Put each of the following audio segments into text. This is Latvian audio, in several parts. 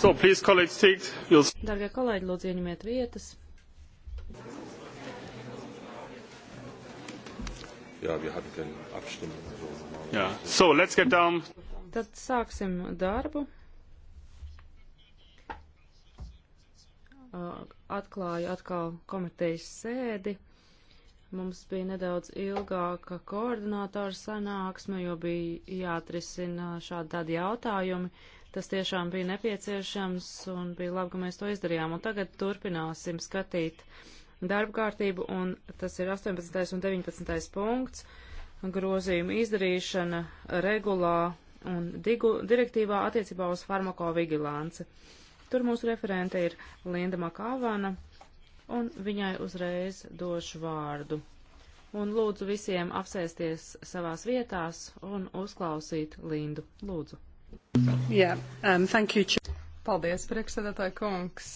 So, please, colleagues, take your... Dargie kolēģi, lūdzu ieņemiet vietas. Jā, wir hatten keine Abstimmung. Jā, so, let's get down. Tad sāksim darbu. Atklāju atkal komitejas sēdi. Mums bija nedaudz ilgāka koordinātora sanāksme, jo bija jāatrisina šādi tādi jautājumi. Uh, Tas tiešām bija nepieciešams un bija labi, ka mēs to izdarījām. Un tagad turpināsim skatīt darba kārtību, un tas ir 18. un 19. punkts - grozījuma izdarīšana regulā un digu, direktīvā attiecībā uz farmakovigilanci. Tur mūsu referente ir Linda Makāvana, un viņai uzreiz došu vārdu. Un lūdzu visiem apsēsties savās vietās un uzklausīt Lindu. Lūdzu. Yeah, um, thank you. Paldies, priekšsēdētāji kungs.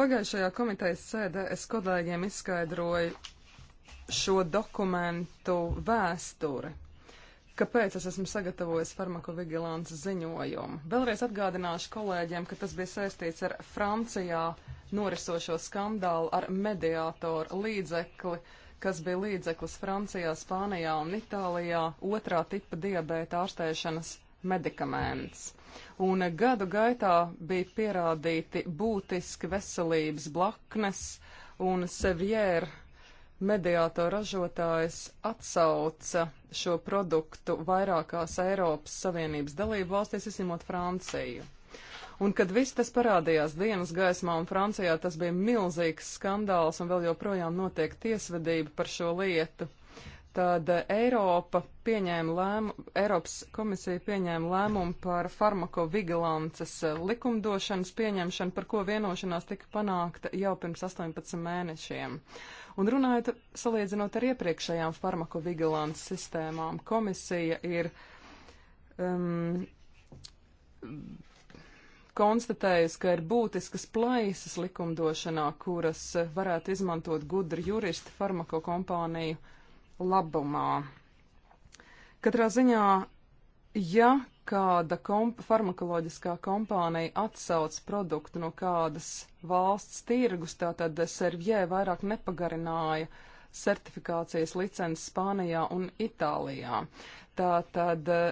Pagājušajā komitejas sēdē es kolēģiem izskaidroju šo dokumentu vēsturi. Kāpēc es esmu sagatavojis farmakovigilants ziņojumu? Vēlreiz atgādināšu kolēģiem, ka tas bija saistīts ar Francijā norisošo skandālu ar mediātoru līdzekli, kas bija līdzeklis Francijā, Spānijā un Itālijā otrā tipa diabēta ārstēšanas medikaments. Un gadu gaitā bija pierādīti būtiski veselības blaknes, un Sevjēra mediātora ražotājs atsauca šo produktu vairākās Eiropas Savienības dalību valstīs, izņemot Franciju. Un kad viss tas parādījās dienas gaismā un Francijā, tas bija milzīgs skandāls un vēl joprojām notiek tiesvedība par šo lietu tad eh, Eiropa pieņēma lēmu, Eiropas komisija pieņēma lēmumu par farmakovigilances eh, likumdošanas pieņemšanu, par ko vienošanās tika panākta jau pirms 18 mēnešiem. Un runājot salīdzinot ar iepriekšējām farmakovigilances sistēmām, komisija ir um, konstatējusi, ka ir būtiskas plaisas likumdošanā, kuras eh, varētu izmantot gudri juristi farmakokompāniju labumā. Katrā ziņā, ja kāda komp farmakoloģiskā kompānija atsauc produktu no kādas valsts tirgus, tātad Servijē vairāk nepagarināja certifikācijas licences Spānijā un Itālijā. Tātad eh,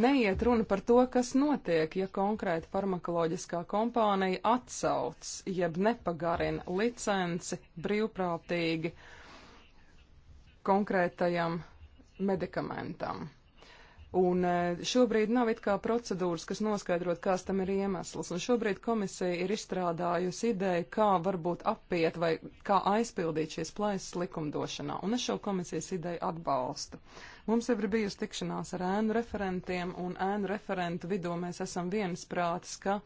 neiet runa par to, kas notiek, ja konkrēta farmakoloģiskā kompānija atsauc, jeb nepagarina licenci brīvprātīgi konkrētajam medikamentam. Un e, šobrīd nav it kā procedūras, kas noskaidrot, kāds tam ir iemesls. Un šobrīd komisija ir izstrādājusi ideju, kā varbūt apiet vai kā aizpildīt šīs plaisas likumdošanā. Un es šo komisijas ideju atbalstu. Mums jau ir bijusi tikšanās ar ēnu referentiem, un ēnu referentu vidū mēs esam viensprātis, ka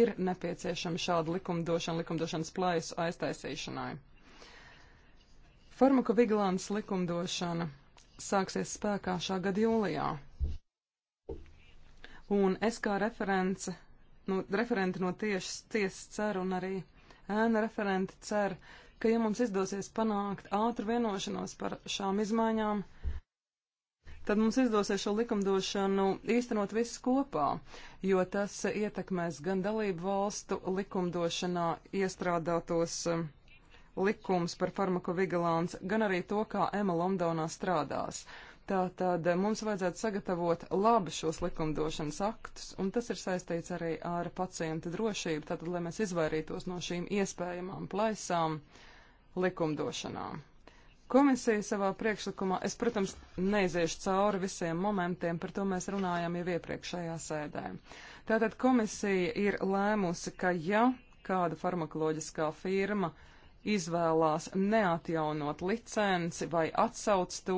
ir nepieciešama šāda likumdošana, likumdošanas plaisu aiztaisīšanai. Farmakovigilants likumdošana sāksies spēkā šā gada jūlijā. Un es kā reference, no, referente no tiešas tiesas ceru un arī ēna referente cer, ka ja mums izdosies panākt ātru vienošanos par šām izmaiņām, tad mums izdosies šo likumdošanu īstenot visus kopā, jo tas ietekmēs gan dalību valstu likumdošanā iestrādātos uh, likums par farmakovigilāns, gan arī to, kā Ema Londonā strādās. Tātad eh, mums vajadzētu sagatavot labi šos likumdošanas aktus, un tas ir saistīts arī ar pacienta drošību, tātad, lai mēs izvairītos no šīm iespējamām plaisām likumdošanā. Komisija savā priekšlikumā, es, protams, neiziešu cauri visiem momentiem, par to mēs runājām jau iepriekšējā sēdē. Tātad komisija ir lēmusi, ka ja kāda farmakoloģiskā firma uh, izvēlās neatjaunot licenci vai atsauc to,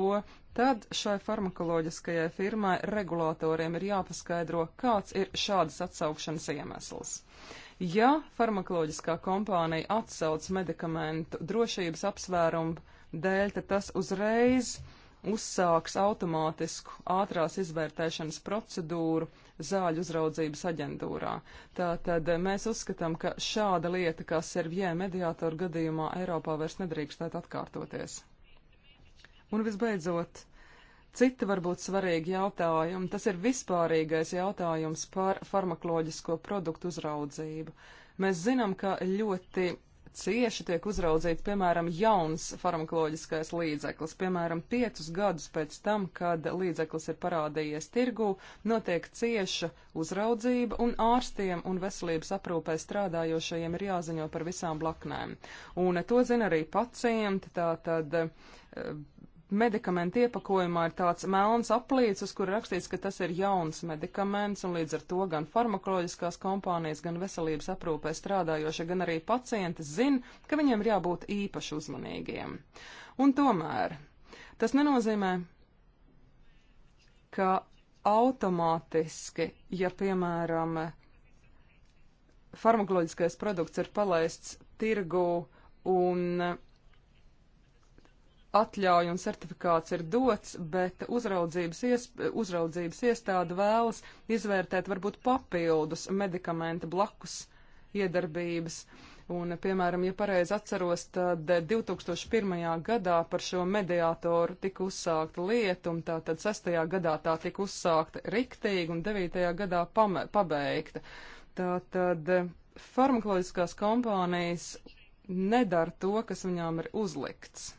tad šai farmakoloģiskajai firmai regulātoriem ir jāpaskaidro, kāds ir šādas atsaukšanas iemesls. Ja farmakoloģiskā kompānija atsauc medikamentu drošības apsvērumu dēļ, tad tas uzreiz uh, uzsāks automātisku ātrās izvērtēšanas procedūru zāļu uzraudzības aģentūrā. Tātad mēs uzskatām, ka šāda lieta, kā Servijē mediātoru gadījumā, Eiropā vairs nedrīkstētu atkārtoties. Un visbeidzot, citi varbūt svarīgi jautājumi. Tas ir vispārīgais jautājums par farmakoloģisko produktu uzraudzību. Mēs zinām, ka ļoti cieši tiek uzraudzīts, piemēram, jauns farmakoloģiskais līdzeklis. Piemēram, piecus gadus pēc tam, kad līdzeklis ir parādījies tirgū, notiek cieša uzraudzība, un ārstiem un veselības aprūpē strādājošajiem ir jāziņo par visām blaknēm. Un to zina arī pacienti, tātad eh, medikamentu iepakojumā ir tāds melns aplīts, uz kura rakstīts, ka tas ir jauns medikaments, un līdz ar to gan farmakoloģiskās kompānijas, gan veselības aprūpē strādājošie, gan arī pacienti zin, ka viņiem ir jābūt īpaši uzmanīgiem. Un tomēr tas nenozīmē, ka automātiski, ja piemēram farmakoloģiskais produkts ir palaists tirgū un atļauja un certifikāts ir dots, bet uzraudzības, iesp uzraudzības iestāde vēlas izvērtēt varbūt papildus medikamenta blakus iedarbības. Un, piemēram, ja pareizi atceros, tad 2001. gadā par šo mediātoru tika uzsākta lieta, un tā tad 6. gadā tā tika uzsākta riktīgi, un 9. gadā pabeigta. Tā tad farmakoloģiskās kompānijas nedara to, kas viņām ir uzlikts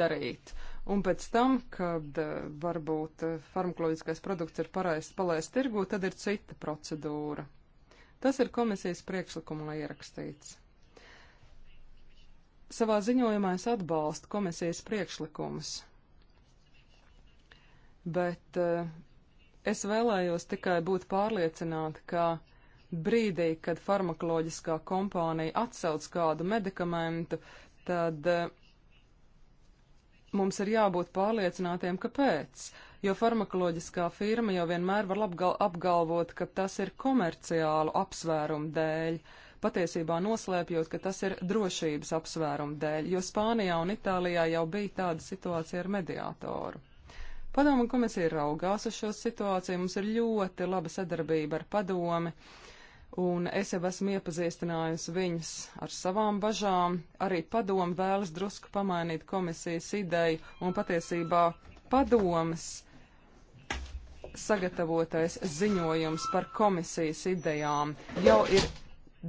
darīt. Un pēc tam, kad eh, varbūt eh, farmakoloģiskais produkts ir paraists palaist tirgu, tad ir cita procedūra. Tas ir komisijas priekšlikumā ierakstīts. Savā ziņojumā es atbalstu komisijas priekšlikumus, bet eh, es vēlējos tikai būt pārliecināta, ka brīdī, kad farmakoloģiskā kompānija atsauc kādu medikamentu, tad uh, mums ir jābūt pārliecinātiem, kāpēc. Jo farmakoloģiskā firma jau vienmēr var apgalvot, ka tas ir komerciālu apsvērumu dēļ, patiesībā noslēpjot, ka tas ir drošības apsvērumu dēļ, jo Spānijā un Itālijā jau bija tāda situācija ar mediātoru. Padomu komisija raugās uz šo situāciju, mums ir ļoti laba sadarbība ar padomi. Uh, un es jau esmu iepazīstinājusi viņas ar savām bažām. Arī padomu vēlas drusku pamainīt komisijas ideju, un patiesībā padomas sagatavotais ziņojums par komisijas idejām jau ir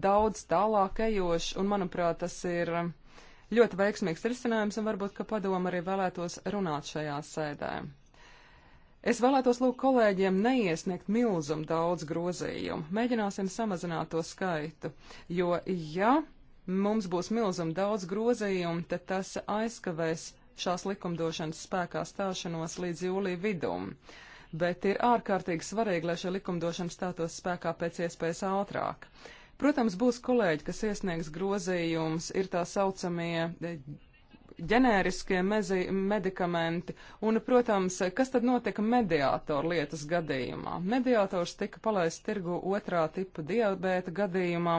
daudz tālāk ejošs, un manuprāt, tas ir ļoti veiksmīgs risinājums, un varbūt, ka padoma arī vēlētos runāt šajā sēdē. Es vēlētos lūgt kolēģiem neiesniegt milzumu daudz grozījumu. Mēģināsim samazināt to skaitu, jo, ja mums būs milzumu daudz grozījumu, tad tas aizkavēs šās likumdošanas spēkā stāšanos līdz jūlija vidum bet ir ārkārtīgi svarīgi, lai šī likumdošana stātos spēkā pēc iespējas ātrāk. Protams, būs kolēģi, kas iesniegs grozījumus, ir tā saucamie ģenēriskie mezi, medikamenti, un, protams, kas tad notika mediātoru lietas gadījumā? Mediātors tika palaists tirgu otrā tipa diabēta gadījumā,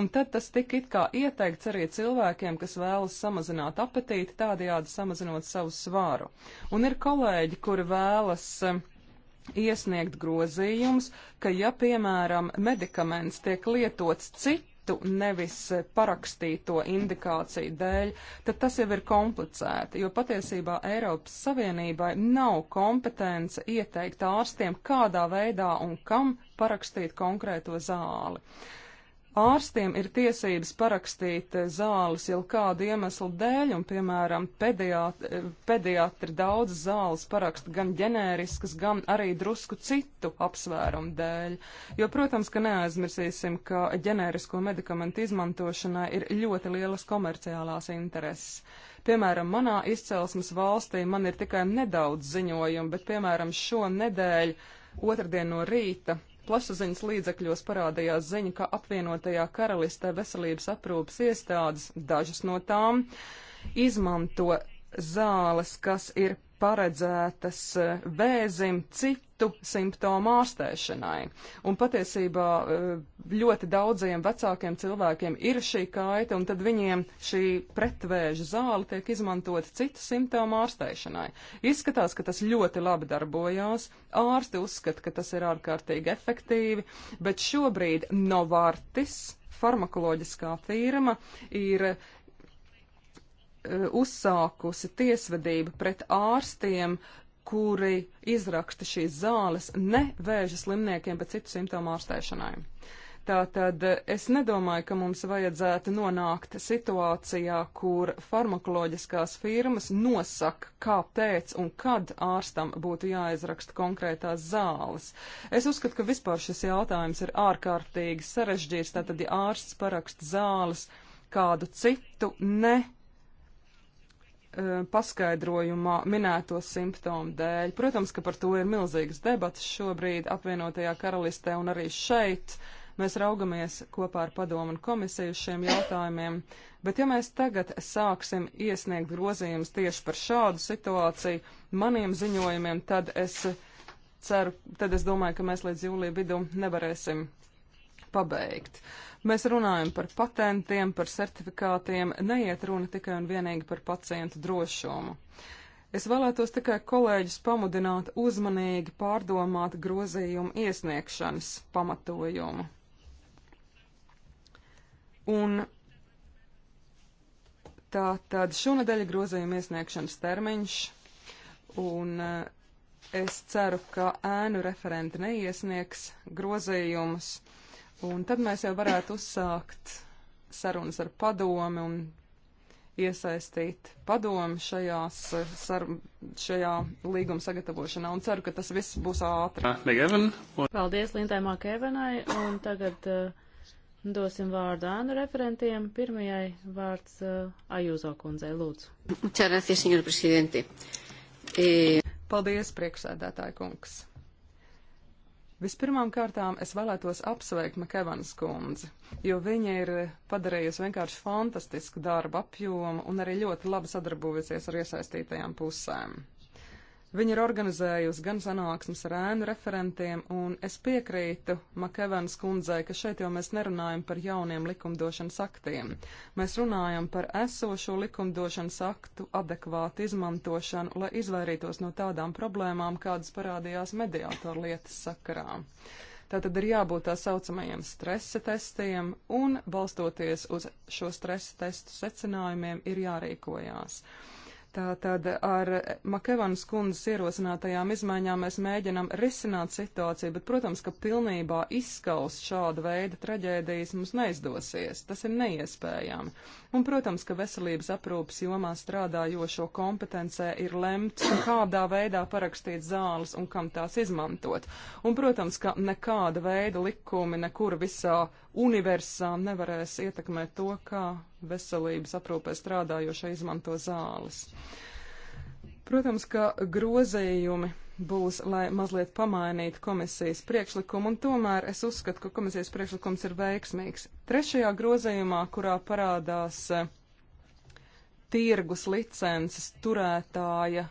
un tad tas tika it kā ieteikts arī cilvēkiem, kas vēlas samazināt apetīti, tādējādi samazinot savu svāru. Un ir kolēģi, kuri vēlas eh, iesniegt grozījumus, ka ja, piemēram, medikaments tiek lietots citu, faktu, nevis parakstīto indikāciju dēļ, tad tas jau ir komplicēti, jo patiesībā Eiropas Savienībai nav kompetence ieteikt ārstiem, kādā veidā un kam parakstīt konkrēto zāli. Ārstiem ir tiesības parakstīt eh, zāles jau kādu iemeslu dēļ, un, piemēram, pediatri, eh, pediatri daudz zāles paraksta gan ģenēriskas, gan arī drusku citu apsvērumu dēļ. Jo, protams, ka neaizmirsīsim, ka ģenērisko medikamentu izmantošanai ir ļoti lielas komerciālās intereses. Piemēram, manā izcelsmes valstī man ir tikai nedaudz ziņojumu, bet, piemēram, šo nedēļu otrdien no rīta plašsaziņas līdzekļos parādījās ziņa, ka apvienotajā karalistē veselības aprūpas iestādes, dažas no tām, izmanto zāles, kas ir paredzētas eh, vēzim citu simptomu ārstēšanai. Un patiesībā eh, ļoti daudziem vecākiem cilvēkiem ir šī kaita, un tad viņiem šī pretvēža zāle tiek izmantota citu simptomu ārstēšanai. Izskatās, ka tas ļoti labi darbojās, ārsti uzskata, ka tas ir ārkārtīgi efektīvi, bet šobrīd Novartis farmakoloģiskā firma ir Eh, uzsākusi tiesvedību pret ārstiem, kuri izraksta šīs zāles ne vēža slimniekiem, bet citu simptomu ārstēšanai. Tātad eh, es nedomāju, ka mums vajadzētu nonākt situācijā, kur farmakoloģiskās firmas nosaka, kāpēc un kad ārstam būtu jāizraksta konkrētās zāles. Es uzskatu, ka vispār šis jautājums ir ārkārtīgi sarežģīts, tātad, ja ārsts paraksta zāles kādu citu ne Eh, paskaidrojumā minēto simptomu dēļ. Protams, ka par to ir milzīgas debatas šobrīd apvienotajā karalistē un arī šeit. Mēs raugamies kopā ar padomu un komisiju šiem jautājumiem, bet ja mēs tagad sāksim iesniegt grozījumus tieši par šādu situāciju maniem ziņojumiem, tad es ceru, tad es domāju, ka mēs līdz jūlija vidu nevarēsim pabeigt. Mēs runājam par patentiem, par certifikātiem, neiet runa tikai un vienīgi par pacientu drošumu. Es vēlētos tikai kolēģis pamudināt uzmanīgi pārdomāt grozījumu iesniegšanas pamatojumu. Un tā tad šonadēļ grozījuma iesniegšanas termiņš, un eh, es ceru, ka ēnu referenti neiesniegs grozījumus Un tad mēs jau varētu uzsākt sarunas ar padomi un iesaistīt padomi šajās, sar, šajā līguma sagatavošanā. Un ceru, ka tas viss būs ātri. Uh, Paldies Lindai Makevenai. Un tagad uh, dosim vārdu ānu referentiem. Pirmajai vārds uh, Ajūzo kundzei. Lūdzu. Muchas gracias, senor presidente. E... Paldies, priekšsēdētāji kungs. Vispirmām kārtām es vēlētos apsveikt Makevanas kundzi, jo viņa ir padarījusi vienkārši fantastisku darbu apjomu un arī ļoti labi sadarbojusies ar iesaistītajām pusēm. Viņa ir organizējusi gan sanāksmes ar ēnu referentiem, un es piekrītu Makevenas kundzei, ka šeit jau mēs nerunājam par jauniem likumdošanas aktiem. Mēs runājam par esošo likumdošanas aktu adekvātu izmantošanu, lai izvairītos no tādām problēmām, kādas parādījās mediātoru lietas sakarā. Tātad ir jābūt tā saucamajiem stresa testiem, un balstoties uz šo stresa testu secinājumiem ir jārīkojās. Uh, Tātad ar Makevanas kundzes ierosinātajām izmaiņām mēs mēģinam risināt situāciju, bet, protams, ka pilnībā izskaust šāda veida traģēdijas mums neizdosies. Tas ir neiespējami. Un, protams, ka veselības aprūpas jomā strādājošo kompetencē ir lemts, kādā veidā parakstīt zāles un kam tās izmantot. Un, protams, ka nekāda veida likumi nekur visā universām nevarēs ietekmēt to, kā veselības aprūpē strādājošie izmanto zāles. Protams, ka grozījumi būs, lai mazliet pamainītu komisijas priekšlikumu, un tomēr es uzskatu, ka komisijas priekšlikums ir veiksmīgs. Trešajā grozījumā, kurā parādās eh, tirgus licences turētāja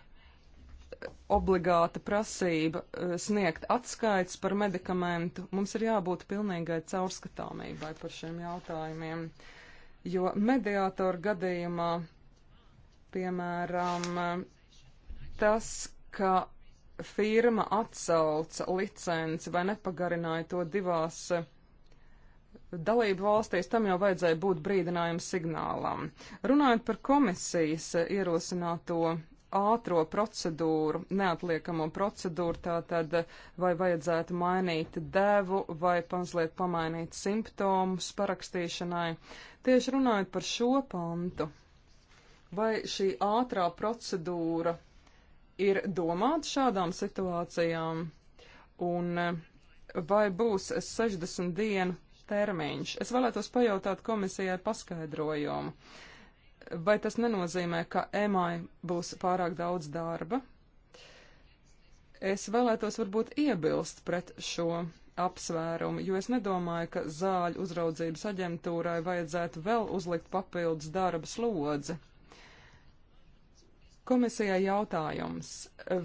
obligāta prasība eh, sniegt atskaits par medikamentu. Mums ir jābūt pilnīgai caurskatāmībai par šiem jautājumiem, jo mediātoru gadījumā, piemēram, tas, ka firma atsauca licenci vai nepagarināja to divās eh, dalību valstīs tam jau vajadzēja būt brīdinājuma signālam. Runājot par komisijas eh, ierosināto ātro procedūru, neatliekamo procedūru, tātad vai vajadzētu mainīt devu vai mazliet pamainīt simptomus parakstīšanai. Tieši runājot par šo pantu, vai šī ātrā procedūra ir domāta šādām situācijām un vai būs 60 dienu termiņš? Es vēlētos pajautāt komisijai paskaidrojumu vai tas nenozīmē, ka EMAI būs pārāk daudz darba? Es vēlētos varbūt iebilst pret šo apsvērumu, jo es nedomāju, ka zāļu uzraudzības aģentūrai vajadzētu vēl uzlikt papildus darba slodzi. Komisijai jautājums,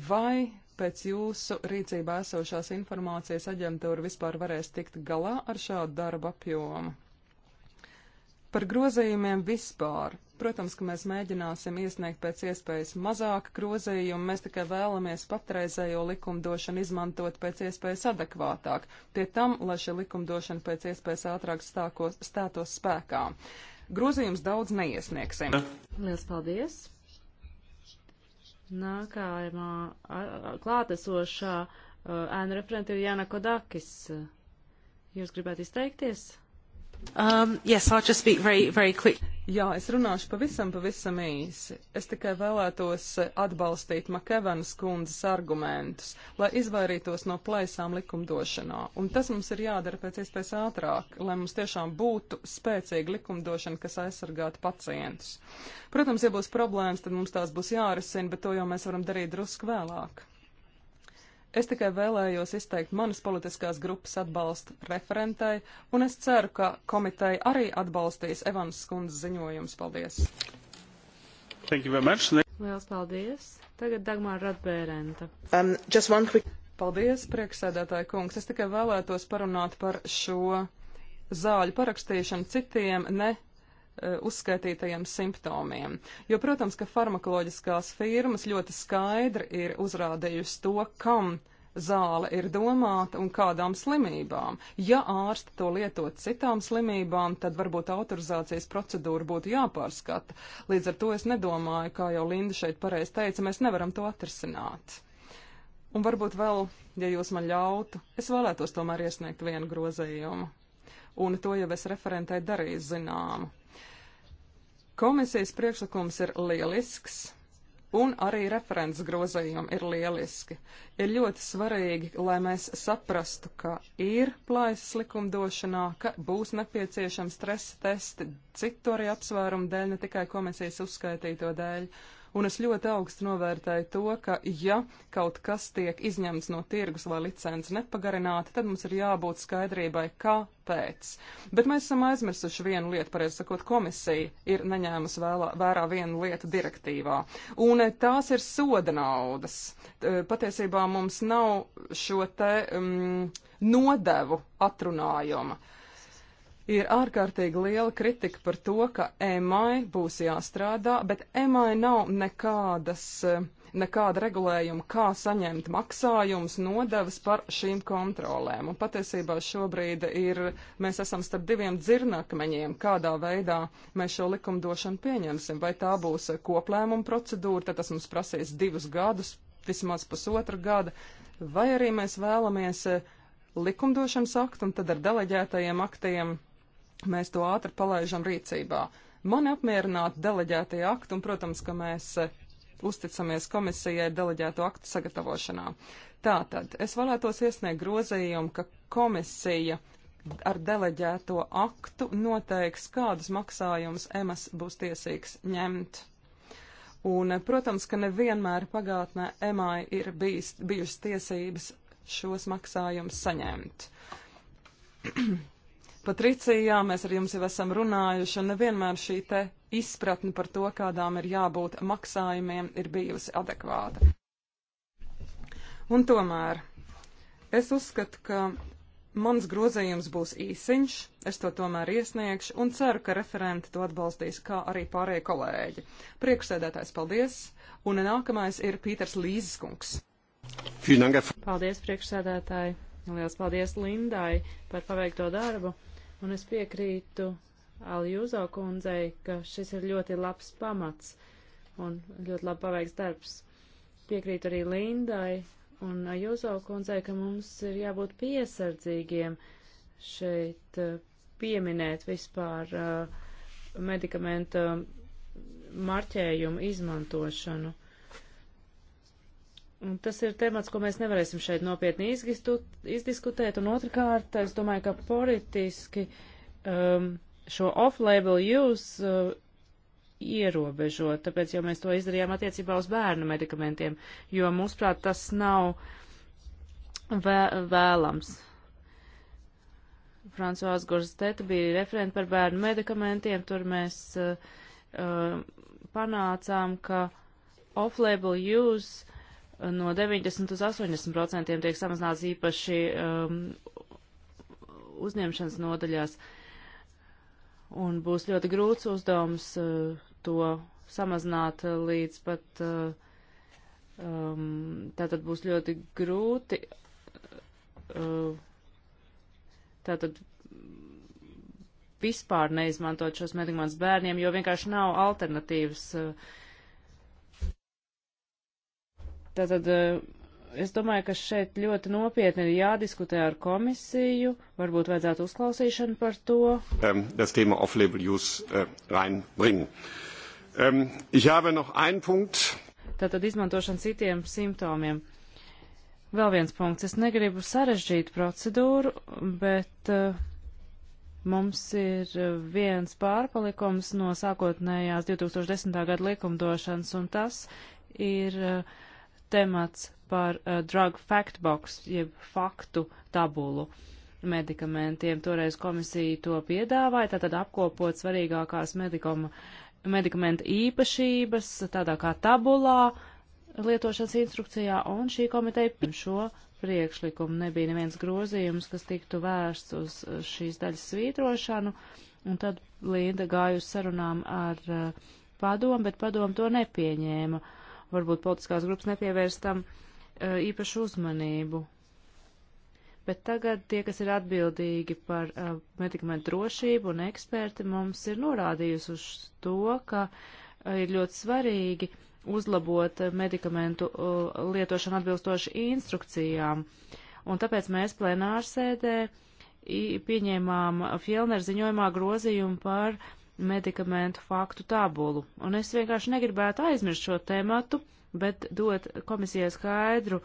vai pēc jūsu rīcībā esošās informācijas aģentūra vispār varēs tikt galā ar šādu darba apjomu? Par grozējumiem vispār. Protams, ka mēs mēģināsim iesniegt pēc iespējas mazāk grozējumu, mēs tikai vēlamies patreizējo likumdošanu izmantot pēc iespējas adekvātāk, pie tam, lai šī likumdošana pēc iespējas ātrāk stākos, stātos spēkā. Grozījums daudz neiesniegsim. Lielas paldies! Nākamā klātesošā ēnu referentu ir Jāna Kodakis. Jūs gribētu izteikties? Um, yes, I'll just speak very, very quick. Jā, es runāšu pavisam, pavisam īsi. Es tikai vēlētos atbalstīt Makevanas kundzes argumentus, lai izvairītos no plaisām likumdošanā. Un tas mums ir jādara pēc iespējas ātrāk, lai mums tiešām būtu spēcīga likumdošana, kas aizsargātu pacientus. Protams, ja būs problēmas, tad mums tās būs jārisina, bet to jau mēs varam darīt drusku vēlāk. Es tikai vēlējos izteikt manas politiskās grupas atbalstu referentai, un es ceru, ka komiteja arī atbalstīs Evanas skundzes ziņojums. Paldies! Lielas paldies! Tagad Dagmāra Ratbērenta. Um, quick... Paldies, prieksēdētāji kungs! Es tikai vēlētos parunāt par šo zāļu parakstīšanu citiem ne E, uzskaitītajiem simptomiem. Jo, protams, ka farmakoloģiskās firmas ļoti skaidri ir uzrādījusi to, kam zāle ir domāta un kādām slimībām. Ja ārsti to lietot citām slimībām, tad varbūt autorizācijas procedūra būtu jāpārskata. Līdz ar to es nedomāju, kā jau Linda šeit pareiz teica, mēs nevaram to atrisināt. Un varbūt vēl, ja jūs man ļautu, es vēlētos tomēr iesniegt vienu grozījumu. Un to jau es referentai darīju zināmu. Komisijas priekšlikums ir lielisks, un arī referents grozējumi ir lieliski. Ir ļoti svarīgi, lai mēs saprastu, ka ir plaisas likumdošanā, ka būs nepieciešams stresa testi citu arī apsvērumu dēļ, ne tikai komisijas uzskaitīto dēļ un es ļoti augstu novērtēju to, ka ja kaut kas tiek izņemts no tirgus vai licences nepagarināta, tad mums ir jābūt skaidrībai, kāpēc. Bet mēs esam aizmirsuši vienu lietu, pareizi sakot, komisija ir neņēmusi vēlā, vērā vienu lietu direktīvā, un eh, tās ir soda naudas. Eh, patiesībā mums nav šo te um, nodevu atrunājuma. Uh, ir ārkārtīgi liela kritika par to, ka EMAI būs jāstrādā, bet EMAI nav nekādas, nekāda regulējuma, kā saņemt maksājumus, nodevas par šīm kontrolēm. Un patiesībā šobrīd ir, mēs esam starp diviem dzirnakmeņiem, kādā veidā mēs šo likumdošanu pieņemsim. Vai tā būs koplēmuma procedūra, tad tas mums prasīs divus gadus, vismaz pusotru gadu, vai arī mēs vēlamies likumdošanas aktu un tad ar deleģētajiem aktiem mēs to ātri palaižam rīcībā. Man apmierināti deleģētie akti, un, protams, ka mēs eh, uzticamies komisijai deleģēto aktu sagatavošanā. Tātad, es vēlētos iesniegt grozījumu, ka komisija ar deleģēto aktu noteiks, kādus maksājumus EMAS būs tiesīgs ņemt. Un, eh, protams, ka nevienmēr pagātnē EMAI ir bijis, bijušas tiesības šos maksājumus saņemt. Patricijā mēs ar jums jau esam runājuši, un nevienmēr šī te izpratne par to, kādām ir jābūt maksājumiem, ir bijusi adekvāta. Un tomēr es uzskatu, ka mans grozējums būs īsiņš, es to tomēr iesniegšu un ceru, ka referenti to atbalstīs, kā arī pārējie kolēģi. Priekšsēdētājs paldies, un nākamais ir Pīters Līziskungs. Paldies, priekšsēdētāji! Liels paldies Lindai par paveikto darbu. Un es piekrītu Aljūzo kundzei, ka šis ir ļoti labs pamats un ļoti labi paveikts darbs. Piekrītu arī Lindai un Aljūzo kundzei, ka mums ir jābūt piesardzīgiem šeit eh, pieminēt vispār uh, eh, medikamenta marķējumu izmantošanu. Un tas ir temats, ko mēs nevarēsim šeit nopietni izgistu, izdiskutēt. Un otrkārt, es domāju, ka politiski um, šo off-label use uh, ierobežo, tāpēc jau mēs to izdarījām attiecībā uz bērnu medikamentiem, jo, mūsuprāt, tas nav vē vēlams. Francoāze Gorzteta bija referenta par bērnu medikamentiem, tur mēs uh, uh, panācām, ka off-label use no 90 uz 80 procentiem tiek samazināts īpaši um, uzņemšanas nodaļās. Un būs ļoti grūts uzdevums uh, to samazināt līdz pat, uh, um, tātad būs ļoti grūti, uh, tātad vispār neizmantot šos medikamentus bērniem, jo vienkārši nav alternatīvas. Uh, Tātad eh, es domāju, ka šeit ļoti nopietni ir jādiskutē ar komisiju, varbūt vajadzētu uzklausīšanu par to. Um, das Thema off-label use uh, reinbringen. Um, ich habe noch einen Punkt. Tātad izmantošana citiem simptomiem. Vēl viens punkts. Es negribu sarežģīt procedūru, bet uh, mums ir viens pārpalikums no sākotnējās 2010. gada likumdošanas, un tas ir uh, temats par uh, drug fact box, jeb faktu tabulu medikamentiem. Toreiz komisija to piedāvāja, tātad apkopot svarīgākās medikoma, medikamenta īpašības tādā kā tabulā lietošanas instrukcijā, un šī komiteja šo priekšlikumu nebija neviens grozījums, kas tiktu vērsts uz uh, šīs daļas svītrošanu, un tad Linda gāja uz sarunām ar uh, padomu, bet padomu to nepieņēma. Uh, varbūt politiskās grupas nepievērstam eh, īpašu uzmanību. Bet tagad tie, kas ir atbildīgi par uh, medikamentu drošību un eksperti, mums ir norādījusi uz to, ka uh, ir ļoti svarīgi uzlabot medikamentu uh, lietošanu atbilstoši instrukcijām. Un tāpēc mēs plenārsēdē pieņēmām Fielner ziņojumā grozījumu par uh, medikamentu faktu tabulu. Un es vienkārši negribētu aizmirst šo tēmatu, bet dot komisijai skaidru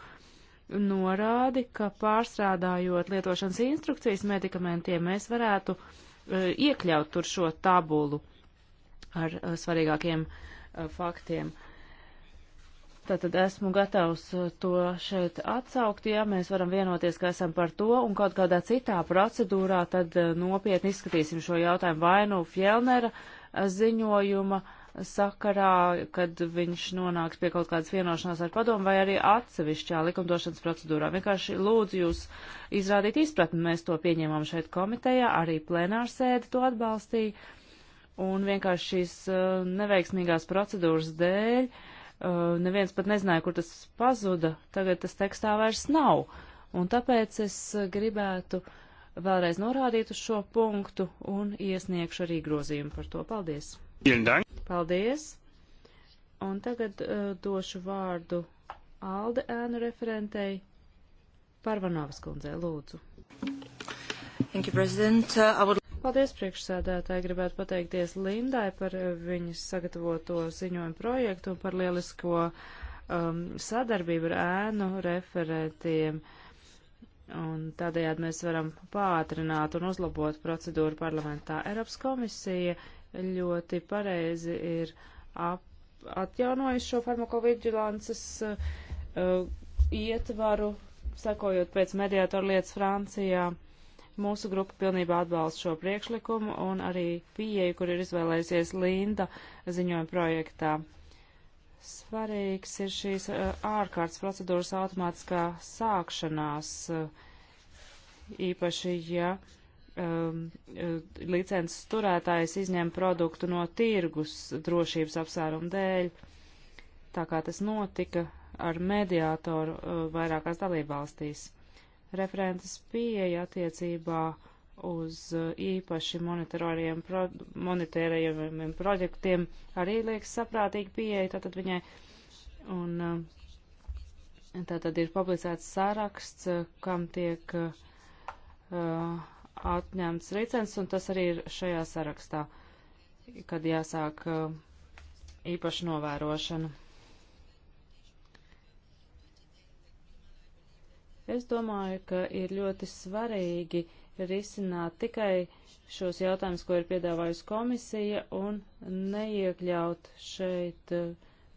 norādi, ka pārstrādājot lietošanas instrukcijas medikamentiem, mēs varētu uh, iekļaut tur šo tabulu ar uh, svarīgākiem uh, faktiem. Uh, Tātad esmu gatavs uh, to šeit atsaukt, ja mēs varam vienoties, ka esam par to, un kaut kādā citā procedūrā tad uh, nopietni izskatīsim šo jautājumu vainu Fjellnera uh, ziņojuma sakarā, kad viņš nonāks pie kaut kādas vienošanās ar padomu vai arī atsevišķā likumdošanas procedūrā. Vienkārši lūdzu jūs izrādīt izpratni, mēs to pieņēmām šeit komitejā, arī plenārsēde to atbalstīja, un vienkārši šīs neveiksmīgās procedūras dēļ uh, Uh, neviens pat nezināja, kur tas pazuda, tagad tas tekstā vairs nav. Un tāpēc es uh, gribētu vēlreiz norādīt uz šo punktu un iesniegšu arī grozījumu par to. Paldies! Paldies! Un tagad uh, došu vārdu Alde ēnu referentei Parvanovas kundzei. Lūdzu! Thank you, President. Uh, I would... Paldies priekšsēdētāji, gribētu pateikties Lindai par viņas sagatavoto ziņojumu projektu un par lielisko um, sadarbību ar ēnu referētiem. Un tādējādi mēs varam pātrināt un uzlabot procedūru parlamentā. Eiropas komisija ļoti pareizi ir ap, atjaunojusi šo farmakoviģilances uh, ietvaru, sekojot pēc mediātoru lietas Francijā. Uh, Mūsu grupa pilnībā atbalsta šo priekšlikumu un arī pieeju, kur ir izvēlējusies Linda ziņojuma projektā. Svarīgs ir šīs uh, ārkārtas procedūras automātiskā sākšanās, uh, īpaši, ja um, uh, licences turētājs izņem produktu no tirgus drošības apsvērumu dēļ, tā kā tas notika ar mediātoru uh, vairākās dalībvalstīs referentes pieeja attiecībā uz uh, īpaši monitorējumiem projektiem arī liekas saprātīgi pieeja tātad viņai. Un uh, tātad ir publicēts saraksts, uh, kam tiek uh, atņemts licences, un tas arī ir šajā sarakstā, kad jāsāk uh, īpaši novērošana. Es domāju, ka ir ļoti svarīgi risināt tikai šos jautājumus, ko ir piedāvājusi komisija, un neiekļaut šeit uh,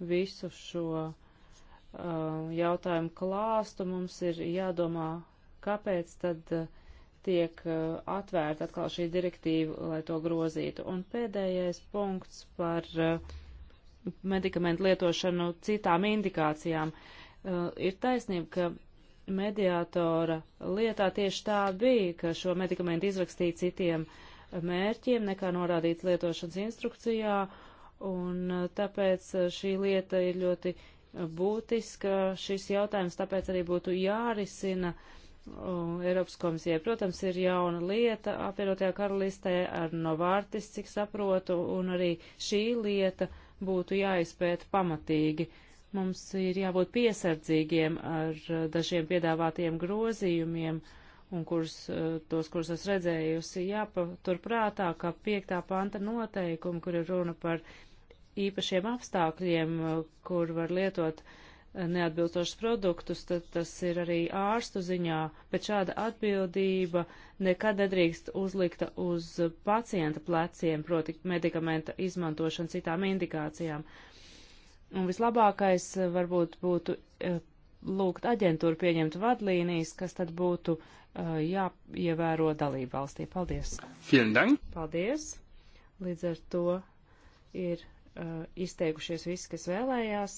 visu šo uh, jautājumu klāstu. Mums ir jādomā, kāpēc tad uh, tiek uh, atvērta atkal šī direktīva, lai to grozītu. Un pēdējais punkts par uh, medikamentu lietošanu citām indikācijām. Uh, ir taisnība, ka mediātora lietā tieši tā bija, ka šo medikamentu izrakstīja citiem mērķiem nekā norādīts lietošanas instrukcijā, un eh, tāpēc eh, šī lieta ir ļoti būtiska. Šis jautājums tāpēc arī būtu jārisina eh, Eiropas komisijai. Protams, ir jauna lieta apvienotajā karalistē ar Novārtis, cik saprotu, un arī šī lieta būtu jāizpēta pamatīgi. Uh, Mums ir jābūt piesardzīgiem ar eh, dažiem piedāvātiem grozījumiem, un kurus, eh, tos, kurus es redzējusi, jāpaturprātā, ka piektā panta noteikumi, kur ir runa par īpašiem apstākļiem, eh, kur var lietot neatbilstošus produktus, tad tas ir arī ārstu ziņā, bet šāda atbildība nekad nedrīkst uzlikta uz pacienta pleciem, proti medikamenta izmantošana citām indikācijām. Un vislabākais eh, varbūt būtu eh, lūgt aģentūru pieņemt vadlīnijas, kas tad būtu eh, jāievēro dalību valstī. Paldies! Paldies! Līdz ar to ir izteikušies visi, kas vēlējās.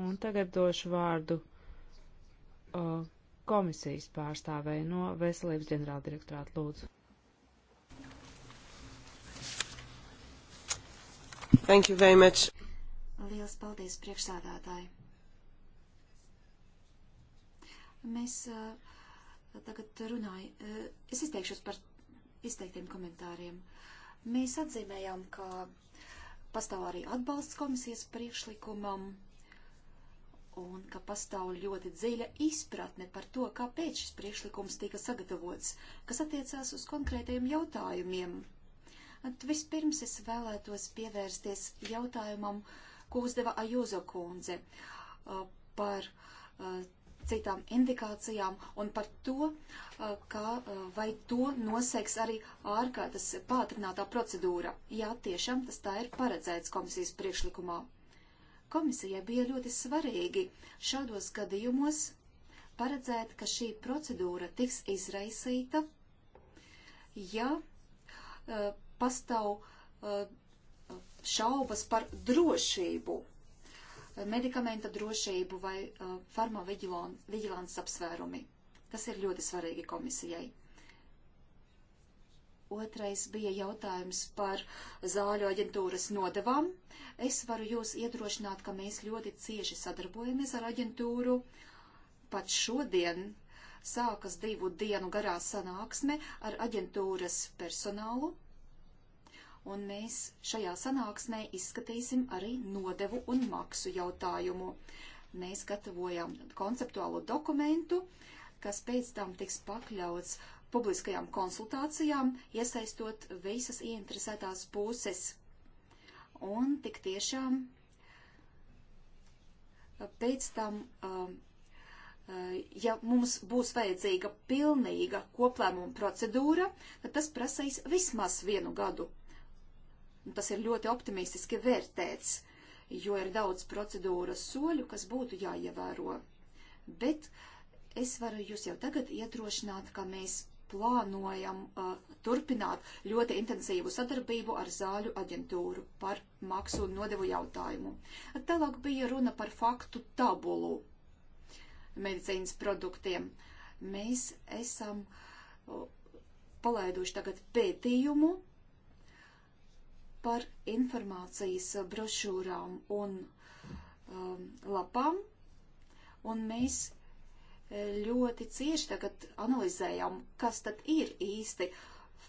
Un tagad došu vārdu komisijas pārstāvēju no Veselības ģenerāldirektorāta lūdzu. Thank you very much. Lielas paldies priekšsādātāji. Mēs uh, tagad runāju, uh, es izteikšos par izteiktiem komentāriem. Mēs atzīmējām, ka pastāv arī atbalsts komisijas priekšlikumam un ka pastāv ļoti dziļa izpratne par to, kāpēc šis priekšlikums tika sagatavots, kas attiecās uz konkrētajiem jautājumiem. At vispirms es vēlētos pievērsties jautājumam, ko uzdeva Ajūzo kundze uh, par uh, citām indikācijām un par to, uh, ka vai to noseiks arī ārkārtas pātrinātā procedūra. Jā, tiešām tas tā ir paredzēts komisijas priekšlikumā. Komisijai bija ļoti svarīgi šādos gadījumos paredzēt, ka šī procedūra tiks izraisīta, ja pastāv eh, šaubas par drošību, medikamenta drošību vai eh, farmavigilants apsvērumi. Tas ir ļoti svarīgi komisijai. Otrais bija jautājums par zāļu aģentūras nodevām. Es varu jūs iedrošināt, ka mēs ļoti cieši sadarbojamies ar aģentūru. Pat šodien sākas divu dienu garā sanāksme ar aģentūras personālu, un mēs šajā sanāksmē izskatīsim arī nodevu un maksu jautājumu. Mēs gatavojam konceptuālo dokumentu, kas pēc tam tiks pakļauts publiskajām konsultācijām, iesaistot visas ieinteresētās puses. Un tik tiešām pēc tam, um, uh, ja mums būs vajadzīga pilnīga koplēmuma procedūra, tad tas prasīs vismaz vienu gadu Tas ir ļoti optimistiski vērtēts, jo ir daudz procedūras soļu, kas būtu jāievēro. Bet es varu jūs jau tagad iedrošināt, ka mēs plānojam uh, turpināt ļoti intensīvu sadarbību ar zāļu aģentūru par maksu un nodevu jautājumu. Tālāk bija runa par faktu tabulu medicīnas produktiem. Mēs esam uh, palaiduši tagad pētījumu par informācijas brošūrām un um, lapām, un mēs eh, ļoti cieši tagad analizējam, kas tad ir īsti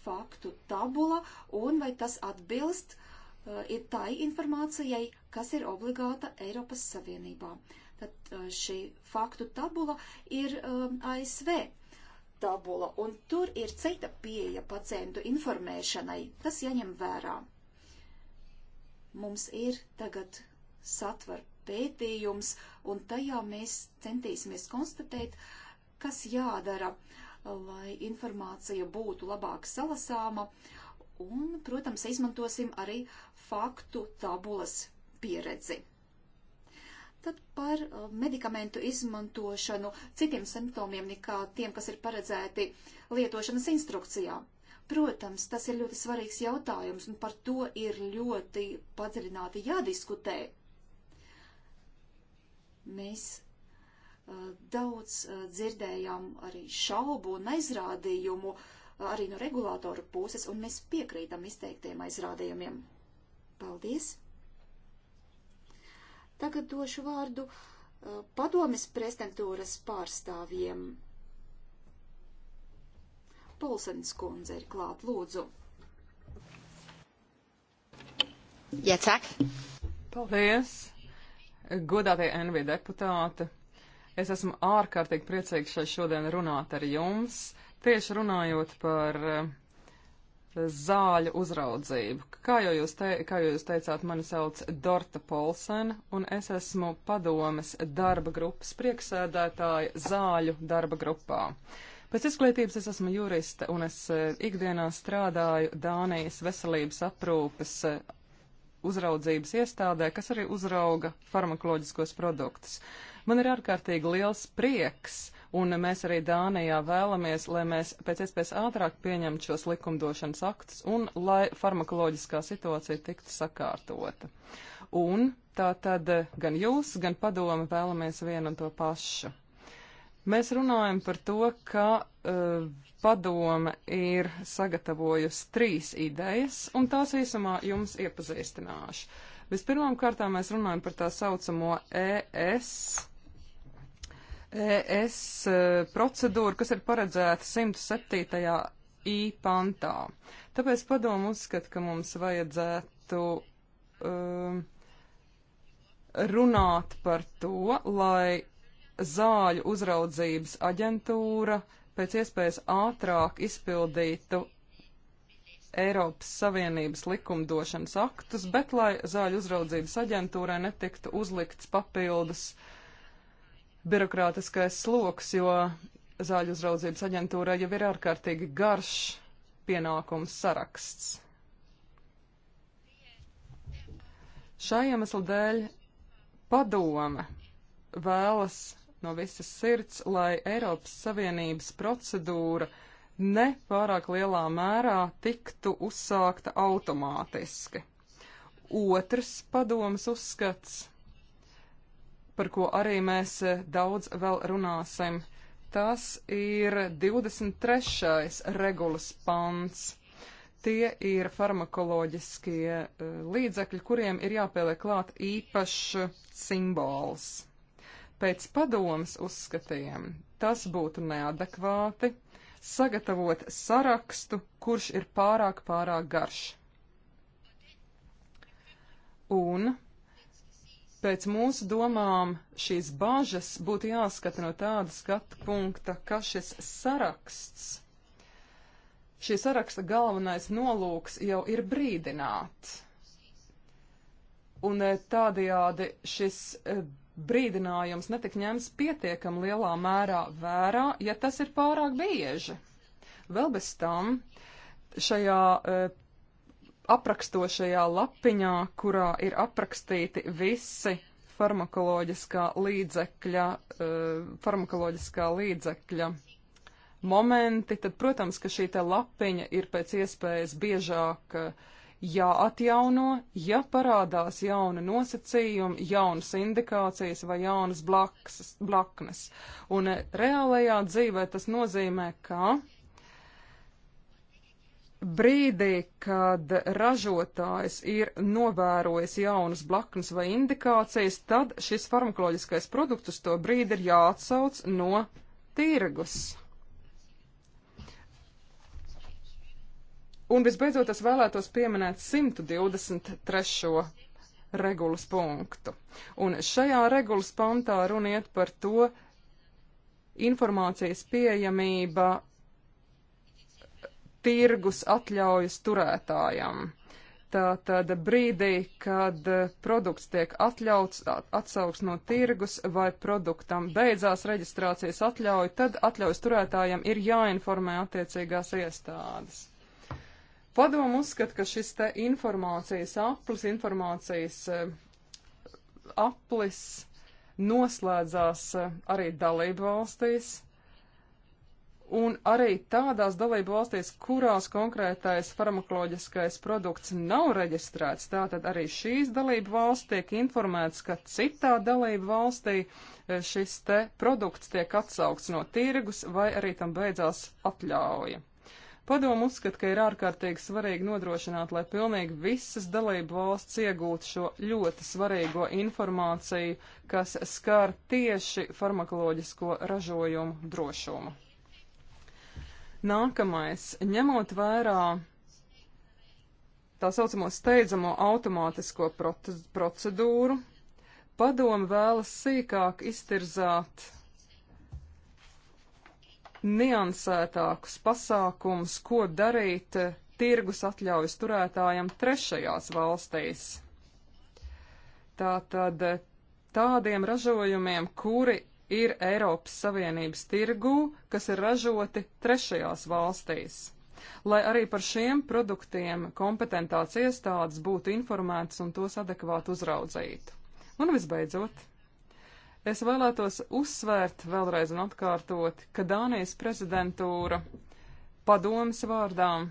faktu tabula un vai tas atbilst uh, ir tai informācijai, kas ir obligāta Eiropas Savienībā. Tad uh, šī faktu tabula ir um, ASV tabula, un tur ir cita pieeja pacientu informēšanai. Tas jāņem vērā. Mums ir tagad satver pētījums, un tajā mēs centīsimies konstatēt, kas jādara, lai informācija būtu labāk salasāma, un, protams, izmantosim arī faktu tabulas pieredzi. Tad par uh, medikamentu izmantošanu citiem simptomiem nekā tiem, kas ir paredzēti lietošanas instrukcijā. Protams, tas ir ļoti svarīgs jautājums, un par to ir ļoti padziļināti jādiskutē. Mēs uh, daudz uh, dzirdējām arī šaubu un aizrādījumu uh, arī no regulātora puses, un mēs piekrītam izteiktiem aizrādījumiem. Paldies! Tagad došu vārdu uh, padomis prezidentūras pārstāvjiem. Pulsenes kundze ir klāt. Lūdzu. Ja, tak. Paldies, godātie NV deputāti. Es esmu ārkārtīgi priecīgs šodien runāt ar jums, tieši runājot par eh, zāļu uzraudzību. Kā jau jūs, te, kā jau jūs teicāt, mani sauc Dorta Polsen, un es esmu padomes darba grupas prieksēdētāja zāļu darba grupā. Uh, Pēc izglītības es esmu juriste un es eh, ikdienā strādāju Dānijas veselības aprūpes eh, uzraudzības iestādē, kas arī uzrauga farmakoloģiskos produktus. Man ir ārkārtīgi liels prieks, un mēs arī Dānijā vēlamies, lai mēs pēc iespējas ātrāk pieņemtu šos likumdošanas aktus un lai farmakoloģiskā situācija tiktu sakārtota. Un tā tad gan jūs, gan padome vēlamies vienu un to pašu. Mēs runājam par to, ka uh, padome ir sagatavojusi trīs idejas, un tās īsumā jums iepazīstināšu. Vispirmām kārtām mēs runājam par tā saucamo ES, ES uh, eh, procedūru, kas ir paredzēta 107. I pantā. Tāpēc padomu uzskata, ka mums vajadzētu. Uh, runāt par to, lai zāļu uzraudzības aģentūra pēc iespējas ātrāk izpildītu Eiropas Savienības likumdošanas aktus, bet lai zāļu uzraudzības aģentūrai netiktu uzlikts papildus birokrātiskais sloks, jo zāļu uzraudzības aģentūrai jau ir ārkārtīgi garš pienākums saraksts. Šā iemesla dēļ padome vēlas no visas sirds, lai Eiropas Savienības procedūra ne pārāk lielā mērā tiktu uzsākta automātiski. Otrs padomas uzskats, par ko arī mēs eh, daudz vēl runāsim, tas ir 23. regulas pants. Tie ir farmakoloģiskie eh, līdzekļi, kuriem ir jāpieliek klāt īpašs simbols pēc padomas uzskatiem tas būtu neadekvāti sagatavot sarakstu, kurš ir pārāk pārāk garš. Un pēc mūsu domām šīs bāžas būtu jāskata no tāda skatu punkta, ka šis saraksts, šī saraksta galvenais nolūks jau ir brīdināt. Un eh, tādajādi šis eh, brīdinājums netik ņemts pietiekam lielā mērā vērā, ja tas ir pārāk bieži. Vēl bez tam šajā e, aprakstošajā lapiņā, kurā ir aprakstīti visi farmakoloģiskā līdzekļa, e, farmakoloģiskā līdzekļa momenti, tad, protams, ka šī te lapiņa ir pēc iespējas biežāk uh, jāatjauno, ja parādās jauna nosacījuma, jaunas indikācijas vai jaunas blaksas, blaknes. Un e, reālajā dzīvē tas nozīmē, ka brīdī, kad ražotājs ir novērojis jaunas blaknes vai indikācijas, tad šis farmakoloģiskais produkts uz to brīdi ir jāatsauc no tirgus. Un visbeidzot, es vēlētos pieminēt 123. regulas punktu. Un šajā regulas pantā runiet par to informācijas pieejamība tirgus atļaujas turētājam. Tātad brīdī, kad produkts tiek atļauts, atsaugs no tirgus vai produktam beidzās reģistrācijas atļauja, tad atļaujas turētājam ir jāinformē attiecīgās iestādes. Padomu uzskata, ka šis te informācijas aplis, informācijas eh, aplis noslēdzās eh, arī dalību valstīs, un arī tādās dalību valstīs, kurās konkrētais farmakoloģiskais produkts nav reģistrēts. Tātad arī šīs dalību valsts tiek informēts, ka citā dalību valstī eh, šis te produkts tiek atsaukts no tirgus vai arī tam beidzās atļauja. Padomu uzskat, ka ir ārkārtīgi svarīgi nodrošināt, lai pilnīgi visas dalību valsts iegūtu šo ļoti svarīgo informāciju, kas skar tieši farmakoloģisko ražojumu drošumu. Nākamais, ņemot vērā tā saucamo steidzamo automātisko procedūru, padomu vēlas sīkāk iztirzāt niansētākus pasākums, ko darīt tirgus atļaujas turētājam trešajās valstīs. Tātad tādiem ražojumiem, kuri ir Eiropas Savienības tirgū, kas ir ražoti trešajās valstīs. Lai arī par šiem produktiem kompetentās iestādes būtu informētas un tos adekvāti uzraudzītu. Un visbeidzot, Es vēlētos uzsvērt vēlreiz un atkārtot, ka Dānijas prezidentūra padomas vārdām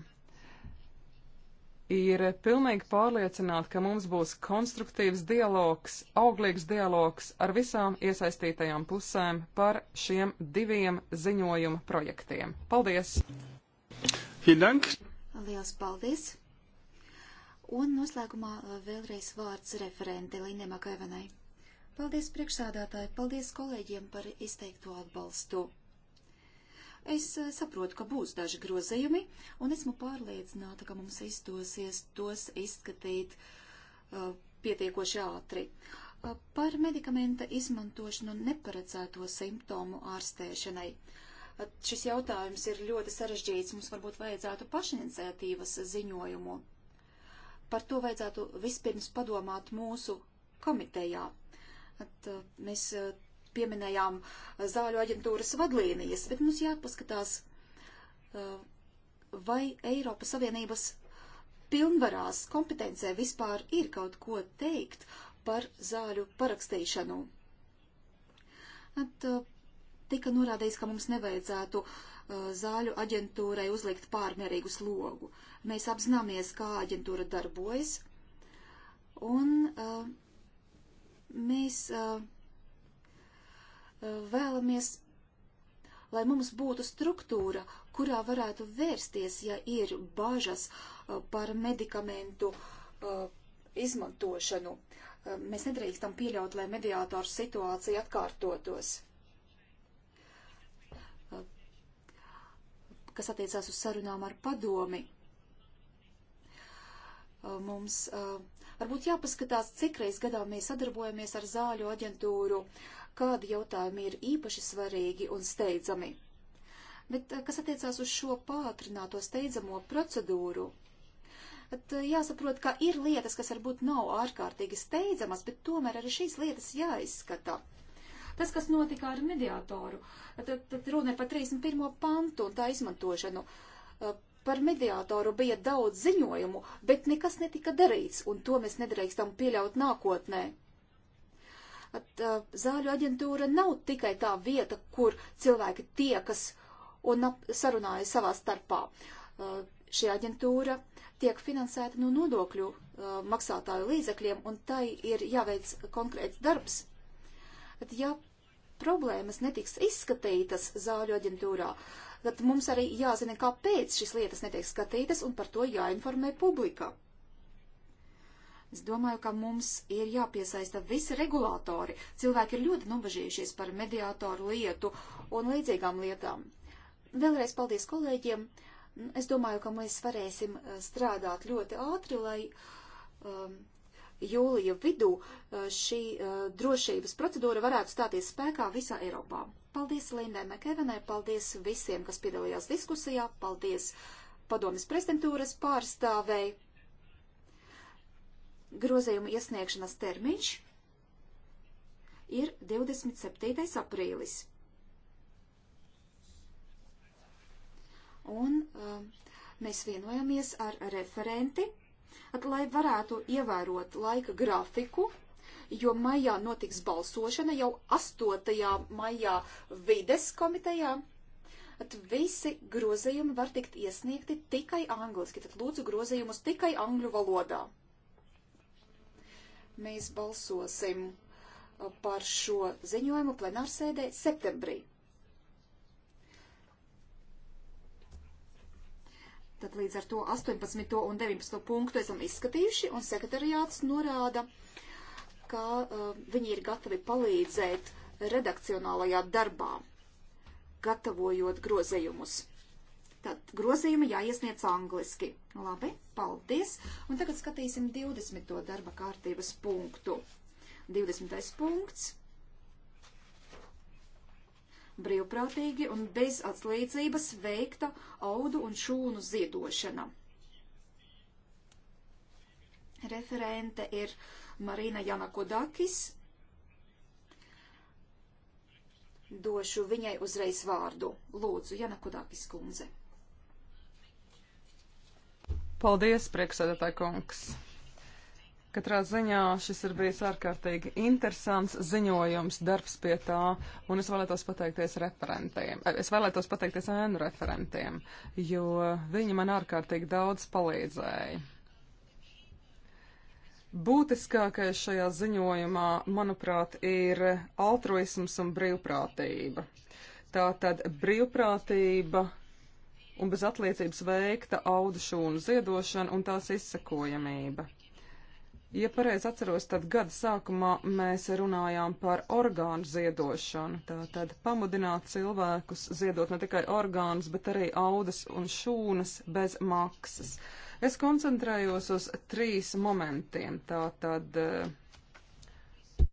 ir pilnīgi pārliecināta, ka mums būs konstruktīvs dialogs, auglīgs dialogs ar visām iesaistītajām pusēm par šiem diviem ziņojuma projektiem. Paldies! Dank. Liels paldies! Un noslēgumā uh, vēlreiz vārds referente Lindē Makaivenai. Paldies priekšsādātāji, paldies kolēģiem par izteikto atbalstu. Es eh, saprotu, ka būs daži grozējumi, un esmu pārliecināta, ka mums izdosies tos izskatīt uh, pietiekoši ātri. Uh, par medikamenta izmantošanu neparedzēto simptomu ārstēšanai. Uh, šis jautājums ir ļoti sarežģīts, mums varbūt vajadzētu pašiniciatīvas ziņojumu. Par to vajadzētu vispirms padomāt mūsu komitejā. At, uh, mēs uh, pieminējām uh, zāļu aģentūras vadlīnijas, bet mums jāpaskatās, vai Eiropas Savienības pilnvarās kompetencē vispār ir kaut ko teikt par zāļu parakstīšanu. At, tika norādīts, ka mums nevajadzētu uh, zāļu aģentūrai uzlikt pārmērīgu slogu. Mēs apzināmies, kā aģentūra darbojas, un uh, Mēs uh, uh, vēlamies, lai mums būtu struktūra, kurā varētu vērsties, ja ir bažas uh, par medikamentu uh, izmantošanu. Uh, mēs nedrīkstam pieļaut, lai mediātoru situācija atkārtotos. Uh, kas attiecās uz sarunām ar padomi, mums uh, Varbūt jāpaskatās, cik reiz gadā mēs sadarbojamies ar zāļu aģentūru, kādi jautājumi ir īpaši svarīgi un steidzami. Bet eh, kas attiecās uz šo pātrināto steidzamo procedūru, tad eh, jāsaprot, ka ir lietas, kas varbūt nav ārkārtīgi steidzamas, bet tomēr arī šīs lietas jāizskata. Tas, kas notika ar mediātoru, tad, tad runa ir par 31. pantu un tā izmantošanu eh, Par mediātoru bija daudz ziņojumu, bet nekas netika darīts, un to mēs nedrīkstam pieļaut nākotnē. At, zāļu aģentūra nav tikai tā vieta, kur cilvēki tiekas un sarunājas savā starpā. Šī aģentūra tiek finansēta no nodokļu maksātāju līdzekļiem, un tai ir jāveic konkrēts darbs. At, ja problēmas netiks izskatītas zāļu aģentūrā, uh, bet mums arī jāzina, kāpēc šīs lietas netiek skatītas un par to jāinformē publika. Es domāju, ka mums ir jāpiesaista visi regulātori. Cilvēki ir ļoti nobežījušies par mediātoru lietu un līdzīgām lietām. Vēlreiz paldies kolēģiem. Es domāju, ka mēs varēsim eh, strādāt ļoti ātri, lai um, jūlija vidū eh, šī eh, drošības procedūra varētu stāties spēkā visā Eiropā. Paldies Lindai Mekevenai, paldies visiem, kas piedalījās diskusijā, paldies padomjas prezidentūras pārstāvei. Grozījuma iesniegšanas termiņš ir 27. aprīlis. Un um, mēs vienojamies ar referenti At, lai varētu ievērot laika grafiku, jo maijā notiks balsošana jau 8. maijā vides komitejā, tad visi grozījumi var tikt iesniegti tikai angliski. Tad lūdzu grozījumus tikai angļu valodā. Mēs balsosim uh, par šo ziņojumu plenārsēdē septembrī. Tad līdz ar to 18. un 19. punktu esam izskatījuši, un sekretariāts norāda, ka uh, viņi ir gatavi palīdzēt redakcionālajā darbā, gatavojot grozējumus. Tad grozījumi jāiesniedz angliski. Labi, paldies. Un tagad skatīsim 20. darba kārtības punktu. 20. punkts brīvprātīgi un bez atslīdzības veikta audu un šūnu ziedošana. Referente ir Marina Janakodakis. Došu viņai uzreiz vārdu. Lūdzu, Janakodakis kundze. Paldies, priekšsēdētāj kungs. Katrā ziņā šis ir bijis ārkārtīgi interesants ziņojums, darbs pie tā, un es vēlētos pateikties referentiem. Es vēlētos pateikties ēnu referentiem, jo viņi man ārkārtīgi daudz palīdzēja. Būtiskākais šajā ziņojumā, manuprāt, ir altruisms un brīvprātība. Tā tad brīvprātība un bez atliecības veikta audu šūnu ziedošana un tās izsekojamība. Ja pareizi atceros, tad gada sākumā mēs runājām par orgānu ziedošanu. Tātad pamudināt cilvēkus ziedot ne tikai orgānus, bet arī audas un šūnas bez maksas. Es koncentrējos uz trīs momentiem. Tātad eh,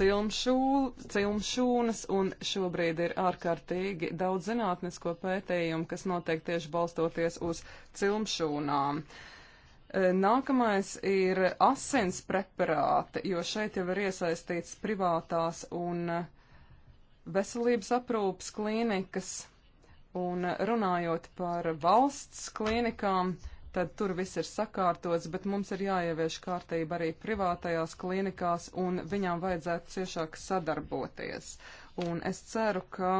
cilmšūnas, un šobrīd ir ārkārtīgi daudz zinātnisko pētījumu, kas notiek tieši balstoties uz cilmšūnām. Uh, Nākamais ir asins preparāti, jo šeit jau ir iesaistīts privātās un veselības aprūpas klīnikas. Un runājot par valsts klīnikām, tad tur viss ir sakārtots, bet mums ir jāievieš kārtība arī privātajās klīnikās, un viņām vajadzētu ciešāk sadarboties. Un es ceru, ka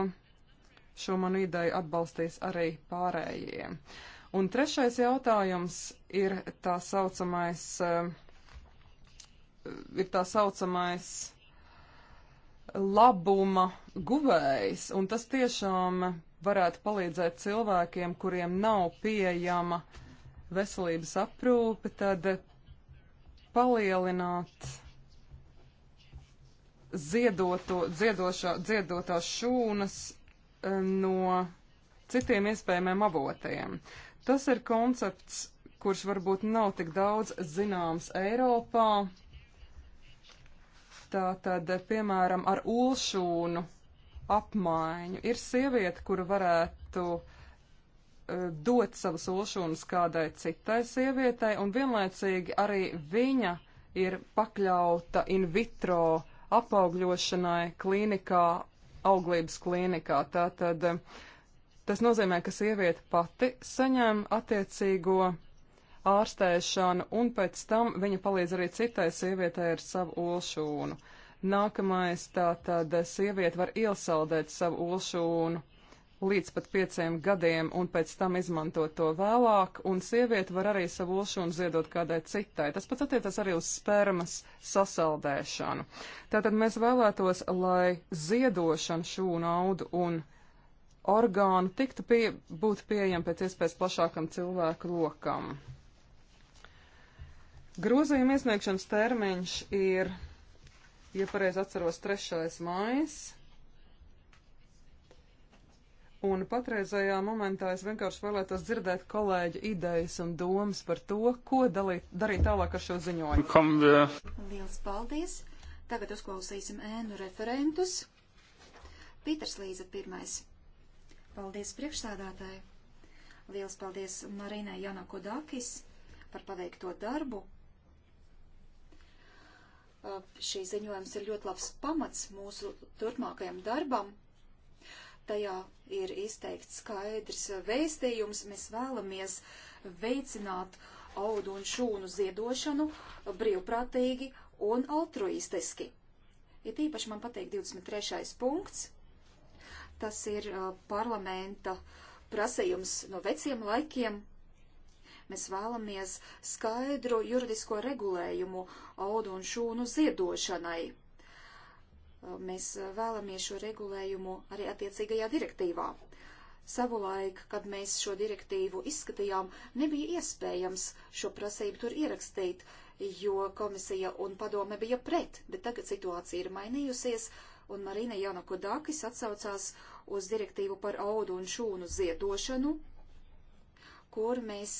šo manu ideju atbalstīs arī pārējie. Uh, Un trešais jautājums ir tā saucamais, eh, ir tā saucamais labuma guvējs, un tas tiešām varētu palīdzēt cilvēkiem, kuriem nav pieejama veselības aprūpe, tad palielināt ziedoto, dziedošā, dziedotās šūnas eh, no citiem iespējamiem avotiem. Tas ir koncepts, kurš varbūt nav tik daudz zināms Eiropā. Tātad, piemēram, ar ulšūnu apmaiņu ir sieviete, kura varētu e, dot savas ulšūnas kādai citai sievietei, un vienlaicīgi arī viņa ir pakļauta in vitro apaugļošanai klīnikā, auglības klīnikā. Tātad, uh, Tas nozīmē, ka sieviete pati saņem attiecīgo ārstēšanu, un pēc tam viņa palīdz arī citai sievietei ar savu olšūnu. Nākamais tātad sieviete var ielsaldēt savu olšūnu līdz pat pieciem gadiem, un pēc tam izmantot to vēlāk, un sieviete var arī savu olšūnu ziedot kādai citai. Tas pats attiecas arī uz spermas sasaldēšanu. Tātad mēs vēlētos, lai ziedošana šūnu audu un orgānu tiktu pie, būtu pieejama pēc iespējas plašākam cilvēku lokam. Grozījuma iesniegšanas termiņš ir, ja pareizi atceros, 3. mājas. Un patreizajā momentā es vienkārši vēlētos dzirdēt kolēģi idejas un domas par to, ko dalīt, darīt tālāk ar šo ziņojumu. Liels paldies! Tagad uzklausīsim ēnu referentus. Pīters Līza pirmais. Paldies priekšsādātāji! Liels paldies Marinai Janakodakis par paveikto darbu. Šī ziņojums ir ļoti labs pamats mūsu turpmākajam darbam. Tajā ir izteikts skaidrs vēstījums. Mēs vēlamies veicināt audu un šūnu ziedošanu brīvprātīgi un altruistiski. Ir ja tīpaši man patīk 23. punkts, Tas ir uh, parlamenta prasījums no veciem laikiem. Mēs vēlamies skaidru juridisko regulējumu audu un šūnu ziedošanai. Uh, mēs uh, vēlamies šo regulējumu arī attiecīgajā direktīvā. Savulaik, kad mēs šo direktīvu izskatījām, nebija iespējams šo prasību tur ierakstīt, jo komisija un padome bija pret, bet tagad situācija ir mainījusies, un Marina Janakodakis atsaucās uz direktīvu par audu un šūnu ziedošanu, kur mēs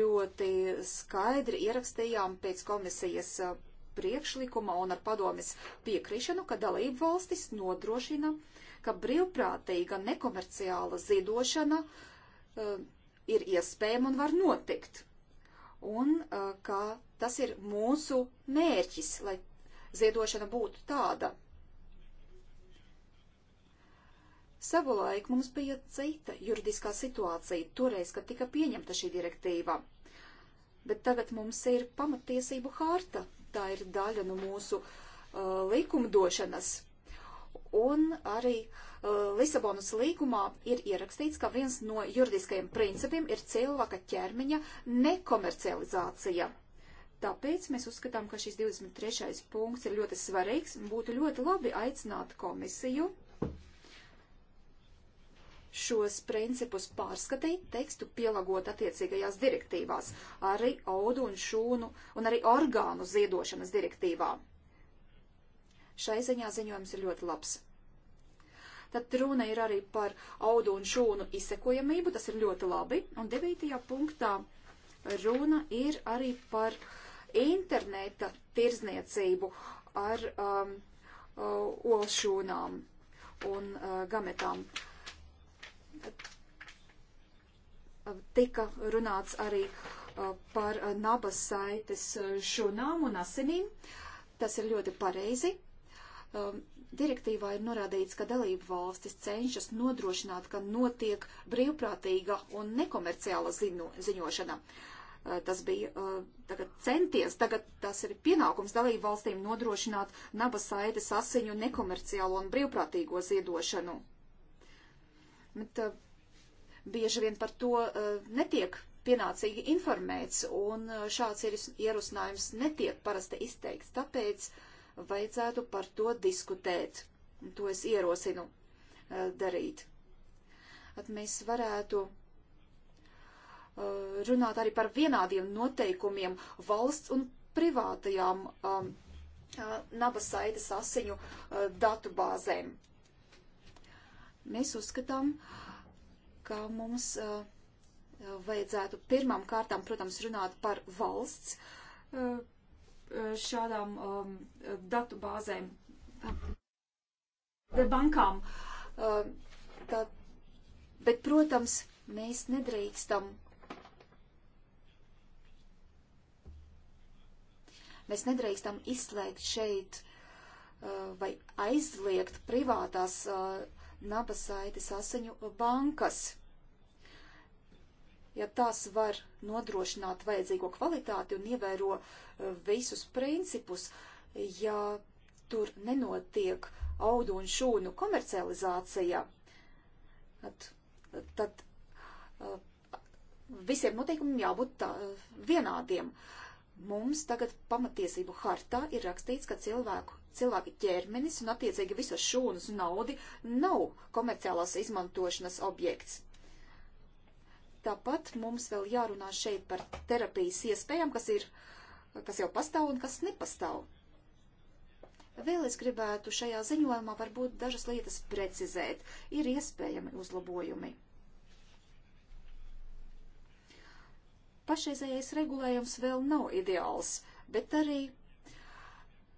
ļoti skaidri ierakstījām pēc komisijas uh, priekšlikuma un ar padomis piekrišanu, ka dalību valstis nodrošina, ka brīvprātīga nekomerciāla ziedošana uh, ir iespējama un var notikt. Un uh, ka tas ir mūsu mērķis, lai ziedošana būtu tāda. Savulaik mums bija cita juridiskā situācija, toreiz, kad tika pieņemta šī direktīva. Bet tagad mums ir pamatiesību harta, tā ir daļa no mūsu uh, likumdošanas. Un arī uh, Lisabonas līgumā ir ierakstīts, ka viens no juridiskajiem principiem ir cilvēka ķermeņa nekomercializācija. Tāpēc mēs uzskatām, ka šis 23. punkts ir ļoti svarīgs un būtu ļoti labi aicināt komisiju uh, šos principus pārskatīt, tekstu pielāgot attiecīgajās direktīvās, arī audu un šūnu un arī orgānu ziedošanas direktīvā. Šai ziņā ziņojums ir ļoti labs. Tad runa ir arī par audu un šūnu izsekojamību, tas ir ļoti labi. Un devītajā punktā runa ir arī par interneta tirzniecību ar um, uh, olšūnām un uh, gametām. Uh, tika runāts arī uh, par uh, nabas saites uh, šūnām un asinīm. Tas ir ļoti pareizi. Um, direktīvā ir norādīts, ka dalību valstis cenšas nodrošināt, ka notiek brīvprātīga un nekomerciāla ziņo, ziņošana. Tas bija tagad centies, tagad tas ir pienākums dalību valstīm nodrošināt nabas saites asiņu nekomerciālo un brīvprātīgo ziedošanu bet uh, bieži vien par to uh, netiek pienācīgi informēts, un e, šāds ierosinājums netiek parasti izteikts, tāpēc vajadzētu par to diskutēt. To es ierosinu e, darīt. At mēs varētu runāt arī par vienādiem noteikumiem valsts un privātajām um, nabasaitas asiņu uh, datu bāzēm. Mēs uzskatām, ka mums uh, uh, vajadzētu pirmām kārtām, protams, runāt par valsts uh, uh šādām um, datu bāzēm, bankām. Uh, tā, bet, protams, mēs nedrīkstam. Mēs nedrīkstam izslēgt šeit uh, vai aizliegt privātās nabasaites asiņu bankas. Ja tās var nodrošināt vajadzīgo kvalitāti un ievēro eh, visus principus, ja tur nenotiek audu un šūnu komercializācija, tad, tad eh, visiem noteikumiem jābūt tā, eh, vienādiem. Mums tagad pamatiesību hartā ir rakstīts, ka cilvēku cilvēka ķermenis un attiecīgi visas šūnas un naudi nav komerciālās izmantošanas objekts. Tāpat mums vēl jārunā šeit par terapijas iespējām, kas, ir, kas jau pastāv un kas nepastāv. Vēl es gribētu šajā ziņojumā varbūt dažas lietas precizēt. Ir iespējami uzlabojumi. Pašreizējais regulējums vēl nav ideāls, bet arī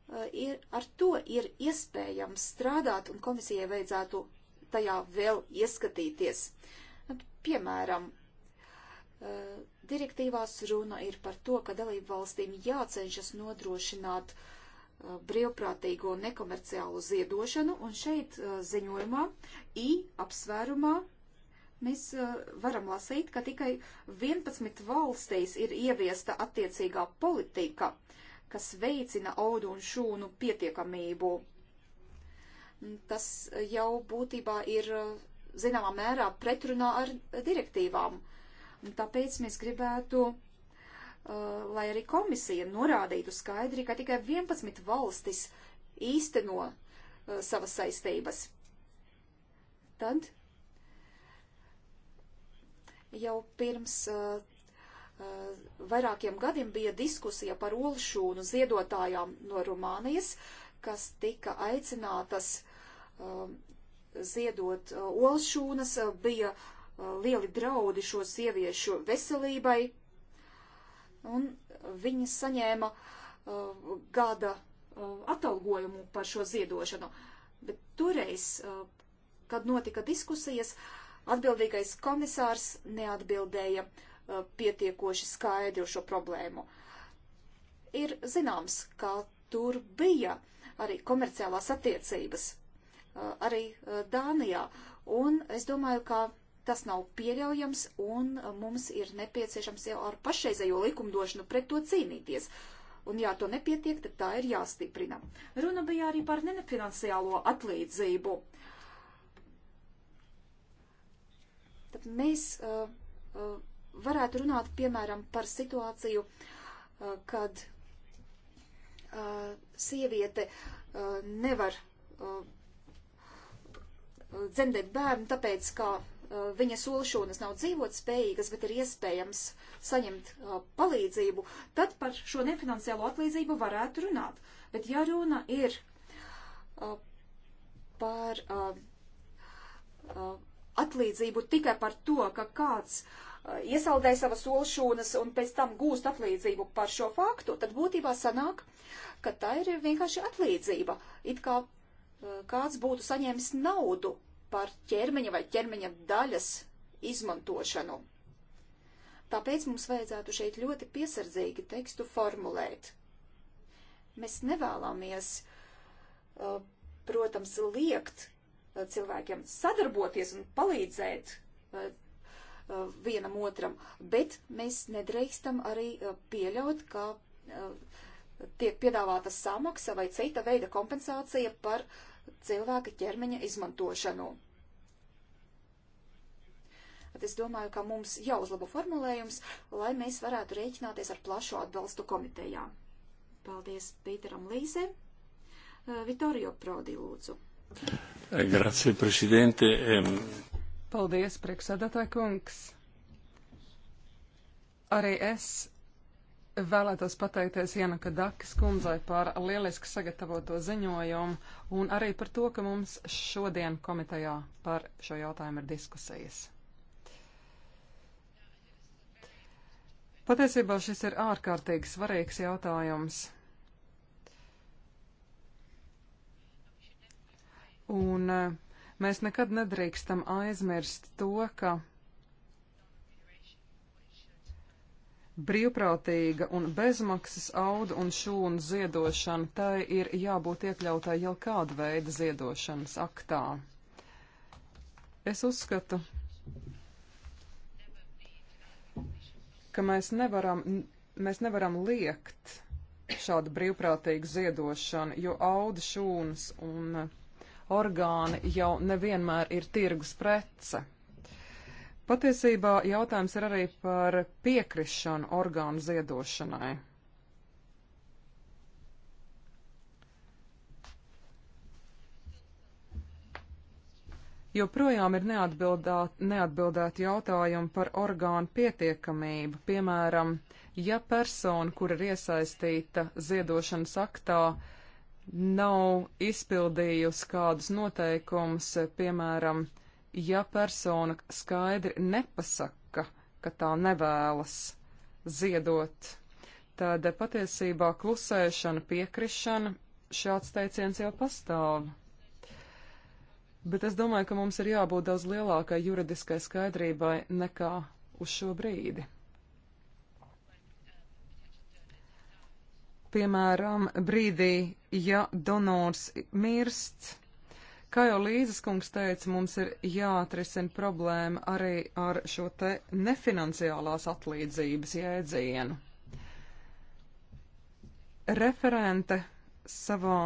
Uh, ir, ar to ir iespējams strādāt, un komisijai vajadzētu tajā vēl ieskatīties. Piemēram, uh, direktīvās runa ir par to, ka dalību valstīm jācenšas nodrošināt uh, brīvprātīgo nekomerciālu ziedošanu, un šeit ziņojumā I apsvērumā mēs varam lasīt, ka tikai 11 valstīs ir ieviesta attiecīgā politika. Uh, kas veicina audu un šūnu pietiekamību. Tas jau būtībā ir zināmā mērā pretrunā ar direktīvām. Un tāpēc mēs gribētu, uh, lai arī komisija norādītu skaidri, ka tikai 11 valstis īsteno uh, savas saistības. Tad jau pirms uh, Eh, vairākiem gadiem bija diskusija par olšūnu ziedotājām no Rumānijas, kas tika aicinātas eh, ziedot eh, olšūnas, bija lieli draudi šo sieviešu veselībai, un viņi saņēma gada atalgojumu par šo ziedošanu. Bet toreiz, kad notika diskusijas, atbildīgais komisārs neatbildēja. Uh, Uh, pietiekoši skaidri uz šo problēmu. Ir zināms, ka tur bija arī komerciālās attiecības, uh, arī uh, Dānijā, un es domāju, ka tas nav pieļaujams, un mums ir nepieciešams jau ar pašreizējo likumdošanu pret to cīnīties. Un ja to nepietiek, tad tā ir jāstiprina. Runa bija arī par nefinansiālo atlīdzību. Tad mēs uh, uh, varētu runāt, piemēram, par situāciju, uh, kad uh, sieviete uh, nevar dzemdēt bērnu, tāpēc, ka viņa solšanas nav dzīvot spējīgas, bet ir iespējams saņemt palīdzību, tad par šo nefinanciālo atlīdzību varētu runāt. Bet ja runa ir par atlīdzību tikai par to, ka kāds uh, Uh, iesaldē savas olšūnas un pēc tam gūst atlīdzību par šo faktu, tad būtībā sanāk, ka tā ir vienkārši atlīdzība. It kā uh, kāds būtu saņēmis naudu par ķermeņa vai ķermeņa daļas izmantošanu. Tāpēc mums vajadzētu šeit ļoti piesardzīgi tekstu formulēt. Mēs nevēlamies, uh, protams, liekt cilvēkiem sadarboties un palīdzēt Uh, vienam otram, bet mēs nedrīkstam arī uh, pieļaut, ka uh, tiek piedāvāta samaksa vai cita veida kompensācija par cilvēka ķermeņa izmantošanu. Tad es domāju, ka mums jāuzlabo formulējums, lai mēs varētu rēķināties ar plašu atbalstu komitejā. Paldies Pīteram Līzē. Vitorio Prodi, lūdzu. Eh, grazie, prezidente. Ehm, Paldies, priekšsēdētāji kungs! Arī es vēlētos pateikties Janaka Dakas kundzei par lieliski sagatavoto ziņojumu un arī par to, ka mums šodien komitejā par šo jautājumu ir diskusijas. Patiesībā šis ir ārkārtīgi svarīgs jautājums. Un uh, Mēs nekad nedrīkstam aizmirst to, ka brīvprātīga un bezmaksas audu un šūnu ziedošana, tai ir jābūt iekļautai jau kāda veida ziedošanas aktā. Es uzskatu, ka mēs nevaram, mēs nevaram liekt šādu brīvprātīgu ziedošanu, jo audu šūnas un orgāni jau nevienmēr ir tirgus prece. Patiesībā jautājums ir arī par piekrišanu orgānu ziedošanai. Joprojām ir neatbildēti jautājumi par orgānu pietiekamību, piemēram, ja persona, kur ir iesaistīta ziedošanas aktā, uh, nav izpildījusi kādus noteikumus, piemēram, ja persona skaidri nepasaka, ka tā nevēlas ziedot, tad patiesībā klusēšana, piekrišana šāds teiciens jau pastāv. Bet es domāju, ka mums ir jābūt daudz lielākai juridiskai skaidrībai nekā uz šo brīdi. piemēram, brīdī, ja donors mirst. Kā jau Līdzes kungs teica, mums ir jāatrisina problēma arī ar šo te nefinanciālās atlīdzības jēdzienu. Referente savā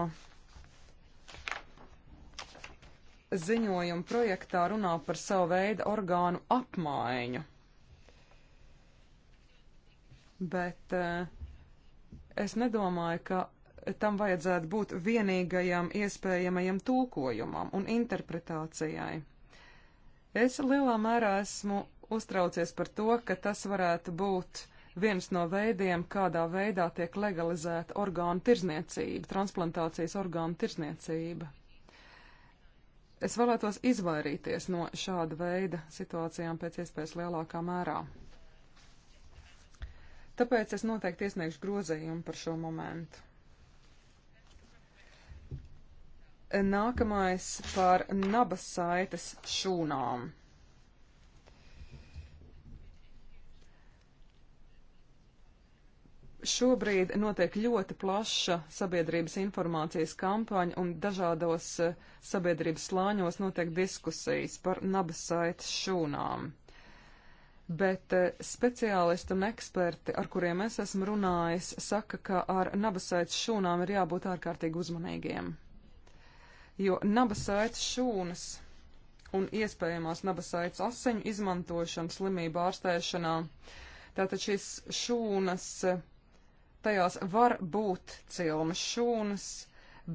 ziņojuma projektā runā par savu veidu orgānu apmaiņu. Bet uh, Es nedomāju, ka tam vajadzētu būt vienīgajam iespējamajam tulkojumam un interpretācijai. Es lielā mērā esmu uztraucies par to, ka tas varētu būt viens no veidiem, kādā veidā tiek legalizēta orgānu tirzniecība, transplantācijas orgānu tirzniecība. Es vēlētos izvairīties no šāda veida situācijām pēc iespējas lielākā mērā. Tāpēc es noteikti iesniegšu grozījumu par šo momentu. Nākamais par nabas saites šūnām. Šobrīd notiek ļoti plaša sabiedrības informācijas kampaņa un dažādos eh, sabiedrības slāņos notiek diskusijas par nabas saites šūnām bet eh, speciālisti un eksperti, ar kuriem es esmu runājis, saka, ka ar nabasaitas šūnām ir jābūt ārkārtīgi uzmanīgiem. Jo nabasaitas šūnas un iespējamās nabasaitas asiņu izmantošana slimību ārstēšanā, tātad šīs šūnas, tajās var būt cilmas šūnas,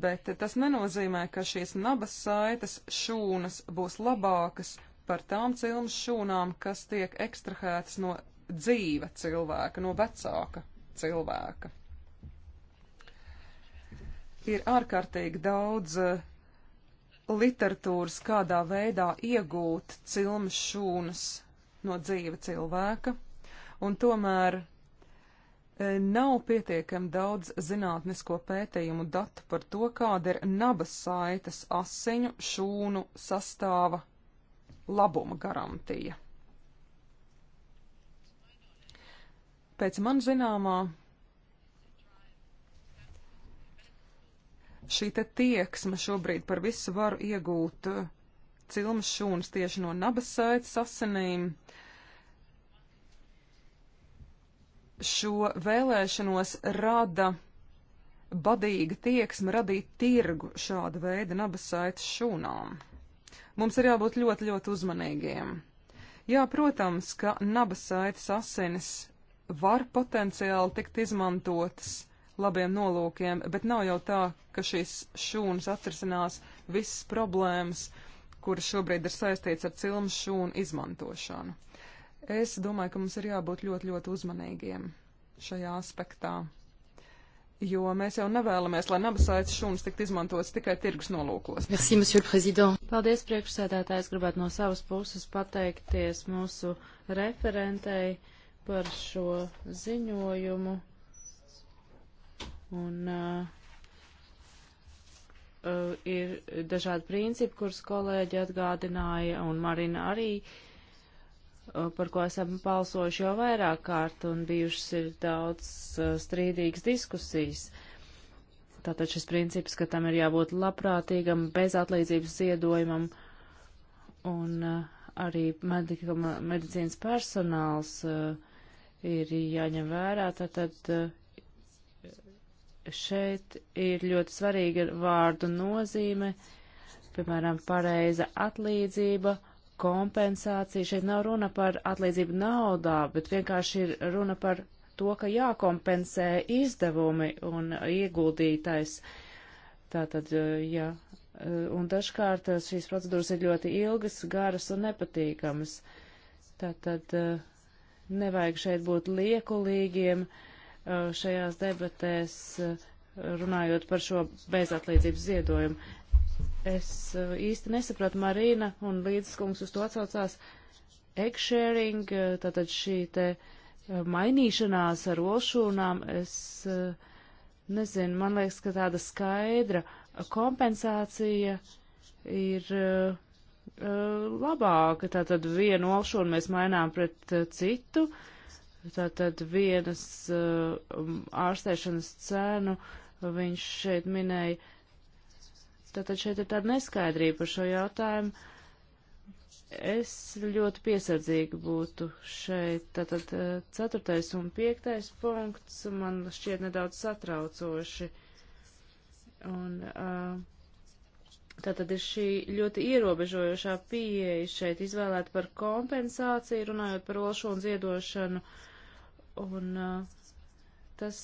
bet tas nenozīmē, ka šīs nabasaitas šūnas būs labākas par tām cilmas šūnām, kas tiek ekstrahētas no dzīva cilvēka, no vecāka cilvēka. Ir ārkārtīgi daudz eh, literatūras, kādā veidā iegūt cilmas šūnas no dzīva cilvēka, un tomēr eh, nav pietiekami daudz zinātnisko pētījumu datu par to, kāda ir nabas saites asiņu šūnu sastāva labuma garantija. Pēc man zināmā šī te tieksme šobrīd par visu varu iegūt uh, cilmas šūnas tieši no nabasaitas asinīm. Šo vēlēšanos rada badīga tieksme radīt tirgu šāda veida nabasaitas šūnām. Mums ir jābūt ļoti, ļoti uzmanīgiem. Jā, protams, ka nabasaitas asinis var potenciāli tikt izmantotas labiem nolūkiem, bet nav jau tā, ka šīs šūnas atrisinās visas problēmas, kuras šobrīd ir saistīts ar cilmu šūnu izmantošanu. Es domāju, ka mums ir jābūt ļoti, ļoti uzmanīgiem šajā aspektā jo mēs jau nevēlamies, lai nabasaicis šūnas tikt izmantots tikai tirgus nolūkos. Merci, monsieur le président. Paldies, priekšsēdētājs, gribētu no savas puses pateikties mūsu referentei par šo ziņojumu. Un uh, uh ir dažādi principi, kurus kolēģi atgādināja, un Marina arī uh, par ko esam balsojuši jau vairāk kārt un bijušas ir daudz strīdīgas diskusijas. Tātad šis princips, ka tam ir jābūt labprātīgam, bez atlīdzības ziedojumam un arī medikama, medicīnas personāls ir jāņem vērā. Tātad šeit ir ļoti svarīga vārdu nozīme, piemēram, pareiza atlīdzība kompensāciju. Šeit nav runa par atlīdzību naudā, bet vienkārši ir runa par to, ka jākompensē izdevumi un ieguldītais. Tātad, eh, jā. Eh, un dažkārt eh, šīs procedūras ir ļoti ilgas, garas un nepatīkamas. Tātad nevajag šeit būt liekulīgiem šajās debatēs, runājot par šo bezatlīdzības ziedojumu. Es eh, īsti nesaprotu, Marīna un līdzskungs uz to atsaucās egg-sharing, eh, tātad šī te eh, mainīšanās ar olšūnām. Es nezinu, man liekas, ka tāda skaidra kompensācija ir labāka. Tātad vienu olšūnu mēs mainām pret citu, tātad vienas ārstēšanas cenu viņš šeit minēja Tātad šeit ir tāda neskaidrība par šo jautājumu. Es ļoti piesardzīgi būtu šeit. Tātad eh, ceturtais un piektais punkts man šķiet nedaudz satraucoši. Un, uh, eh, Tā tad ir šī ļoti ierobežojošā pieeja šeit izvēlēta par kompensāciju, runājot par olšu un ziedošanu, un eh, tas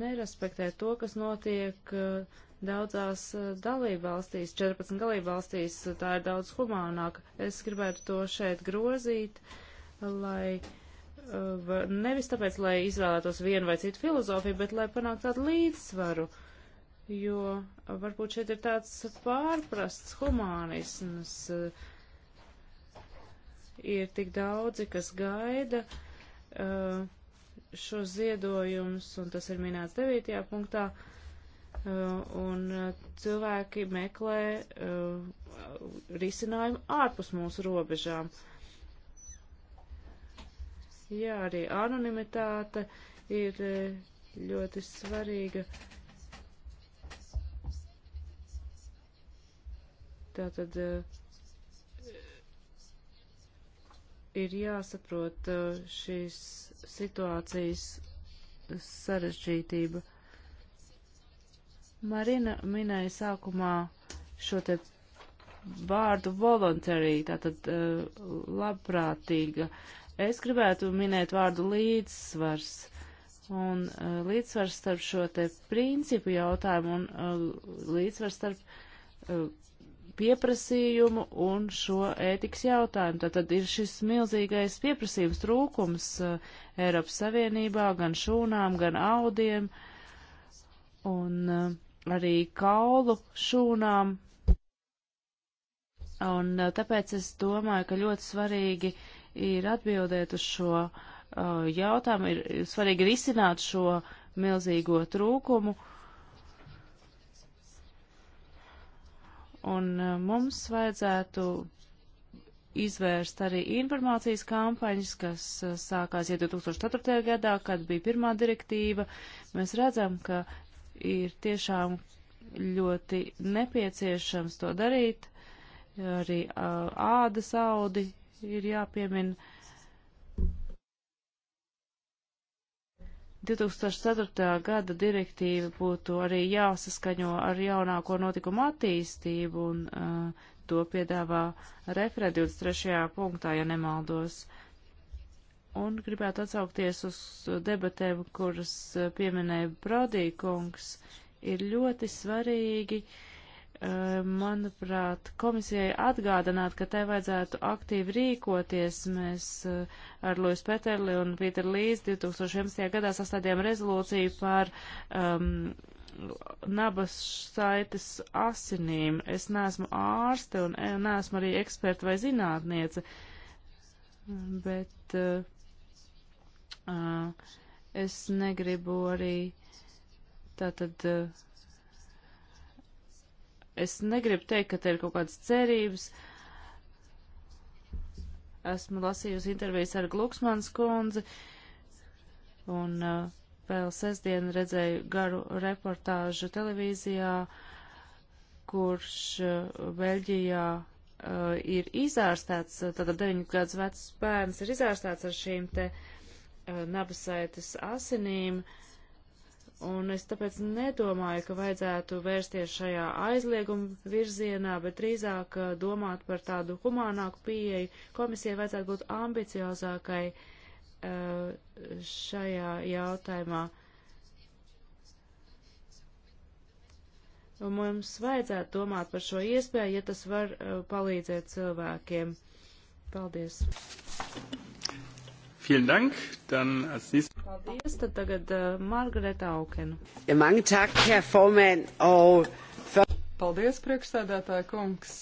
nerespektē to, kas notiek daudzās eh, dalībvalstīs, 14 dalībvalstīs, eh, tā ir daudz humānāk. Es gribētu to šeit grozīt, lai eh, nevis tāpēc, lai izvēlētos vienu vai citu filozofiju, bet lai panāktu tādu līdzsvaru, jo varbūt šeit ir tāds pārprasts humānisms. Ir tik daudzi, kas gaida šo ziedojumus, un tas ir minēts 9. punktā. Uh, Uh, un uh, cilvēki meklē uh, risinājumu ārpus mūsu robežām. Jā, arī anonimitāte ir ļoti svarīga. Tātad ir jāsaprot šīs situācijas sarežģītība. Marina minēja sākumā šo te vārdu voluntārī, tātad uh, labprātīga. Es gribētu minēt vārdu līdzsvars. Un uh, līdzsvars starp šo te principu jautājumu un uh, līdzsvars starp uh, pieprasījumu un šo ētikas jautājumu. Tātad ir šis milzīgais pieprasījums trūkums uh, Eiropas Savienībā gan šūnām, gan audiem. Un uh, arī kaulu šūnām. Un eh, tāpēc es domāju, ka ļoti svarīgi ir atbildēt uz šo uh, jautājumu, ir svarīgi risināt šo milzīgo trūkumu. Un uh, mums vajadzētu izvērst arī informācijas kampaņas, kas sākās jau 2004. gadā, kad bija pirmā direktīva. Mēs redzam, ka ir tiešām ļoti nepieciešams to darīt. Arī ādas audi ir jāpiemina. 2004. gada direktīva būtu arī jāsaskaņo ar jaunāko notikumu attīstību, un uh, to piedāvā referē 23. punktā, ja nemaldos. Uh, un gribētu atsaukties uz debatēm, kuras eh, pieminēja Brodīkungs, ir ļoti svarīgi, eh, manuprāt, komisijai atgādināt, ka tai vajadzētu aktīvi rīkoties. Mēs eh, ar Luis Peterli un Pīteru Līs 2011. gadā sastādījām rezolūciju par um, nabas saites asinīm. Es neesmu ārste un neesmu arī eksperta vai zinātniece, bet uh, Es negribu arī tātad. Eh, es negribu teikt, ka te ir kaut kādas cerības. Esmu lasījusi intervijas ar Gluksmanas kundzi un eh, vēl sestdien redzēju garu reportāžu televīzijā, kurš eh, Beļģijā uh, ir izārstēts, tātad 9 gadus vecs bērns ir izārstēts ar šīm te Eh, nabasaitas asinīm, un es tāpēc nedomāju, ka vajadzētu vērsties šajā aizlieguma virzienā, bet drīzāk eh, domāt par tādu humānāku pieeju. Komisijai vajadzētu būt ambiciozākai eh, šajā jautājumā. Un mums vajadzētu domāt par šo iespēju, ja tas var palīdzēt cilvēkiem. Paldies! Vielen Dank. Dann als nächstes. Paldies. Tad tagad uh, Margareta Aukena. Ja, mange tak, herr formand, og... Paldies, priekšsēdētāja kungs.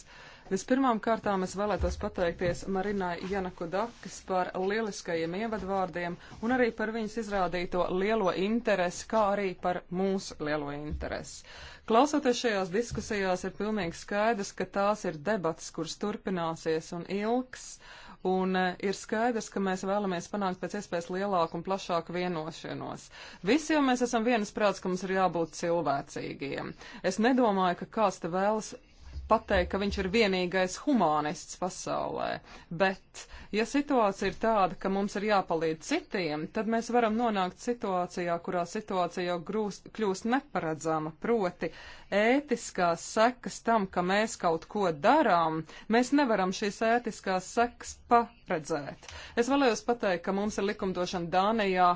Vispirmām kārtām es vēlētos pateikties Marinai Janakudakas par lieliskajiem ievadvārdiem un arī par viņas izrādīto lielo interesi, kā arī par mūsu lielo interesi. Klausoties šajās diskusijās, ir pilnīgi skaidrs, ka tās ir debats, kuras turpināsies un ilgs. Uh, un eh, ir skaidrs, ka mēs vēlamies panākt pēc iespējas lielāku un plašāku vienošanos. Visi jau mēs esam vienas prāts, ka mums ir jābūt cilvēcīgiem. Es nedomāju, ka kāds te vēlas pateikt, ka viņš ir vienīgais humanists pasaulē, bet ja situācija ir tāda, ka mums ir jāpalīdz citiem, tad mēs varam nonākt situācijā, kurā situācija jau grūst, kļūst neparedzama, proti ētiskās sekas tam, ka mēs kaut ko darām, mēs nevaram šīs ētiskās sekas paredzēt. Es vēlējos pateikt, ka mums ir likumdošana Dānijā,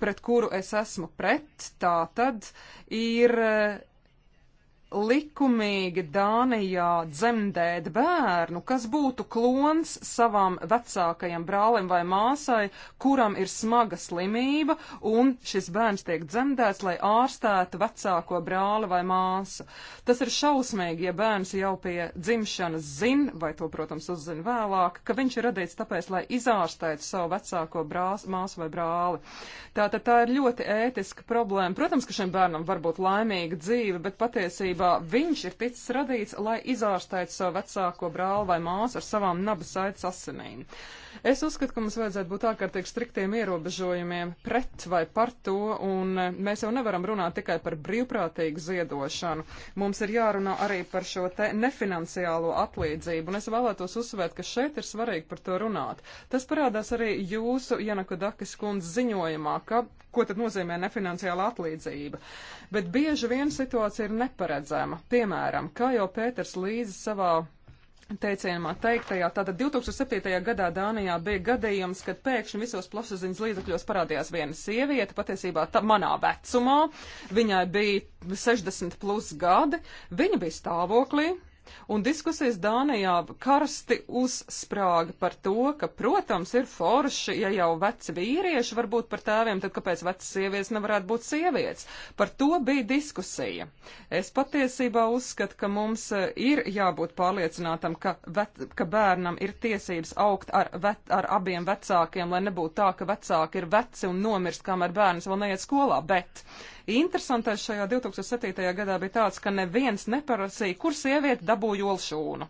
pret kuru es esmu pret, tā tad ir likumīgi Dānijā dzemdēt bērnu, kas būtu klons savam vecākajam brālim vai māsai, kuram ir smaga slimība, un šis bērns tiek dzemdēts, lai ārstētu vecāko brāli vai māsu. Tas ir šausmīgi, ja bērns jau pie dzimšanas zin, vai to, protams, uzzina vēlāk, ka viņš ir radīts tāpēc, lai izārstētu savu vecāko brās, māsu vai brāli. Tātad tā ir ļoti ētiska problēma. Protams, ka šim bērnam var būt laimīga dzīve, bet patiesībā Būtībā viņš ir ticis radīts, lai izārstētu savu vecāko brāli vai māsu ar savām naba saites asinīm. Uh, Es uzskatu, ka mums vajadzētu būt ārkārtīgi striktiem ierobežojumiem pret vai par to, un e, mēs jau nevaram runāt tikai par brīvprātīgu ziedošanu. Mums ir jārunā arī par šo te nefinanciālo atlīdzību, un es vēlētos uzsvērt, ka šeit ir svarīgi par to runāt. Tas parādās arī jūsu Janaka Dakis kundz ziņojumā, ka, ko tad nozīmē nefinanciāla atlīdzība. Bet bieži vien situācija ir neparedzama. Piemēram, kā jau Pēters Līdzi savā teicienumā teiktajā. Tātad 2007. gadā Dānijā bija gadījums, kad pēkšņi visos plašsaziņas līdzakļos parādījās viena sieviete, patiesībā tā, manā vecumā, viņai bija 60 plus gadi, viņa bija stāvoklī, Un diskusijas Dānijā karsti uzsprāga par to, ka, protams, ir forši, ja jau veci vīrieši var būt par tēviem, tad kāpēc vecas sievietes nevarētu būt sievietes? Par to bija diskusija. Es patiesībā uzskatu, ka mums e, ir jābūt pārliecinātam, ka, vet, ka bērnam ir tiesības augt ar, vet, ar abiem vecākiem, lai nebūtu tā, ka vecāki ir veci un nomirst, kamēr bērns vēl neiet skolā. Bet Interesantais šajā 2007. gadā bija tāds, ka neviens neparasīja, kur sieviete dabūja olšūnu,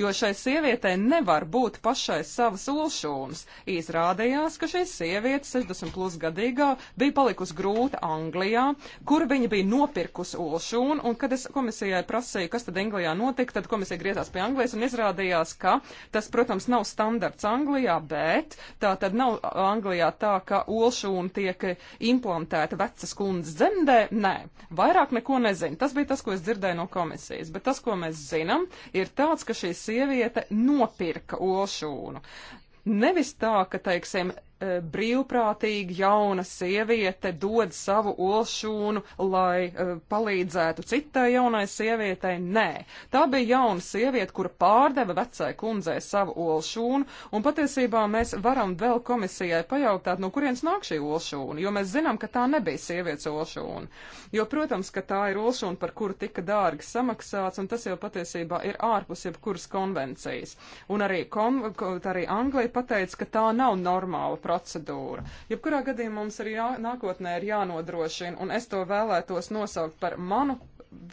jo šai sievietei nevar būt pašai savas olšūnas. Izrādījās, ka šī sieviete, 60 plus gadīgā, bija palikusi grūta Anglijā, kur viņa bija nopirkusi olšūnu, un kad es komisijai prasīju, kas tad Anglijā notika, tad komisija griezās pie Anglijas un izrādījās, ka tas, protams, nav standarts Anglijā, bet tā tad nav Anglijā tā, ka olšūna tiek implantēta vecas kundzes dzemdē, sprindē? Nē, vairāk neko nezinu. Tas bija tas, ko es dzirdēju no komisijas. Bet tas, ko mēs zinām, ir tāds, ka šī sieviete nopirka olšūnu. Nevis tā, ka, teiksim, E, brīvprātīgi jauna sieviete dod savu olšūnu, lai uh, palīdzētu citai jaunai sievietei. Nē, tā bija jauna sieviete, kura pārdeva vecai kundzei savu olšūnu, un patiesībā mēs varam vēl komisijai pajautāt, no kurienes nāk šī olšūna, jo mēs zinām, ka tā nebija sievietes olšūna. Jo, protams, ka tā ir olšūna, par kuru tika dārgi samaksāts, un tas jau patiesībā ir ārpus jebkuras konvencijas. Un arī, kon, arī Anglija pateica, ka tā nav normāla problēma procedūra. Jebkurā gadījumā mums arī jā, nākotnē ir jānodrošina, un es to vēlētos nosaukt par manu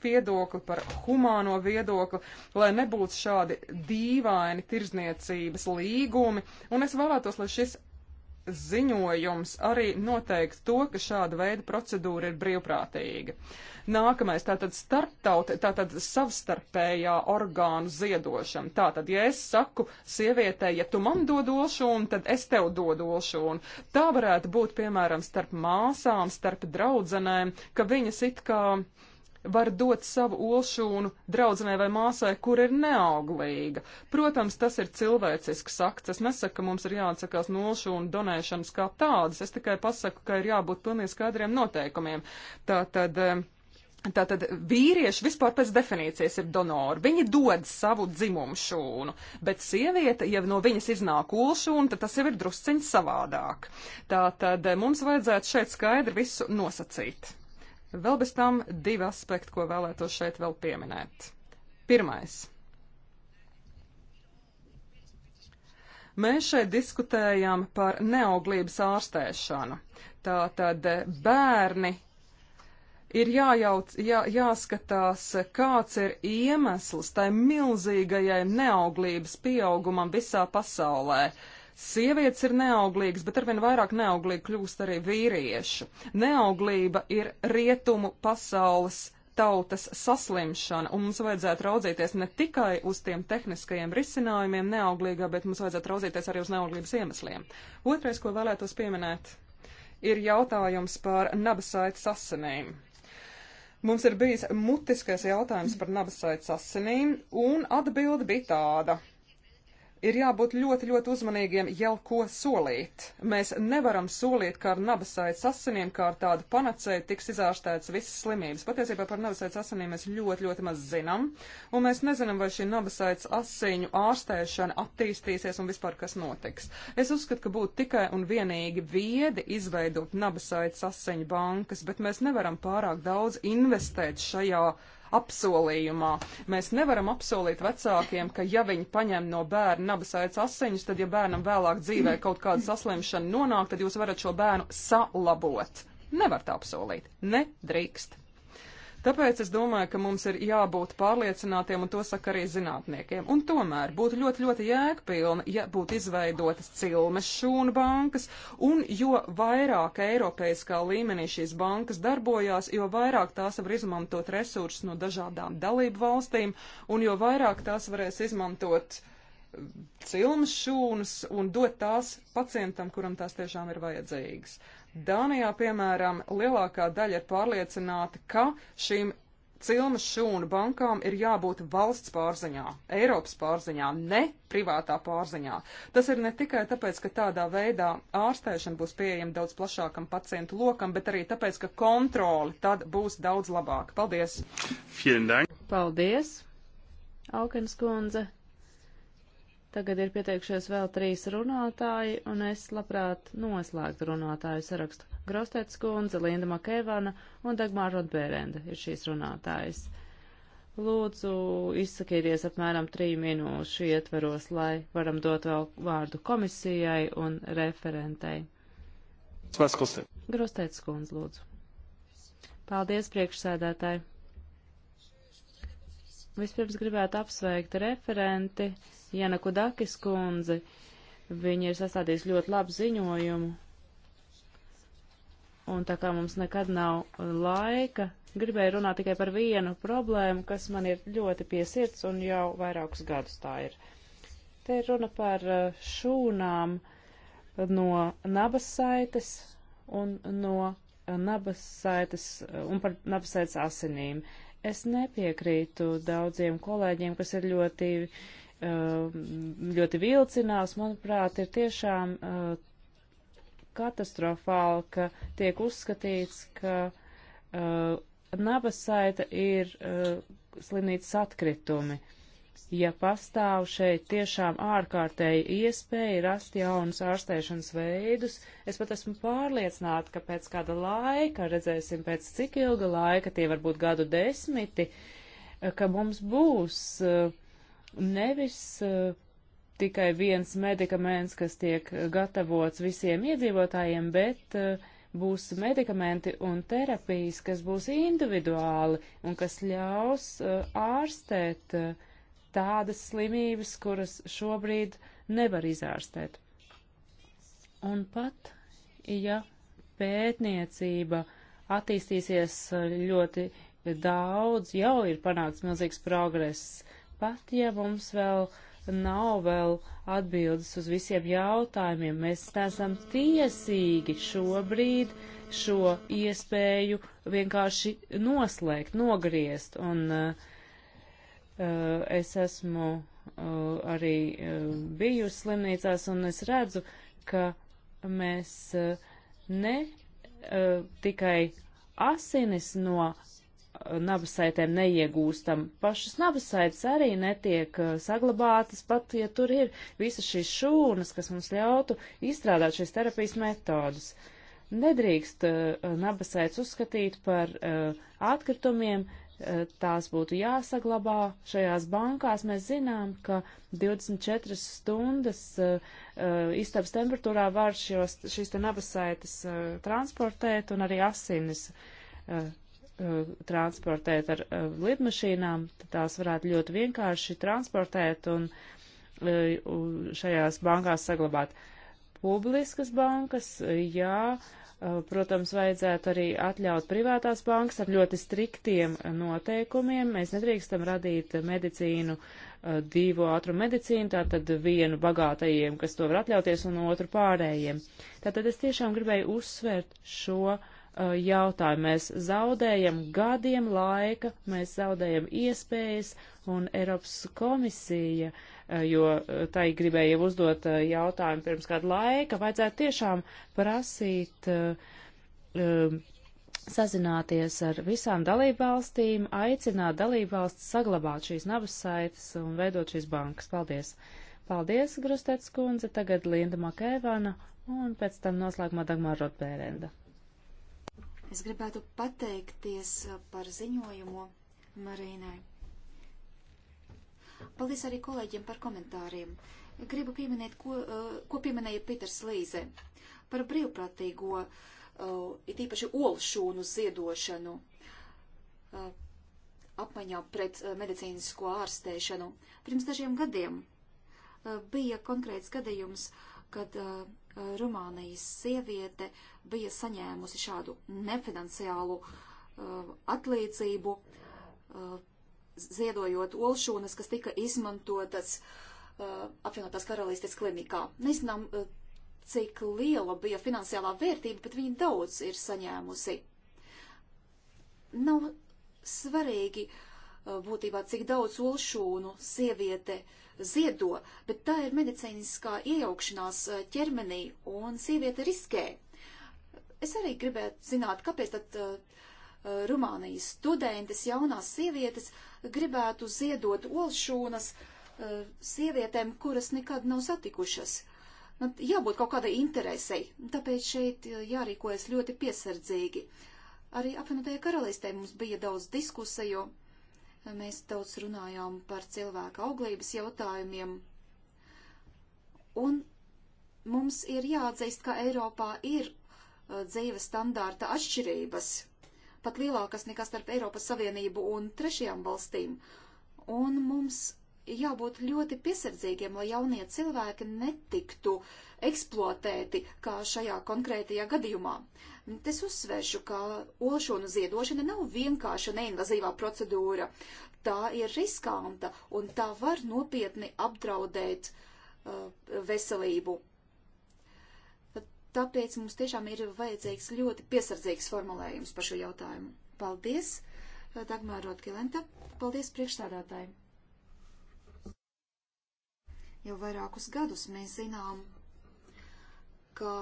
viedokli, par humāno viedokli, lai nebūtu šādi dīvaini tirzniecības līgumi, un es vēlētos, lai šis ziņojums arī noteikti to, ka šāda veida procedūra ir brīvprātīga. Nākamais, tātad, starptaut, tātad savstarpējā orgānu ziedošana. Tātad, ja es saku sievietei, ja tu man dod olšūnu, tad es tev dodu olšūnu. Tā varētu būt, piemēram, starp māsām, starp draudzenēm, ka viņas it kā. Uh, var dot savu olšūnu draudzenei vai māsai, kur ir neauglīga. Protams, tas ir cilvēcisks akts. Es nesaku, ka mums ir jāatsakās no olšūnu donēšanas kā tādas. Es tikai pasaku, ka ir jābūt pilnīgi skaidriem noteikumiem. Tātad, Tātad vīrieši vispār pēc definīcijas ir donori. Viņi dod savu dzimumu šūnu, bet sieviete, ja no viņas iznāk ulšūna, tad tas jau ir drusciņš savādāk. Tātad mums vajadzētu šeit skaidri visu nosacīt. Vēl bez tam divi aspekti, ko vēlētos šeit vēl pieminēt. Pirmais. Mēs šeit diskutējam par neauglības ārstēšanu. Tātad bērni ir jājauc, jā, jāskatās, kāds ir iemesls tai milzīgajai neauglības pieaugumam visā pasaulē. Uh, Sievietes ir neauglīgas, bet arvien vairāk neauglīgi kļūst arī vīriešu. Neauglība ir rietumu pasaules tautas saslimšana, un mums vajadzētu raudzīties ne tikai uz tiem tehniskajiem risinājumiem neauglīgā, bet mums vajadzētu raudzīties arī uz neauglības iemesliem. Otrais, ko vēlētos pieminēt, ir jautājums par nabasaitas asinīm. Mums ir bijis mutiskais jautājums par nabasaitas asinīm, un atbilde bija tāda ir jābūt ļoti, ļoti uzmanīgiem jau ko solīt. Mēs nevaram solīt, ka ar nabasaits asinīm, kā ar tādu panacēju tiks izārstēts visas slimības. Patiesībā par nabasaits asinīm mēs ļoti, ļoti maz zinām, un mēs nezinām, vai šī nabasaits asiņu ārstēšana attīstīsies un vispār kas notiks. Es uzskatu, ka būtu tikai un vienīgi viedi izveidot nabasaits asiņu bankas, bet mēs nevaram pārāk daudz investēt šajā apsolījumā. Mēs nevaram apsolīt vecākiem, ka ja viņi paņem no bērna nabasaic asiņus, tad ja bērnam vēlāk dzīvē kaut kāda saslimšana nonāk, tad jūs varat šo bērnu salabot. Nevar tā apsolīt. Nedrīkst. Tāpēc es domāju, ka mums ir jābūt pārliecinātiem, un to saka arī zinātniekiem. Un tomēr būtu ļoti, ļoti jēgpilni, ja būtu izveidotas cilmes šūnu bankas, un jo vairāk Eiropeiskā līmenī šīs bankas darbojās, jo vairāk tās var izmantot resursus no dažādām dalību valstīm, un jo vairāk tās varēs izmantot um, cilmes šūnas un dot tās pacientam, kuram tās tiešām ir vajadzīgas. Dānijā, piemēram, lielākā daļa ir pārliecināta, ka šīm cilmas šūnu bankām ir jābūt valsts pārziņā, Eiropas pārziņā, ne privātā pārziņā. Tas ir ne tikai tāpēc, ka tādā veidā ārstēšana būs pieejama daudz plašākam pacientu lokam, bet arī tāpēc, ka kontroli tad būs daudz labāka. Paldies! Paldies, Aukens kundze! Tagad ir pieteikšies vēl trīs runātāji, un es labprāt noslēgtu runātāju sarakstu. Grostēts kundze, Linda Makēvana un Dagmāra Rotbērenda ir šīs runātājas. Lūdzu, izsakieties apmēram trīs minūšu ietveros, lai varam dot vēl vārdu komisijai un referentei. Grostēts kundze, lūdzu. Paldies, priekšsēdētāji! Vispirms gribētu apsveikt referenti Janaku Dakis kundzi. Viņa ir sastādījusi ļoti labu ziņojumu. Un tā kā mums nekad nav laika, gribēju runāt tikai par vienu problēmu, kas man ir ļoti piesirds un jau vairākus gadus tā ir. Te ir runa par eh, šūnām no nabas saites un no nabas saites eh, un par nabas saites asinīm. Uh, Es nepiekrītu daudziem kolēģiem, kas ir ļoti, um, ļoti vilcinās. Manuprāt, ir tiešām uh, katastrofāli, ka tiek uzskatīts, ka uh, nabasaita ir uh, slimnīcas atkritumi. Uh, ja pastāv šeit tiešām ārkārtēji iespēja rast jaunus ārstēšanas veidus. Es pat esmu pārliecināta, ka pēc kāda laika, redzēsim pēc cik ilga laika, tie varbūt gadu desmiti, ka mums būs uh, nevis uh, tikai viens medikaments, kas tiek gatavots visiem iedzīvotājiem, bet uh, būs medikamenti un terapijas, kas būs individuāli un kas ļaus ārstēt uh, tādas slimības, kuras šobrīd nevar izārstēt. Un pat, ja pētniecība attīstīsies ļoti daudz, jau ir panākts milzīgs progress, pat ja mums vēl nav vēl atbildes uz visiem jautājumiem, mēs neesam tiesīgi šobrīd šo iespēju vienkārši noslēgt, nogriezt un uh, Eh, es esmu eh, arī eh, bijusi slimnīcās un es redzu, ka mēs ne tikai asinis no nabasaitēm neiegūstam. Pašas nabasaites arī netiek saglabātas, pat ja tur ir visas šīs šūnas, kas mums ļautu izstrādāt šīs terapijas metodas. Nedrīkst uh, nabasaites uzskatīt par uh, atkritumiem, tās būtu jāsaglabā. Šajās bankās mēs zinām, ka 24 stundas uh, istabas temperatūrā var šos, šīs te nabasaitas uh, transportēt un arī asinis uh, transportēt ar lidmašīnām. Tās varētu ļoti vienkārši transportēt un šajās bankās saglabāt. Publiskas bankas, jā, Eh, protams, vajadzētu arī atļaut privātās bankas ar ļoti striktiem eh, noteikumiem. Mēs nedrīkstam radīt medicīnu eh, divu ātrumu medicīnu, tātad vienu bagātajiem, kas to var atļauties, un otru pārējiem. Tātad es tiešām gribēju uzsvērt šo jautājumu. Mēs zaudējam gadiem laika, mēs zaudējam iespējas, un Eiropas komisija uh, Eh, jo eh, tai gribēja jau uzdot eh, jautājumu pirms kādu laika, vajadzētu tiešām prasīt um, sazināties ar visām dalībvalstīm, aicināt dalībvalsts saglabāt šīs nabas saites un veidot šīs bankas. Paldies! Paldies, Grustets kundze, tagad Linda Makēvana un pēc tam noslēgumā Dagmar Rotbērenda. Es gribētu pateikties par ziņojumu Marīnai. Paldies arī kolēģiem par komentāriem. Gribu pieminēt, ko, eh, ko pieminēja Piters Līze par brīvprātīgo, eh, it īpaši olšūnu ziedošanu eh, apmaiņā pret medicīnisko ārstēšanu. Pirms dažiem gadiem bija konkrēts gadījums, kad Rumānijas sieviete bija saņēmusi šādu nefinanciālu atlīdzību ziedojot olšūnas, kas tika izmantotas uh, apvienotās karalistes klinikā. Nezinām, uh, cik liela bija finansiālā vērtība, bet viņa daudz ir saņēmusi. Nav svarīgi uh, būtībā, cik daudz olšūnu sieviete ziedo, bet tā ir medicīniskā iejaukšanās uh, ķermenī un sieviete riskē. Es arī gribētu zināt, kāpēc tad uh, Rumānijas studentes, jaunās sievietes gribētu ziedot olšūnas eh, sievietēm, kuras nekad nav satikušas. Nu, jābūt kaut kādai interesei, tāpēc šeit eh, jārīkojas ļoti piesardzīgi. Arī apvienotajā karalistē mums bija daudz diskusiju, mēs daudz runājām par cilvēka auglības jautājumiem, un mums ir jāatzīst, ka Eiropā ir eh, dzīves standārta atšķirības pat lielākas nekā starp Eiropas Savienību un trešajām valstīm. Un mums jābūt ļoti piesardzīgiem, lai jaunie cilvēki netiktu eksploatēti, kā šajā konkrētajā gadījumā. Es uzsvēršu, ka olšonu ziedošana nav vienkārša neinvazīvā procedūra. Tā ir riskanta un tā var nopietni apdraudēt uh, veselību. Tāpēc mums tiešām ir vajadzīgs ļoti piesardzīgs formulējums par šo jautājumu. Paldies, Dagmāra Rotkilenta. Paldies priekšstādātāji. Jau vairākus gadus mēs zinām, ka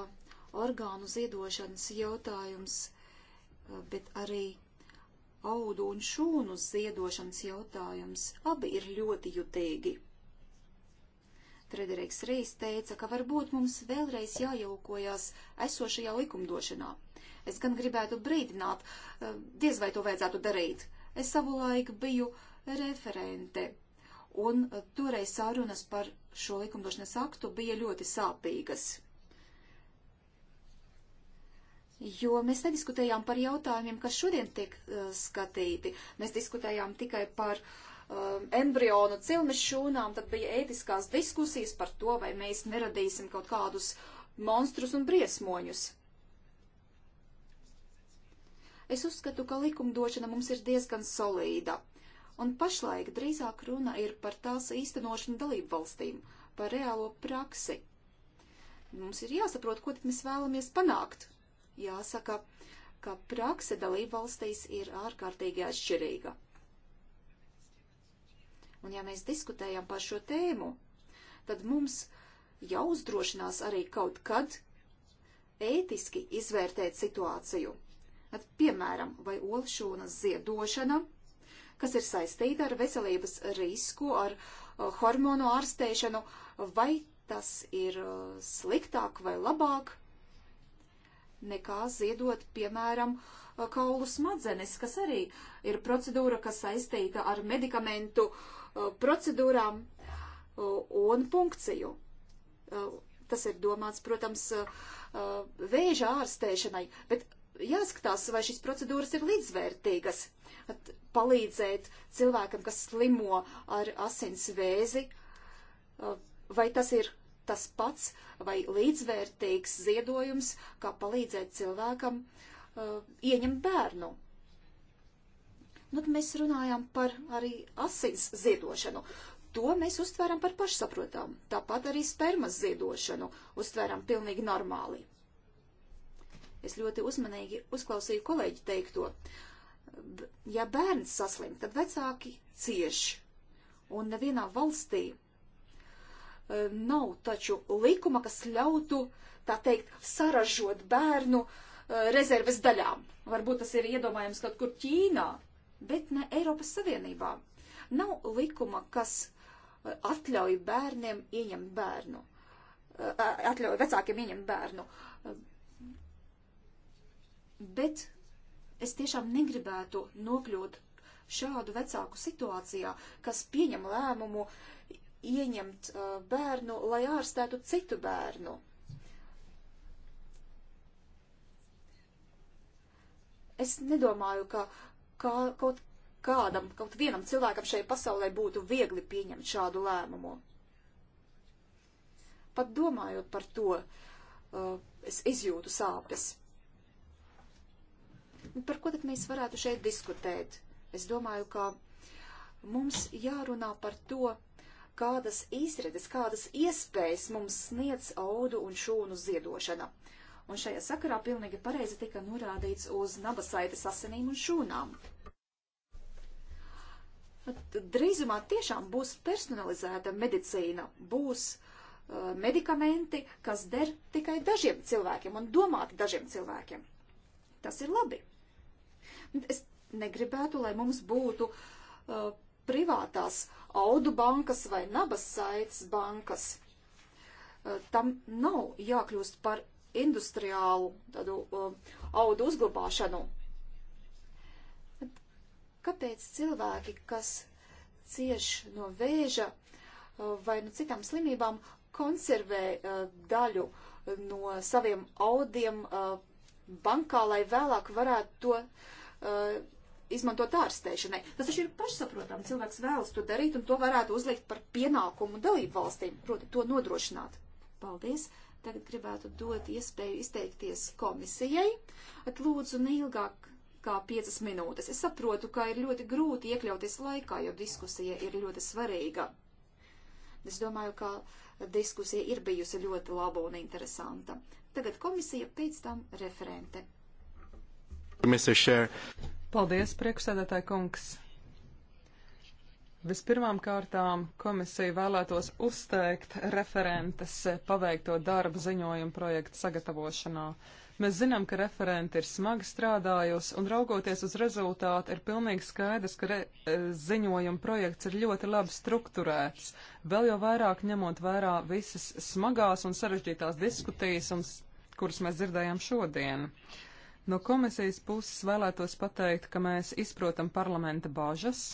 orgānu ziedošanas jautājums, bet arī audu un šūnu ziedošanas jautājums abi ir ļoti jutīgi. Frederiks Rīs teica, ka varbūt mums vēlreiz jājaukojas esošajā likumdošanā. Es gan gribētu brīdināt, eh, diez vai to vajadzētu darīt. Es savulaik biju referente, un eh, toreiz sārunas par šo likumdošanas aktu bija ļoti sāpīgas. Jo mēs nediskutējām par jautājumiem, kas šodien tiek uh, skatīti. Mēs diskutējām tikai par uh, um, embrionu cilmes šūnām, tad bija ētiskās diskusijas par to, vai mēs neradīsim kaut kādus monstrus un briesmoņus. Es uzskatu, ka likumdošana mums ir diezgan solīda, un pašlaik drīzāk runa ir par tās īstenošanu dalību valstīm, par reālo praksi. Mums ir jāsaprot, ko tad mēs vēlamies panākt. Jāsaka, ka prakse dalību valstīs ir ārkārtīgi atšķirīga Un ja mēs diskutējam par šo tēmu, tad mums jāuzdrošinās arī kaut kad ētiski izvērtēt situāciju. At, piemēram, vai olšūnas ziedošana, kas ir saistīta ar veselības risku, ar uh, hormonu ārstēšanu, vai tas ir uh, sliktāk vai labāk nekā ziedot, piemēram, uh, kaulu smadzenes, kas arī ir procedūra, kas saistīta ar medikamentu uh, Uh, procedūrām uh, un funkciju. Uh, tas ir domāts, protams, vēža ārstēšanai, bet jāskatās, vai šīs procedūras ir līdzvērtīgas. At, palīdzēt cilvēkam, kas slimo ar asins vēzi, vai tas ir tas pats vai līdzvērtīgs ziedojums, kā palīdzēt cilvēkam uh, ieņemt bērnu. Nu, tad mēs runājām par arī asins ziedošanu. To mēs uztvēram par pašsaprotamu. Tāpat arī spermas ziedošanu uztvēram pilnīgi normāli. Es ļoti uzmanīgi uzklausīju kolēģi teikto. Ja bērns saslim, tad vecāki cieš. Un nevienā valstī e, nav taču likuma, kas ļautu, tā teikt, saražot bērnu e, rezerves daļām. Varbūt tas ir iedomājams kaut kur Ķīnā, bet ne Eiropas Savienībā. Nav likuma, kas uh, atļauj bērniem ieņemt bērnu, uh, atļauj vecākiem ieņemt bērnu. Uh, bet es tiešām negribētu nokļūt šādu vecāku situācijā, kas pieņem lēmumu ieņemt bērnu, lai ārstētu citu bērnu. Es nedomāju, ka uh, kā, kaut kādam, kaut vienam cilvēkam šai pasaulē būtu viegli pieņemt šādu lēmumu. Pat domājot par to, uh, es izjūtu sāpes. Nu, par ko tad mēs varētu šeit diskutēt? Es domāju, ka mums jārunā par to, kādas izredzes, kādas iespējas mums sniedz audu un šūnu ziedošana. Uh, un šajā sakarā pilnīgi pareizi tika norādīts uz nabasaites asinīm un šūnām. Drīzumā tiešām būs personalizēta medicīna, būs uh, medikamenti, kas der tikai dažiem cilvēkiem un domāti dažiem cilvēkiem. Tas ir labi. Es negribētu, lai mums būtu uh, privātās audu bankas vai nabas saites bankas. Uh, tam nav jākļūst par industriālu tādu uh, audu uzglabāšanu. Kāpēc cilvēki, kas cieš no vēža uh, vai no nu citām slimībām, konservē uh, daļu uh, no saviem audiem uh, bankā, lai vēlāk varētu to uh, izmantot ārstēšanai. Tas taču ir pašsaprotami. Cilvēks vēlas to darīt, un to varētu uzlikt par pienākumu dalību valstīm, proti, to nodrošināt. Paldies! Tagad gribētu dot iespēju izteikties komisijai. At lūdzu, neilgāk kā 5 minūtes. Es saprotu, ka ir ļoti grūti iekļauties laikā, jo diskusija ir ļoti svarīga. Es domāju, ka diskusija ir bijusi ļoti laba un interesanta. Tagad komisija, pēc tam referente. Paldies, priekšsēdētāji kungs! Vispirmām kārtām komisija vēlētos uzteikt referentes paveikto darbu ziņojumu projektu sagatavošanā. Mēs zinām, ka referenti ir smagi strādājusi un raugoties uz rezultātu ir pilnīgi skaidrs, ka re, e, ziņojuma projekts ir ļoti labi strukturēts, vēl jau vairāk ņemot vērā visas smagās un sarežģītās diskutijas, un, kuras mēs dzirdējām šodien. No komisijas puses vēlētos pateikt, ka mēs izprotam parlamenta bāžas,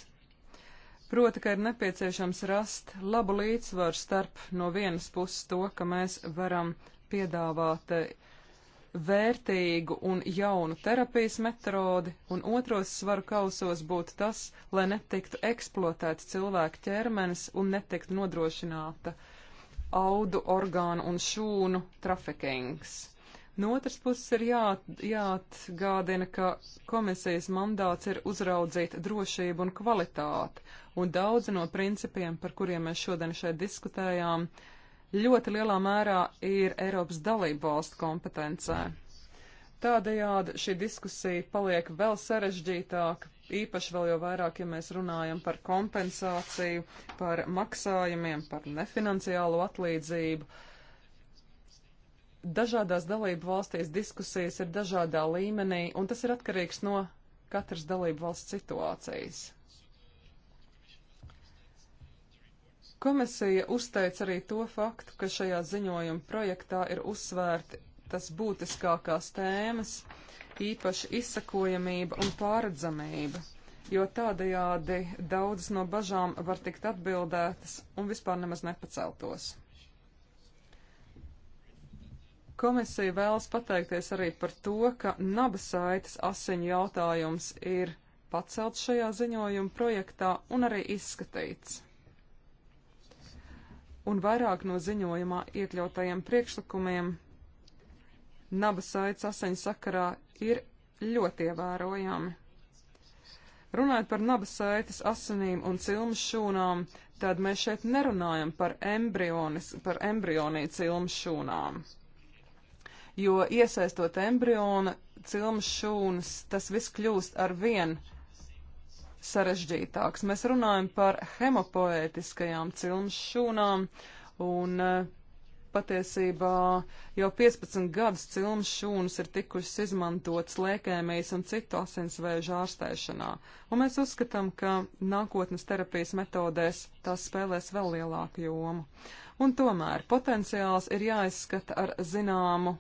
Proti, ka ir nepieciešams rast labu līdzsvaru starp no vienas puses to, ka mēs varam piedāvāt eh, vērtīgu un jaunu terapijas metodi, un otros svaru kausos būtu tas, lai netiktu eksploatēts cilvēku ķermenis un netiktu nodrošināta audu, orgānu un šūnu trafikings. No otras puses ir jā, jāatgādina, ka komisijas mandāts ir uzraudzīt drošību un kvalitāti, un daudzi no principiem, par kuriem mēs šodien šeit diskutējām, ļoti lielā mērā ir Eiropas dalību valstu kompetencē. Tādējādi šī diskusija paliek vēl sarežģītāka, īpaši vēl jau vairāk, ja mēs runājam par kompensāciju, par maksājumiem, par nefinanciālo atlīdzību. Uh, dažādās dalību valstīs diskusijas ir dažādā līmenī, un tas ir atkarīgs no katras dalību valsts situācijas. Komisija uzteica arī to faktu, ka šajā ziņojuma projektā ir uzsvērti tas būtiskākās tēmas, īpaši izsakojamība un pāredzamība, jo tādajādi daudzas no bažām var tikt atbildētas un vispār nemaz nepaceltos. Komisija vēlas pateikties arī par to, ka nabasaitas asiņu jautājums ir pacelts šajā ziņojuma projektā un arī izskatīts un vairāk no ziņojumā iekļautajiem priekšlikumiem naba saites asaņu sakarā ir ļoti ievērojami. Runājot par naba saites asinīm un cilmu šūnām, tad mēs šeit nerunājam par, embrionis, par embrionī cilmu šūnām jo iesaistot embriona cilmas šūnas, tas viss kļūst ar vien sarežģītāks. Mēs runājam par hemopoētiskajām cilmas šūnām, un eh, patiesībā jau 15 gadus cilmas šūnas ir tikušas izmantotas lēkēmijas un citu asinsvēžu ārstēšanā, un mēs uzskatām, ka nākotnes terapijas metodēs tās spēlēs vēl lielāku jomu. Un tomēr potenciāls ir jāizskata ar zināmu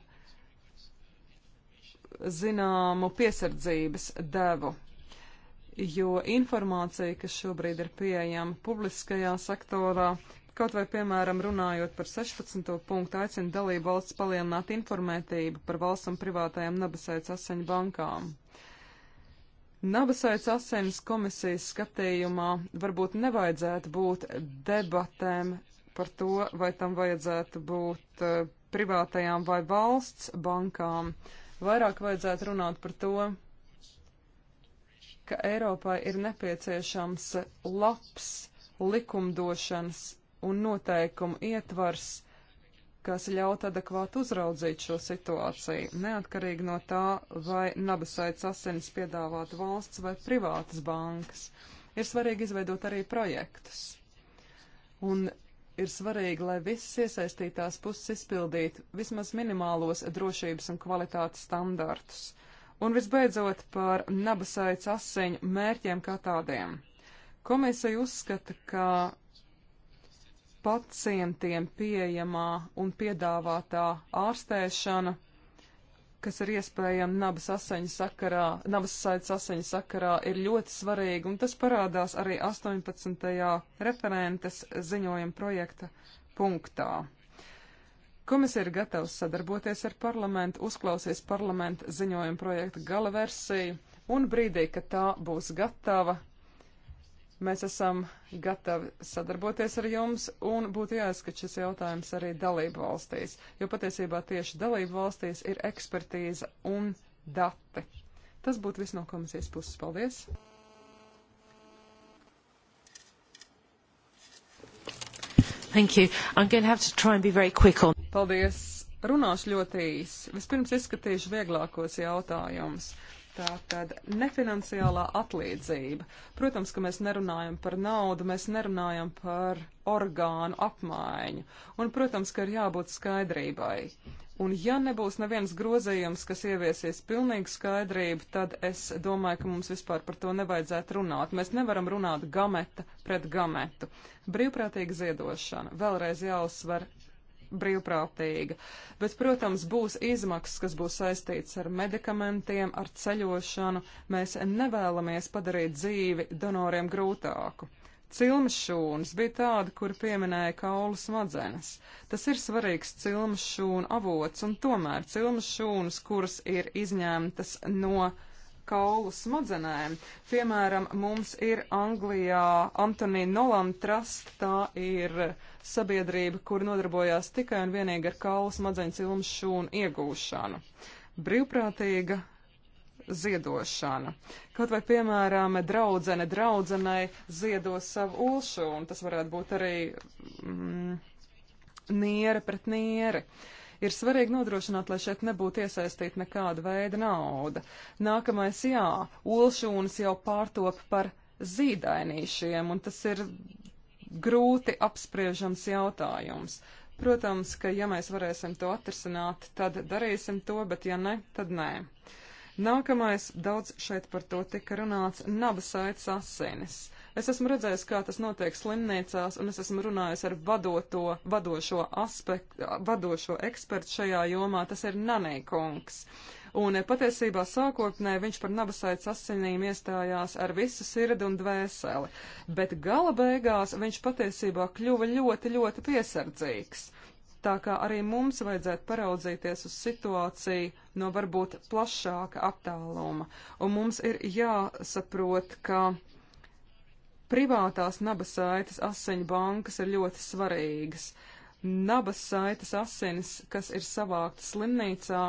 zināmu piesardzības devu, jo informācija, kas šobrīd ir pieejama publiskajā sektorā, Kaut vai, piemēram, runājot par 16. punktu, aicina dalību valsts palielināt informētību par valsts un privātajām nabasaits aseņu bankām. Nabasaits aseņas komisijas skatījumā varbūt nevajadzētu būt debatēm par to, vai tam vajadzētu būt eh, privātajām vai valsts bankām. Uh, Vairāk vajadzētu runāt par to, ka Eiropai ir nepieciešams labs likumdošanas un noteikumu ietvars, kas ļaut adekvāti uzraudzīt šo situāciju, neatkarīgi no tā, vai nabasaits asins piedāvātu valsts vai privātas bankas. Ir svarīgi izveidot arī projektus. Un ir svarīgi, lai visas iesaistītās puses izpildītu vismaz minimālos drošības un kvalitātes standartus. Un visbeidzot par nabasaic asiņu mērķiem kā tādiem. Komisija uzskata, ka pacientiem pieejamā un piedāvātā ārstēšana kas ir iespējami nabas asaņu sakarā, nabas saites asaņu sakarā, ir ļoti svarīga, un tas parādās arī 18. referentes ziņojuma projekta punktā. Komisija ir gatava sadarboties ar parlamentu, uzklausīs parlamenta ziņojuma projekta gala versiju, un brīdī, kad tā būs gatava, Mēs esam gatavi sadarboties ar jums un būtu jāizskat šis jautājums arī dalību valstīs, jo patiesībā tieši dalību valstīs ir ekspertīze un dati. Tas būtu viss no komisijas puses. Paldies! Thank you. I'm going to have to try and be very quick on. Paldies! Runāšu ļoti īsi. Vispirms izskatīšu vieglākos jautājumus. Tā tad nefinanciālā atlīdzība. Protams, ka mēs nerunājam par naudu, mēs nerunājam par orgānu apmaiņu. Un, protams, ka ir jābūt skaidrībai. Un ja nebūs neviens grozījums, kas ieviesies pilnīgi skaidrību, tad es domāju, ka mums vispār par to nevajadzētu runāt. Mēs nevaram runāt gameta pret gametu. Brīvprātīga ziedošana. Vēlreiz jāuzsver brīvprātīga. Bet, protams, būs izmaksas, kas būs saistīts ar medikamentiem, ar ceļošanu. Mēs nevēlamies padarīt dzīvi donoriem grūtāku. Cilmes šūnas bija tāda, kur pieminēja kaulu smadzenes. Tas ir svarīgs cilmes šūnu avots, un tomēr cilmes šūnas, kuras ir izņemtas no kaulu smadzenēm. Piemēram, mums ir Anglijā Antonija Nolan Trust, tā ir sabiedrība, kur nodarbojās tikai un vienīgi ar kaulu smadzeņu cilmu šūnu iegūšanu. Brīvprātīga ziedošana. Kaut vai, piemēram, draudzene draudzenei ziedo savu ulšu, un tas varētu būt arī mm, niere pret nieri. Ir svarīgi nodrošināt, lai šeit nebūtu iesaistīta nekāda veida nauda. Nākamais, jā, ulšūnas jau pārtop par zīdainīšiem, un tas ir grūti apspriežams jautājums. Protams, ka ja mēs varēsim to atrisināt, tad darīsim to, bet ja ne, tad nē. Nākamais daudz šeit par to tika runāts - nabasaitas asinis. Es esmu redzējis, kā tas notiek slimnīcās, un es esmu runājis ar vadoto, vadošo, aspektu, vadošo ekspertu šajā jomā, tas ir Nanīkungs. kungs un eh, patiesībā sākotnē viņš par nabasaits asinīm iestājās ar visu sirdi un dvēseli, bet gala beigās viņš patiesībā kļuva ļoti, ļoti piesardzīgs. Tā kā arī mums vajadzētu paraudzīties uz situāciju no varbūt plašāka attāluma, un mums ir jāsaprot, ka privātās nabasaitas asiņu bankas ir ļoti svarīgas. Uh, nabas saitas asinis, kas ir savāktas slimnīcā.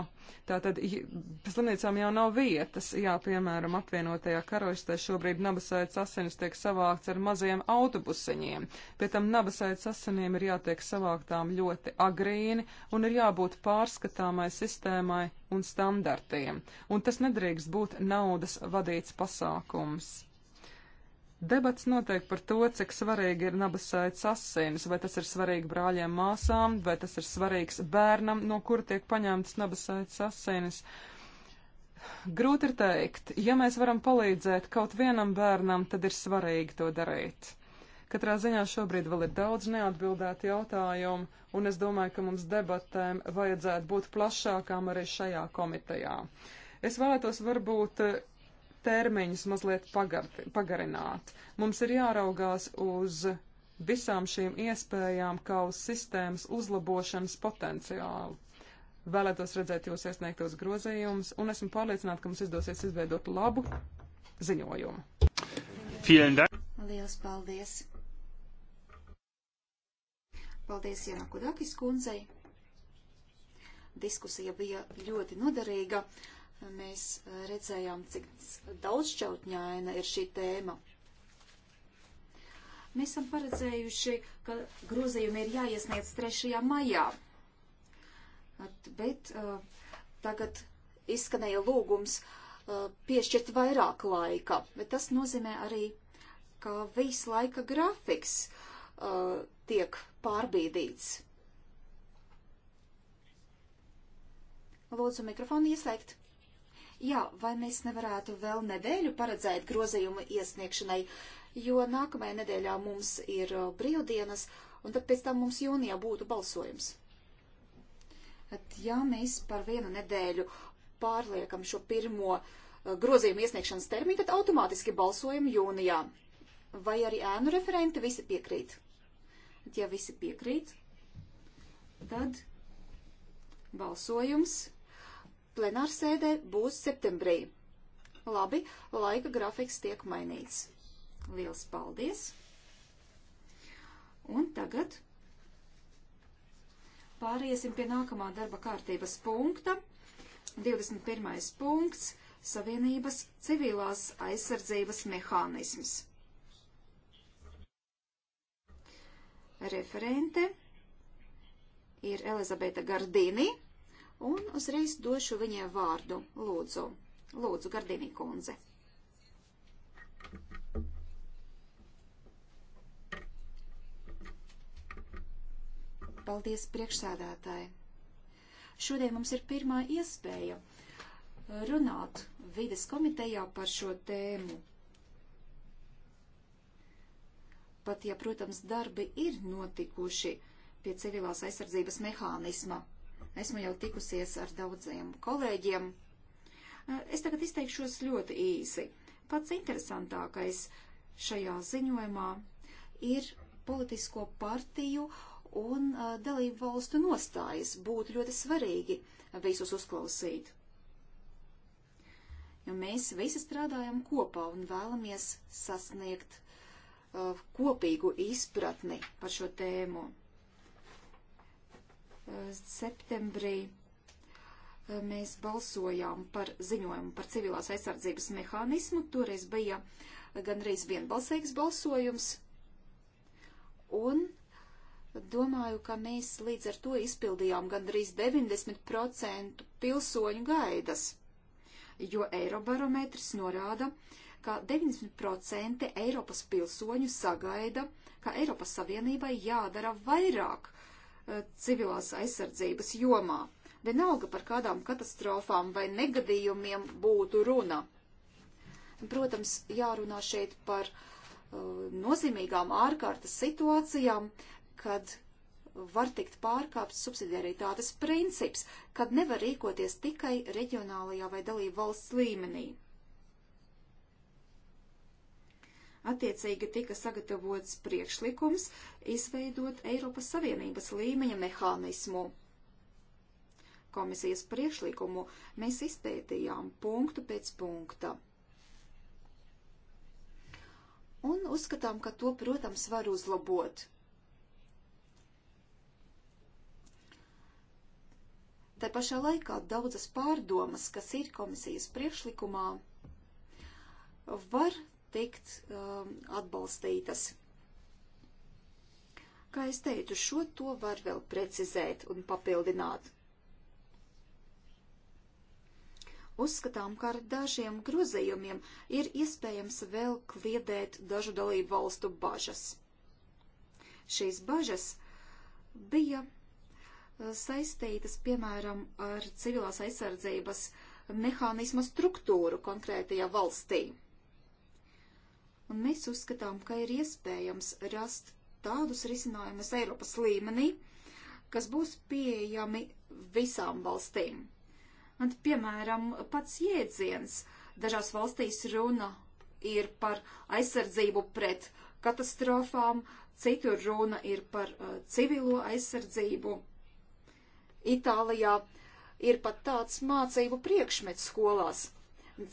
Tātad slimnīcām jau nav vietas. Jā, piemēram, apvienotajā karalistē šobrīd nabasaitas asinis tiek savākts ar maziem autobusiņiem. Pie tam nabasaitas asinīm ir jātiek savāktām ļoti agrīni un ir jābūt pārskatāmai sistēmai un standartiem. Un tas nedrīkst būt naudas vadīts pasākums. Debats notiek par to, cik svarīgi ir nabasēts asins, vai tas ir svarīgi brāļiem māsām, vai tas ir svarīgs bērnam, no kura tiek paņemts nabasēts asins. Grūti ir teikt, ja mēs varam palīdzēt kaut vienam bērnam, tad ir svarīgi to darīt. Katrā ziņā šobrīd vēl ir daudz neatbildētu jautājumu, un es domāju, ka mums debatēm vajadzētu būt plašākām arī šajā komitejā. Es vēlētos varbūt termiņus mazliet pagar, pagarināt. Mums ir jāraugās uz visām šīm iespējām kā uz sistēmas uzlabošanas potenciālu. Vēlētos redzēt jūs iesniegtos grozījumus, un esmu pārliecināta, ka mums izdosies izveidot labu ziņojumu. Lielas paldies! Paldies Jana Kudakis kundzei! Diskusija bija ļoti noderīga mēs eh, redzējām, cik daudzšķautņaina ir šī tēma. Mēs esam paredzējuši, ka grozījumi ir jāiesniedz 3. maijā. At, bet uh, tagad izskanēja lūgums uh, piešķirt vairāk laika, bet tas nozīmē arī, ka viss laika grafiks uh, tiek pārbīdīts. Lūdzu, mikrofonu ieslēgt. Jā, vai mēs nevarētu vēl nedēļu paredzēt grozījumu iesniegšanai, jo nākamajā nedēļā mums ir uh, brīvdienas, un tad pēc tam mums jūnijā būtu balsojums. At, ja mēs par vienu nedēļu pārliekam šo pirmo uh, grozījumu iesniegšanas termiņu, tad automātiski balsojam jūnijā. Vai arī ēnu referenti visi piekrīt? At, ja visi piekrīt, tad balsojums plenārsēdē būs septembrī. Labi, laika grafiks tiek mainīts. Liels paldies! Un tagad pāriesim pie nākamā darba kārtības punkta. 21. punkts - Savienības civilās aizsardzības mehānisms. Referente ir Elizabete Gardīni un uzreiz došu viņai vārdu. Lūdzu, lūdzu, Gardinī kundze. Paldies priekšsēdētāji. Šodien mums ir pirmā iespēja runāt vides komitejā par šo tēmu. Pat ja, protams, darbi ir notikuši pie civilās aizsardzības mehānisma Esmu jau tikusies ar daudziem kolēģiem. Eh, es tagad izteikšos ļoti īsi. Pats interesantākais šajā ziņojumā ir politisko partiju un eh, dalību valstu nostājas. Būtu ļoti svarīgi visus uzklausīt. Jo mēs visi strādājam kopā un vēlamies sasniegt uh, kopīgu izpratni par šo tēmu septembrī eh, mēs balsojām par ziņojumu par civilās aizsardzības mehānismu. Toreiz bija gandrīz vienbalsīgs balsojums. Un domāju, ka mēs līdz ar to izpildījām gandrīz 90% pilsoņu gaidas. Jo Eirobarometrs norāda, ka 90% Eiropas pilsoņu sagaida, ka Eiropas Savienībai jādara vairāk Eh, civilās aizsardzības jomā. Vienalga par kādām katastrofām vai negadījumiem būtu runa. Protams, jārunā šeit par eh, nozīmīgām ārkārtas situācijām, kad var tikt pārkāpts subsidiaritātes princips, kad nevar rīkoties tikai reģionālajā vai dalību valsts līmenī. Attiecīgi tika sagatavots priekšlikums izveidot Eiropas Savienības līmeņa mehānismu. Komisijas priekšlikumu mēs izpētījām punktu pēc punkta. Un uzskatām, ka to, protams, var uzlabot. Tā pašā laikā daudzas pārdomas, kas ir komisijas priekšlikumā, var tikt um, atbalstītas. Kā es teicu, šo to var vēl precizēt un papildināt. Uzskatām, ka ar dažiem grozījumiem ir iespējams vēl kliedēt dažu dalību valstu bažas. Šīs bažas bija uh, saistītas, piemēram, ar civilās aizsardzības mehānismu struktūru konkrētajā valstī. Un mēs uzskatām, ka ir iespējams rast tādus risinājumus Eiropas līmenī, kas būs pieejami visām valstīm. Un, piemēram, pats jēdziens dažās valstīs runa ir par aizsardzību pret katastrofām, citur runa ir par uh, civilo aizsardzību. Itālijā ir pat tāds mācību priekšmets skolās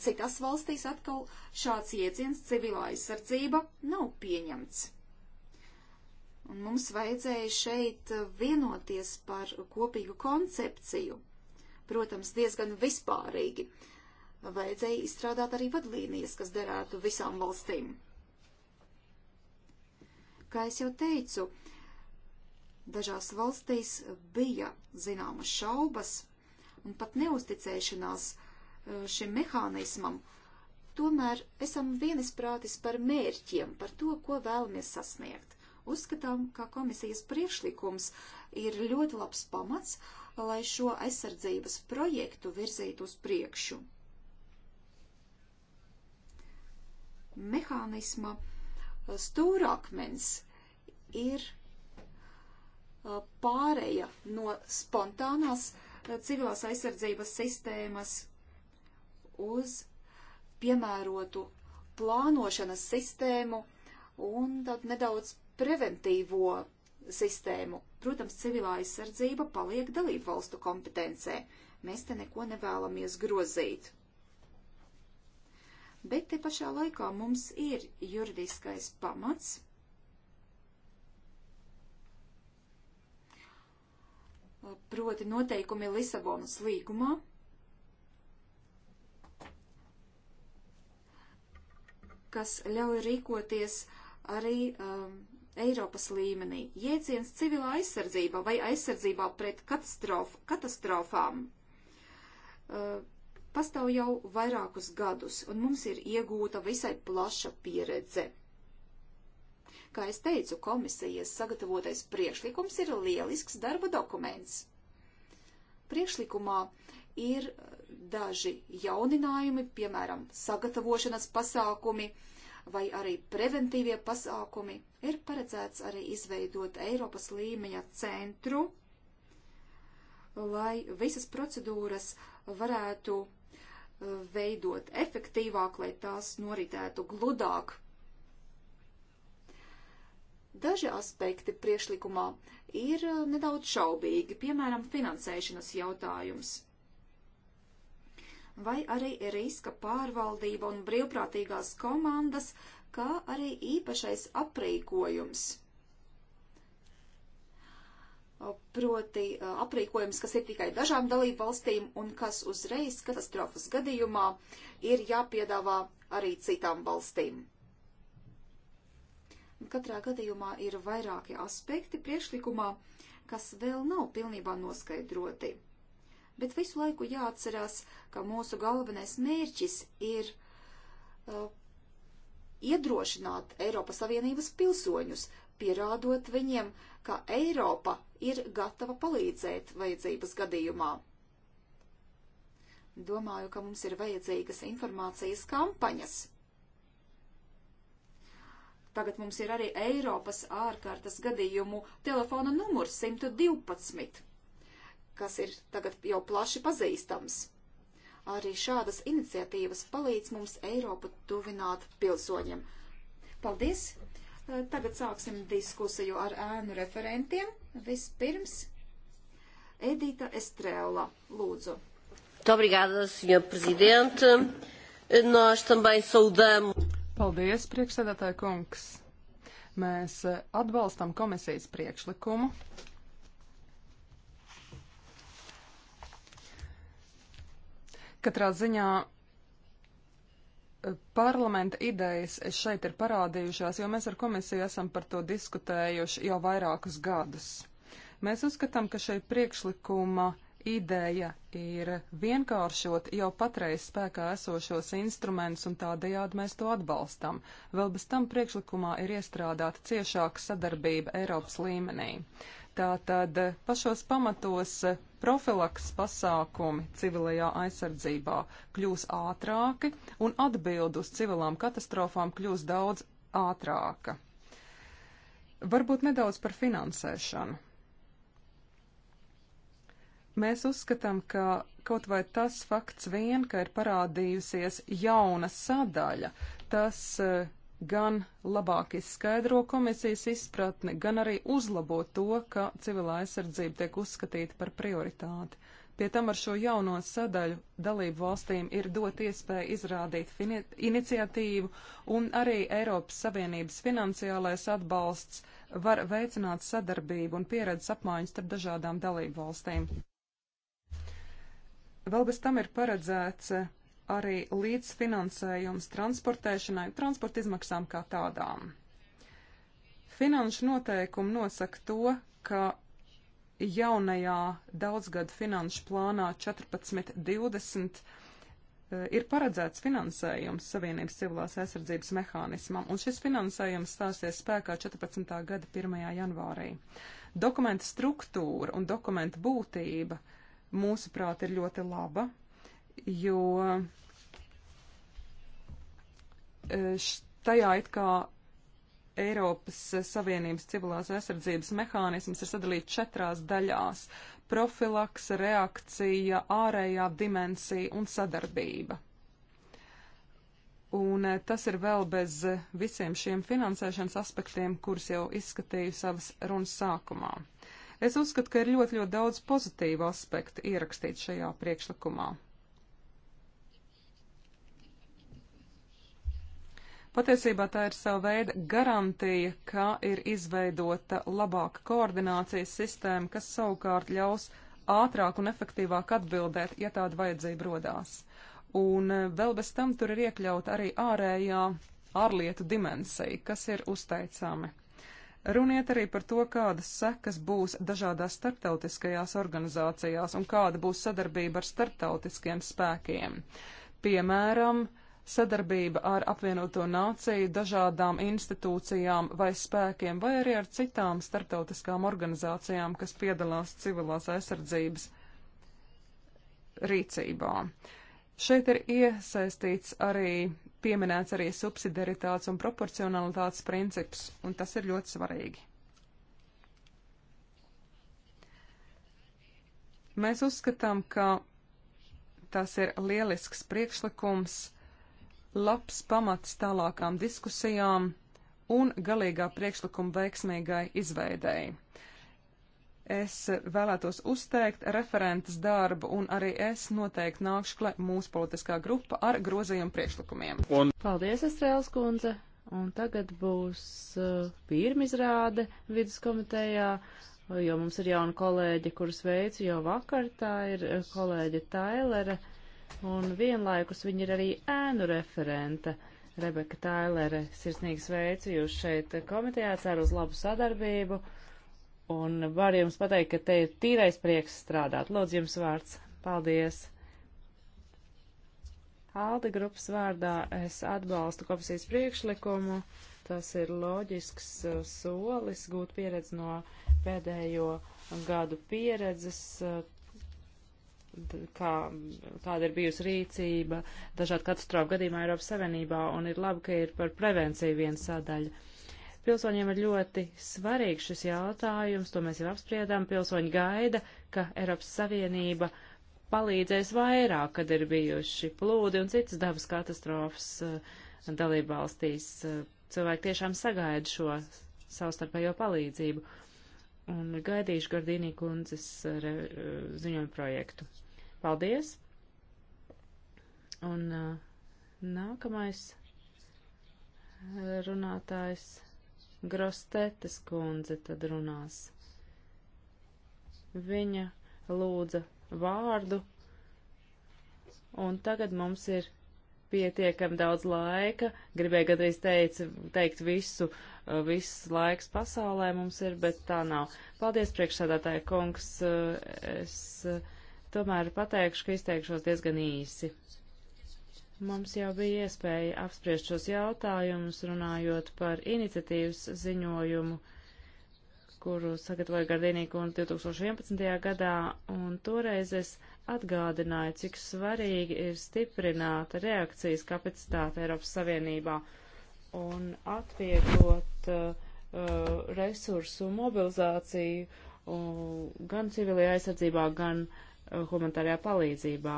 Citās valstīs atkal šāds jēdziens civilā aizsardzība nav pieņemts. Un mums vajadzēja šeit vienoties par kopīgu koncepciju, protams, diezgan vispārīgi. Vajadzēja izstrādāt arī vadlīnijas, kas derētu visām valstīm. Kā es jau teicu, dažās valstīs bija zināmas šaubas un pat neusticēšanās uh, Eh, šim mehānismam, tomēr esam vienisprātis par mērķiem, par to, ko vēlamies sasniegt. Uzskatām, ka komisijas priešlikums ir ļoti labs pamats, lai šo aizsardzības projektu virzītu uz priekšu. Mehānisma eh, stūrakmens ir eh, pāreja no spontānās civilās aizsardzības sistēmas uz piemērotu plānošanas sistēmu un tad nedaudz preventīvo sistēmu. Protams, civilā aizsardzība paliek dalību valstu kompetencē. Mēs te neko nevēlamies grozīt. Bet te pašā laikā mums ir juridiskais pamats. Proti noteikumi Lisabonas līgumā kas ļauj rīkoties arī um, Eiropas līmenī. Jēdziens civilā aizsardzībā vai aizsardzībā pret katastrof, katastrofām uh, pastāv jau vairākus gadus, un mums ir iegūta visai plaša pieredze. Kā es teicu, komisijas sagatavotais priekšlikums ir lielisks darba dokuments. Priekšlikumā ir daži jauninājumi, piemēram, sagatavošanas pasākumi vai arī preventīvie pasākumi, ir paredzēts arī izveidot Eiropas līmeņa centru, lai visas procedūras varētu e, veidot efektīvāk, lai tās noritētu gludāk. Daži aspekti priešlikumā ir e, nedaudz šaubīgi, piemēram, finansēšanas jautājums vai arī riska pārvaldība un brīvprātīgās komandas, kā arī īpašais aprīkojums. Proti aprīkojums, kas ir tikai dažām dalību valstīm un kas uzreiz katastrofas gadījumā ir jāpiedāvā arī citām valstīm. Katrā gadījumā ir vairāki aspekti priekšlikumā, kas vēl nav pilnībā noskaidroti. Bet visu laiku jāatcerās, ka mūsu galvenais mērķis ir uh, iedrošināt Eiropas Savienības pilsoņus, pierādot viņiem, ka Eiropa ir gatava palīdzēt vajadzības gadījumā. Domāju, ka mums ir vajadzīgas informācijas kampaņas. Tagad mums ir arī Eiropas ārkārtas gadījumu telefona numurs 112 kas ir tagad jau plaši pazīstams. Arī šādas iniciatīvas palīdz mums Eiropu tuvināt pilsoņiem. Paldies! Eh, tagad sāksim diskusiju ar ēnu referentiem. Vispirms Edita Estrela, lūdzu. Obrigada, senhor presidente. Nós também saudamos. Paldies, priekšsēdētāja kungs. Mēs eh, atbalstam komisijas priekšlikumu Katrā ziņā eh, parlamenta idejas šeit ir parādījušās, jo mēs ar komisiju esam par to diskutējuši jau vairākus gadus. Mēs uzskatām, ka šeit priekšlikuma ideja ir vienkāršot jau patreiz spēkā esošos instrumentus, un tādējādi mēs to atbalstam. Vēl bez tam priekšlikumā ir iestrādāta ciešāka sadarbība Eiropas līmenī. Tātad pašos pamatos profilaks pasākumi civilajā aizsardzībā kļūs ātrāki un atbild uz civilām katastrofām kļūs daudz ātrāka. Varbūt nedaudz par finansēšanu. Mēs uzskatām, ka kaut vai tas fakts vien, ka ir parādījusies jauna sadaļa, tas uh, gan labāk izskaidro komisijas izpratni, gan arī uzlabo to, ka civilā aizsardzība tiek uzskatīta par prioritāti. Pie tam ar šo jauno sadaļu dalību valstīm ir dot iespēju izrādīt iniciatīvu, un arī Eiropas Savienības finansiālais atbalsts var veicināt sadarbību un pieredzes apmaiņu starp dažādām dalību valstīm. Vēl bez tam ir paredzēts arī līdzfinansējums transportēšanai, transporta izmaksām kā tādām. Finanšu noteikumi nosaka to, ka jaunajā daudzgadu finanšu plānā 14.20 e, ir paredzēts finansējums Savienības civilās aizsardzības mehānismam, un šis finansējums stāsies spēkā 14. gada 1. janvārī. Dokumenta struktūra un dokumenta būtība, mūsuprāt, ir ļoti laba, jo Eh, tajā it kā Eiropas Savienības civilās aizsardzības mehānisms ir sadalīts četrās daļās - profilakse, reakcija, ārējā dimensija un sadarbība. Un eh, tas ir vēl bez eh, visiem šiem finansēšanas aspektiem, kurus jau izskatīju savas runas sākumā. Es uzskatu, ka ir ļoti, ļoti daudz pozitīvu aspektu ierakstīt šajā priekšlikumā. Patiesībā tā ir sava veida garantija, ka ir izveidota labāka koordinācijas sistēma, kas savukārt ļaus ātrāk un efektīvāk atbildēt, ja tāda vajadzība rodās. Un e, vēl bez tam tur ir iekļauta arī ārējā ārlietu dimensija, kas ir uzteicami. Runiet arī par to, kādas sekas būs dažādās starptautiskajās organizācijās un kāda būs sadarbība ar starptautiskiem spēkiem. Piemēram, uh, sadarbība ar apvienoto nāciju, dažādām institūcijām vai spēkiem, vai arī ar citām starptautiskām organizācijām, kas piedalās civilās aizsardzības rīcībā. Šeit ir iesaistīts arī pieminēts arī subsidiaritātes un proporcionalitātes princips, un tas ir ļoti svarīgi. Mēs uzskatām, ka tas ir lielisks priekšlikums, uh, labs pamats tālākām diskusijām un galīgā priekšlikuma veiksmīgai izveidēji. Es vēlētos uzteikt referentes darbu, un arī es noteikti nākšu klāt mūsu politiskā grupa ar grozījumu priekšlikumiem. Un... Paldies, Estrēls kundze! Un tagad būs uh, pirmizrāde viduskomitejā, jo mums ir jauna kolēģe, kuras veicu jau vakar, tā ir uh, kolēģe Tailere. Uh, un vienlaikus viņa ir arī ēnu referente. Rebeka Tailere, sirsnīgi sveicu jūs šeit komitejā, ceru uz labu sadarbību, un varu jums pateikt, ka te ir tīrais prieks strādāt. Lūdzu, jums vārds. Paldies! Alde grupas vārdā es atbalstu komisijas priekšlikumu. Tas ir loģisks uh, solis gūt pieredzi no pēdējo gadu pieredzes, uh, kā, kāda ir bijusi rīcība dažādu katastrofu gadījumā Eiropas Savienībā, un ir labi, ka ir par prevenciju viena sadaļa. Pilsoņiem ir ļoti svarīgs šis jautājums, to mēs jau apspriedām. Pilsoņi gaida, ka Eiropas Savienība palīdzēs vairāk, kad ir bijuši plūdi un citas dabas katastrofas eh, dalībvalstīs. Eh, cilvēki tiešām sagaida šo savstarpējo palīdzību un gaidīšu Gardīnī kundzes eh, ziņojumu projektu. Paldies! Un uh, nākamais runātājs Grostetes kundze tad runās. Viņa lūdza vārdu, un tagad mums ir pietiekami daudz laika. Gribēju gadreiz teic, teikt visu, uh, viss laiks pasaulē mums ir, bet tā nav. Paldies, priekšsādātāja kungs. Uh, es, uh, Tomēr pateikšu, ka izteikšos diezgan īsi. Mums jau bija iespēja apspriest šos jautājumus, runājot par iniciatīvas ziņojumu, kuru sagatavoja Gardīnīku un 2011. gadā, un toreiz es atgādināju, cik svarīgi ir stiprināt reakcijas kapacitāti Eiropas Savienībā un atvieglot uh, uh resursu mobilizāciju uh, gan civilajā aizsardzībā, gan uh, humanitārajā palīdzībā.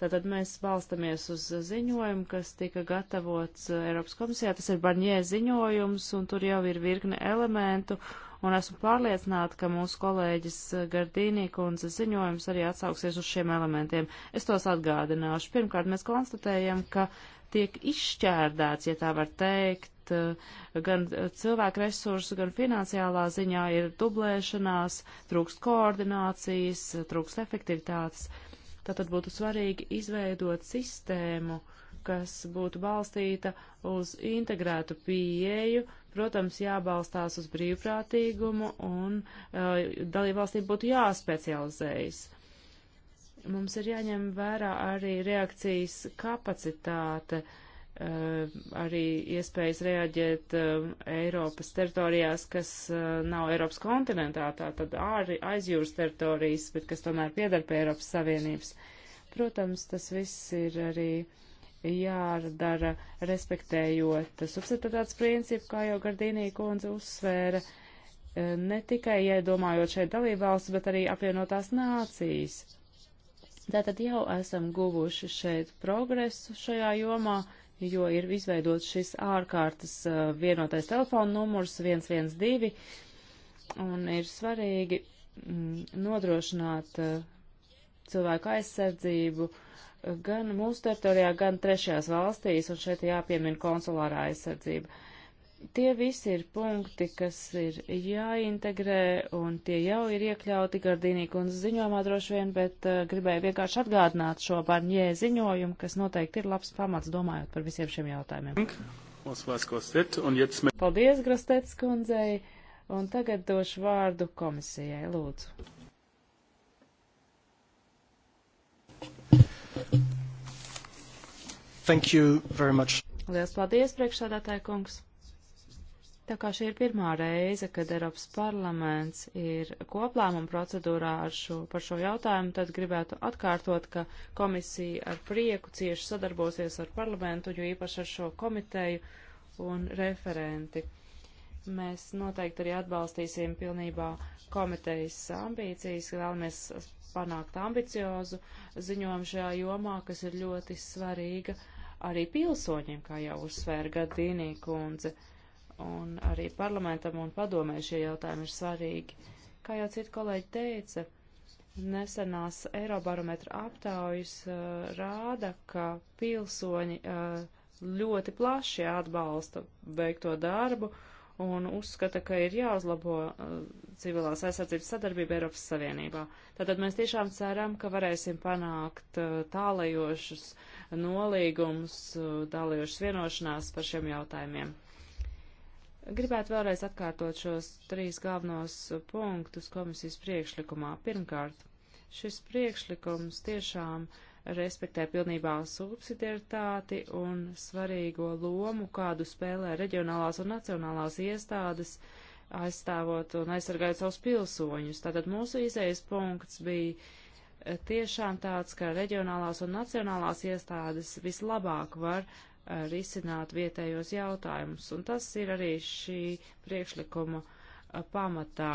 Tātad mēs balstamies uz ziņojumu, kas tika gatavots Eiropas komisijā. Tas ir Barņē ziņojums, un tur jau ir virkne elementu, un esmu pārliecināta, ka mūsu kolēģis Gardīnī kundze ziņojums arī atsauksies uz šiem elementiem. Es tos atgādināšu. Pirmkārt, mēs konstatējam, ka tiek izšķērdēts, ja tā var teikt, bet eh, gan cilvēku resursu, gan finansiālā ziņā ir dublēšanās, trūkst koordinācijas, eh, trūkst efektivitātes. Tātad būtu svarīgi izveidot sistēmu, kas būtu balstīta uz integrētu pieeju, protams, jābalstās uz brīvprātīgumu un uh, dalībvalstīm būtu jāspecializējas. Mums ir jāņem vērā arī reakcijas kapacitāte. Uh, Eh, arī iespējas reaģēt eh, Eiropas teritorijās, kas eh, nav Eiropas kontinentā, tātad āri aizjūras teritorijas, bet kas tomēr piedar pie Eiropas Savienības. Protams, tas viss ir arī jādara respektējot subsidiatātes principu, kā jau Gardīnī kundze uzsvēra, ne tikai iedomājot šeit dalībvalsts, bet arī apvienotās nācijas. Tātad jau esam guvuši šeit progresu šajā jomā, uh, jo ir izveidots šis ārkārtas vienotais telefona numurs 112, un ir svarīgi mm, nodrošināt cilvēku aizsardzību gan mūsu teritorijā, gan trešajās valstīs, un šeit jāpiemina konsulārā aizsardzība. Tie visi ir punkti, kas ir jāintegrē, un tie jau ir iekļauti Gardīnīku un ziņojumā droši vien, bet uh, gribēju vienkārši atgādināt šo barņē ziņojumu, kas noteikti ir labs pamats domājot par visiem šiem jautājumiem. Paldies, Grastets kundzei, un tagad došu vārdu komisijai, lūdzu. Thank you very much. Lielas paldies, priekšsādātāja kungs. Tā kā šī ir pirmā reize, kad Eiropas parlaments ir koplēmuma procedūrā šo, par šo jautājumu, tad gribētu atkārtot, ka komisija ar prieku cieši sadarbosies ar parlamentu, jo īpaši ar šo komiteju un referenti. Mēs noteikti arī atbalstīsim pilnībā komitejas ambīcijas, vēlamies panākt ambiciozu ziņojumu šajā jomā, kas ir ļoti svarīga arī pilsoņiem, kā jau uzsvēra Gadīnī kundze. Uh, un arī parlamentam un padomē šie jautājumi ir svarīgi. Kā jau citi kolēģi teica, nesenās Eirobarometra aptaujas uh, rāda, ka pilsoņi uh, ļoti plaši atbalsta veikto darbu un uzskata, ka ir jāuzlabo uh, civilās aizsardzības sadarbība Eiropas Savienībā. Tātad mēs tiešām ceram, ka varēsim panākt uh, tālajošus nolīgumus, uh, tālajošas vienošanās par šiem jautājumiem. Gribētu vēlreiz atkārtot šos trīs galvenos punktus komisijas priekšlikumā. Pirmkārt, šis priekšlikums tiešām respektē pilnībā subsidiaritāti un svarīgo lomu, kādu spēlē reģionālās un nacionālās iestādes, aizstāvot un aizsargājot savus pilsoņus. Tātad mūsu izējas punkts bija eh, tiešām tāds, ka reģionālās un nacionālās iestādes vislabāk var uh, Eh, risināt vietējos jautājumus. Un tas ir arī šī priekšlikuma eh, pamatā.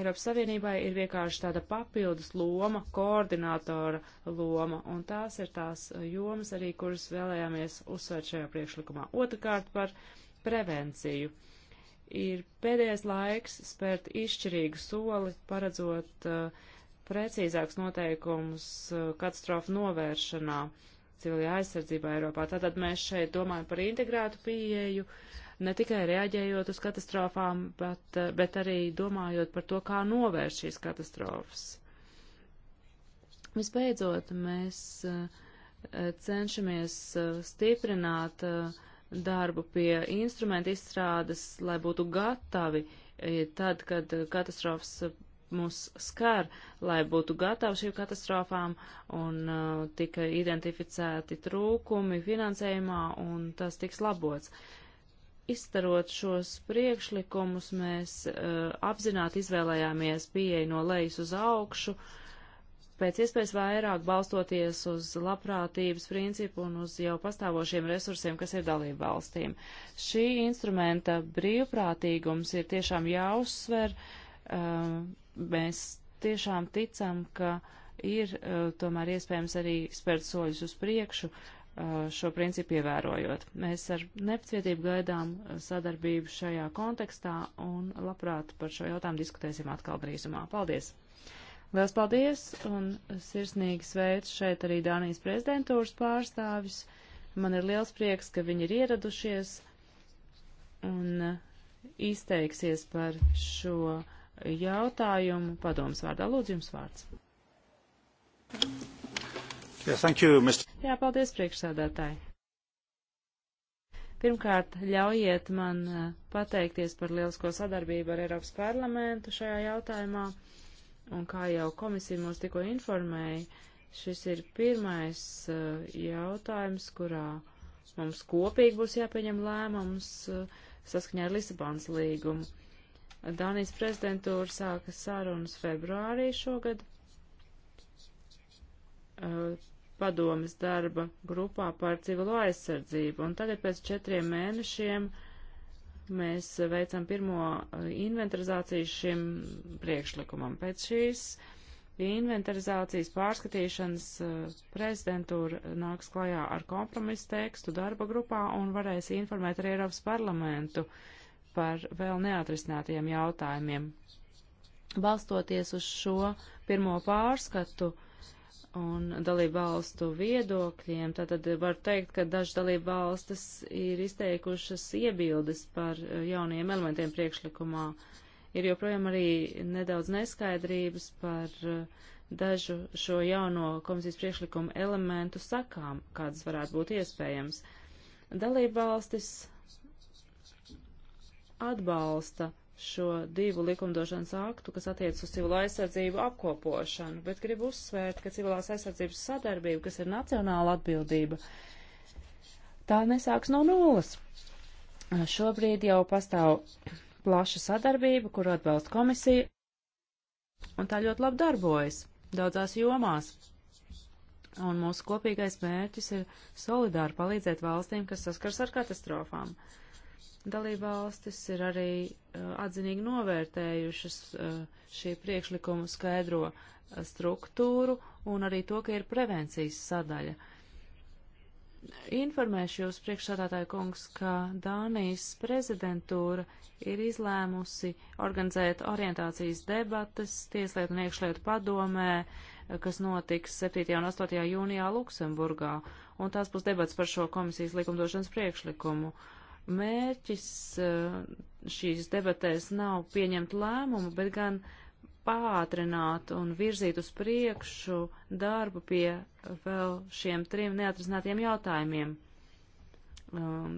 Eiropas Savienībai ir vienkārši tāda papildus loma, koordinātora loma, un tās ir tās eh, jomas arī, kuras vēlējāmies uzsvērt šajā priekšlikumā. Otrakārt par prevenciju. Ir pēdējais laiks spērt izšķirīgu soli, paredzot uh, precīzākus noteikumus uh, katastrofu novēršanā. Uh, civilajā aizsardzībā Eiropā. Tātad mēs šeit domājam par integrētu pieeju, ne tikai reaģējot uz katastrofām, bet, eh, bet arī domājot par to, kā novērst šīs katastrofas. Visbeidzot, mēs eh, cenšamies eh, stiprināt darbu pie instrumentu izstrādes, lai būtu gatavi tad, kad katastrofas mūs skar, lai būtu gatavi šīm katastrofām, un uh, tika identificēti trūkumi finansējumā, un tas tiks labots. Izstarot šos priekšlikumus, mēs uh, apzināti izvēlējāmies pieeju no lejas uz augšu, pēc iespējas vairāk balstoties uz labprātības principu un uz jau pastāvošiem resursiem, kas ir dalību valstīm. Šī instrumenta brīvprātīgums ir tiešām jāuzsver. Uh, mēs tiešām ticam, ka ir uh, tomēr iespējams arī spērt soļus uz priekšu uh, šo principu ievērojot. Mēs ar nepacietību gaidām uh, sadarbību šajā kontekstā un labprāt par šo jautājumu diskutēsim atkal drīzumā. Paldies! Liels paldies un sirsnīgi sveicu šeit arī Dānijas prezidentūras pārstāvis. Man ir liels prieks, ka viņi ir ieradušies un uh, izteiksies par šo jautājumu padomas vārdā. Lūdzu, jums vārds. Yeah, thank you, Mr. Jā, paldies, priekšsēdētāji. Pirmkārt, ļaujiet man uh, pateikties par lielisko sadarbību ar Eiropas parlamentu šajā jautājumā. Un kā jau komisija mūs tikko informēja, šis ir pirmais uh, jautājums, kurā mums kopīgi būs jāpieņem lēmums uh, saskaņā ar Lisabonas līgumu. Dānijas prezidentūra sāka sarunas februārī šogad. Uh, padomas darba grupā par civilo aizsardzību, un tagad pēc četriem mēnešiem mēs veicam pirmo inventarizāciju šim priekšlikumam. Pēc šīs inventarizācijas pārskatīšanas uh, prezidentūra nāks klajā ar kompromisu tekstu darba grupā un varēs informēt arī Eiropas parlamentu uh, par vēl neatrisinātiem jautājumiem. Balstoties uz šo pirmo pārskatu un dalību valstu viedokļiem, tad var teikt, ka dažas dalību valstis ir izteikušas iebildes par eh, jauniem elementiem priekšlikumā. Ir joprojām arī nedaudz neskaidrības par eh, dažu šo jauno komisijas priekšlikumu elementu sakām, kādas varētu būt iespējams. Dalību valstis atbalsta šo divu likumdošanas aktu, kas attiec uz civil aizsardzību apkopošanu, bet gribu uzsvērt, ka civilās aizsardzības sadarbība, kas ir nacionāla atbildība, tā nesāks no nulles. Šobrīd jau pastāv plaša sadarbība, kuru atbalsta komisija, un tā ļoti labi darbojas daudzās jomās. Un mūsu kopīgais mērķis ir solidāri palīdzēt valstīm, kas saskars ar katastrofām. Uh, Dalībvalstis ir arī uh, atzinīgi novērtējušas uh, šī priekšlikuma skaidro uh, struktūru un arī to, ka ir prevencijas sadaļa. Informēšu jūs, priekšsādātāju kungs, ka Dānijas prezidentūra ir izlēmusi organizēt orientācijas debatas Tieslietu un iekšlietu padomē, kas notiks 7. un 8. jūnijā Luksemburgā, un tās būs debats par šo komisijas likumdošanas priekšlikumu. Uh, Mērķis eh, šīs debatēs nav pieņemt lēmumu, bet gan pātrināt un virzīt uz priekšu darbu pie vēl šiem trim neatrisinātiem jautājumiem. Um,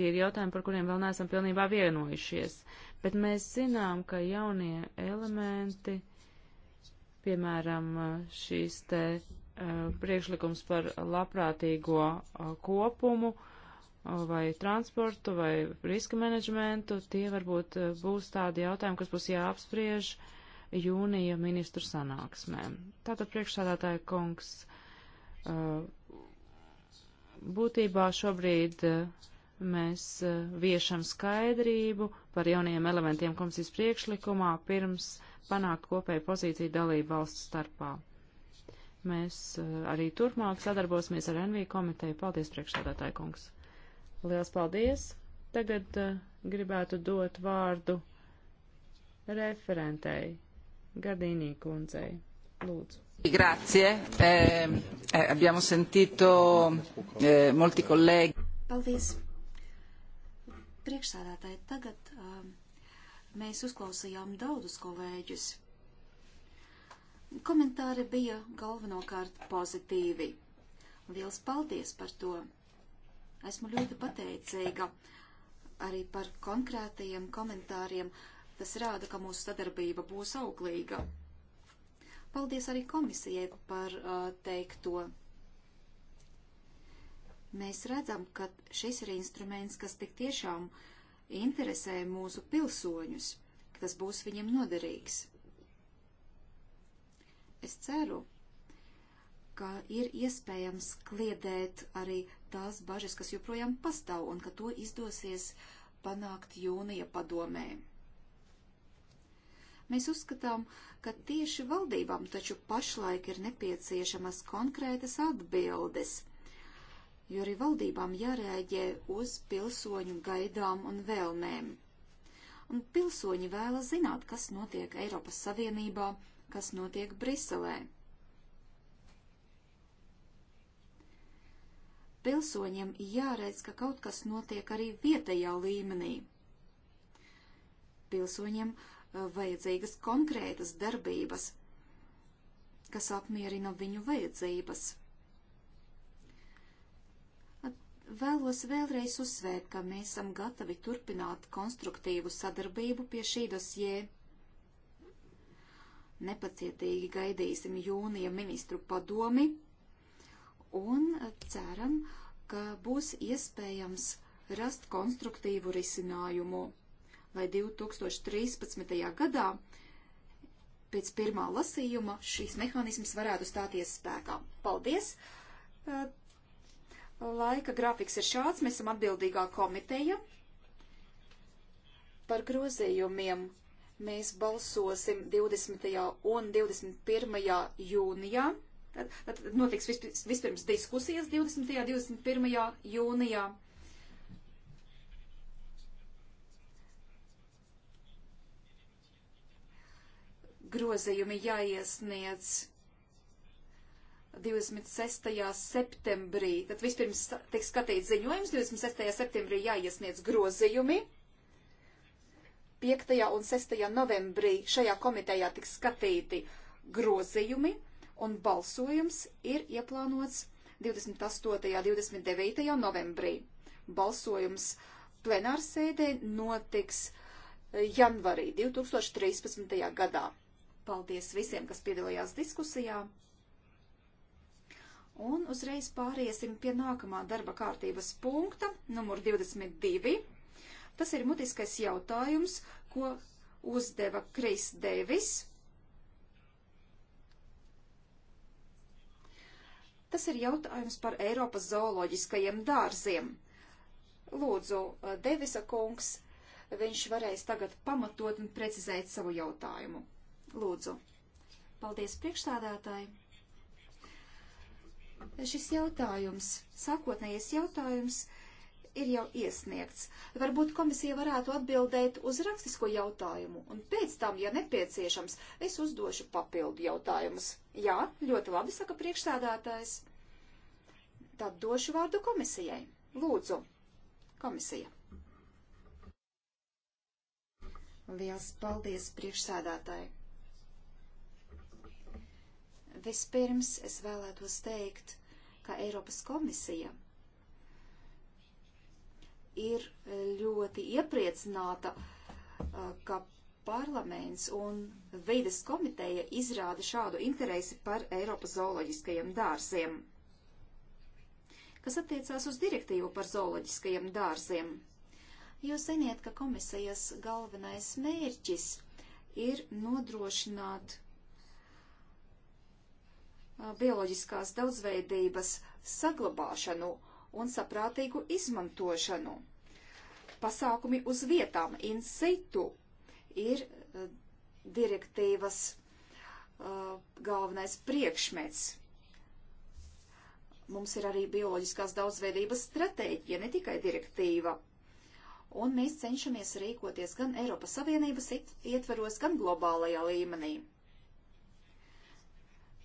tie ir jautājumi, par kuriem vēl neesam pilnībā vienojušies, bet mēs zinām, ka jaunie elementi, piemēram, šīs te uh, priekšlikums par labprātīgo uh, kopumu, uh, vai transportu, vai riska menedžmentu, tie varbūt eh, būs tādi jautājumi, kas būs jāapspriež jūnija ministru sanāksmē. Tātad priekšsādātāja kungs, eh, būtībā šobrīd eh, mēs viešam skaidrību par jaunajiem elementiem komisijas priekšlikumā pirms panākt kopēju pozīciju dalību valsts starpā. Mēs arī turpmāk sadarbosimies ar NV komiteju. Paldies, priekšsādātāja kungs! Liels paldies! Tagad uh, gribētu dot vārdu referentei Gardīnī kundzei. Lūdzu. Grazie. Ehm, eh, abbiamo sentito eh, molti colleghi. Paldies. Priekšsādātāji, tagad um, mēs uzklausījām daudzus kolēģus. Komentāri bija galvenokārt pozitīvi. Liels paldies par to! Esmu ļoti pateicīga arī par konkrētajiem komentāriem. Tas rāda, ka mūsu sadarbība būs auglīga. Paldies arī komisijai par uh, teikto. Mēs redzam, ka šis ir instruments, kas tik tiešām interesē mūsu pilsoņus, ka tas būs viņiem noderīgs. Es ceru, ka ir iespējams kliedēt arī tās bažas, kas joprojām pastāv un ka to izdosies panākt jūnija padomē. Mēs uzskatām, ka tieši valdībām taču pašlaik ir nepieciešamas konkrētas atbildes, jo arī valdībām jārēģē uz pilsoņu gaidām un vēlmēm. Un pilsoņi vēlas zināt, kas notiek Eiropas Savienībā, kas notiek Briselē. Pilsoņiem jāredz, ka kaut kas notiek arī vietējā līmenī. Pilsoņiem e, vajadzīgas konkrētas darbības, kas apmierina viņu vajadzības. Vēlos vēlreiz uzsvērt, ka mēs esam gatavi turpināt konstruktīvu sadarbību pie šī dosjē. Nepacietīgi gaidīsim jūnija ministru padomi un ceram, ka būs iespējams rast konstruktīvu risinājumu, lai 2013. gadā pēc pirmā lasījuma šīs mehānisms varētu stāties spēkā. Paldies! Eh, laika grafiks ir šāds, mēs esam atbildīgā komiteja. Par grozējumiem mēs balsosim 20. un 21. jūnijā. Tad, tad notiks vispirms diskusijas 20. un 21. jūnijā. Grozījumi jāiesniedz 26. septembrī. Tad vispirms tiks skatīts ziņojums, 26. septembrī jāiesniedz grozījumi. 5. un 6. novembrī šajā komitejā tiks skatīti grozījumi, un balsojums ir ieplānots 28. un 29. novembrī. Balsojums plenārsēdē notiks eh, janvarī 2013. gadā. Paldies visiem, kas piedalījās diskusijā. Un uzreiz pāriesim pie nākamā darba kārtības punkta, numur 22. Tas ir mutiskais jautājums, ko uzdeva Kris Devis Tas ir jautājums par Eiropas zooloģiskajiem dārziem. Lūdzu, uh, Devisa kungs, viņš varēs tagad pamatot un precizēt savu jautājumu. Lūdzu. Paldies priekšstādātāji. Šis jautājums, sākotnējais jautājums, ir jau iesniegts. Varbūt komisija varētu atbildēt uz rakstisko jautājumu, un pēc tam, ja nepieciešams, es uzdošu papildu jautājumus. Jā, ļoti labi, saka priekšsēdētājs. Tad došu vārdu komisijai. Lūdzu, komisija. Liels paldies priekšsēdētāji. Vispirms es vēlētos teikt, ka Eiropas komisija ir ļoti iepriecināta, uh, ka parlaments un vides komiteja izrāda šādu interesi par Eiropas zooloģiskajiem dārziem. Kas attiecās uz direktīvu par zooloģiskajiem dārziem? Jūs ziniet, ka komisijas galvenais mērķis ir nodrošināt bioloģiskās daudzveidības saglabāšanu un saprātīgu izmantošanu. Pasākumi uz vietām in situ ir uh, direktīvas uh, galvenais priekšmets. Mums ir arī bioloģiskās daudzveidības stratēģija, ne tikai direktīva. Un mēs cenšamies rīkoties gan Eiropas Savienības ietveros, gan globālajā līmenī.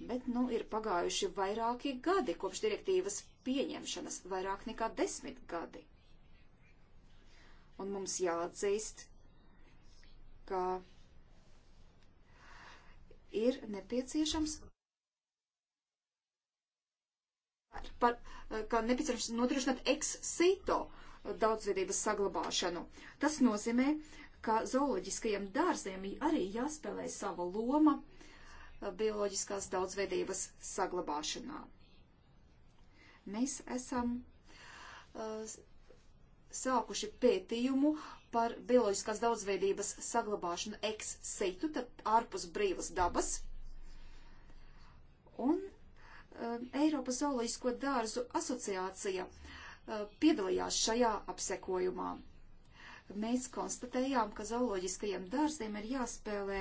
Bet nu ir pagājuši vairāki gadi kopš direktīvas pieņemšanas, vairāk nekā desmit gadi. Un mums jāatzīst, ka ir nepieciešams par, ka nepieciešams nodrošināt ex-sito daudzveidības saglabāšanu. Tas nozīmē, ka zooloģiskajiem dārziem arī jāspēlē sava loma bioloģiskās daudzveidības saglabāšanā. Mēs esam uh, sākuši pētījumu par bioloģiskās daudzveidības saglabāšanu ex situ, tad ārpus brīvas dabas. Un uh, Eiropas zooloģisko dārzu asociācija uh, piedalījās šajā apsekojumā. Mēs konstatējām, ka zooloģiskajiem dārziem ir jāspēlē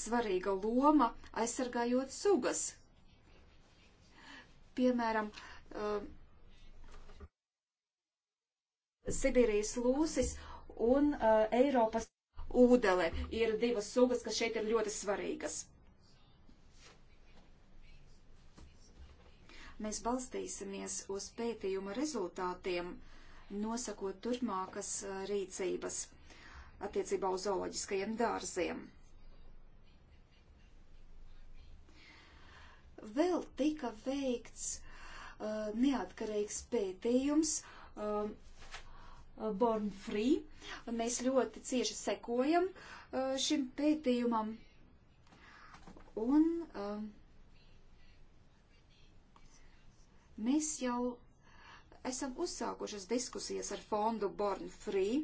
svarīga loma aizsargājot sugas. Piemēram, uh, Sibīrijas lūsis un uh, Eiropas ūdele ir divas sugas, kas šeit ir ļoti svarīgas. Mēs balstīsimies uz pētījuma rezultātiem, nosakot turpmākas uh, rīcības attiecībā uz zooloģiskajiem dārziem. Vēl tika veikts uh, neatkarīgs pētījums uh, Uh, Born Free, un mēs ļoti cieši sekojam uh, šim pētījumam. Un uh, mēs jau esam uzsākušas diskusijas ar fondu Born Free.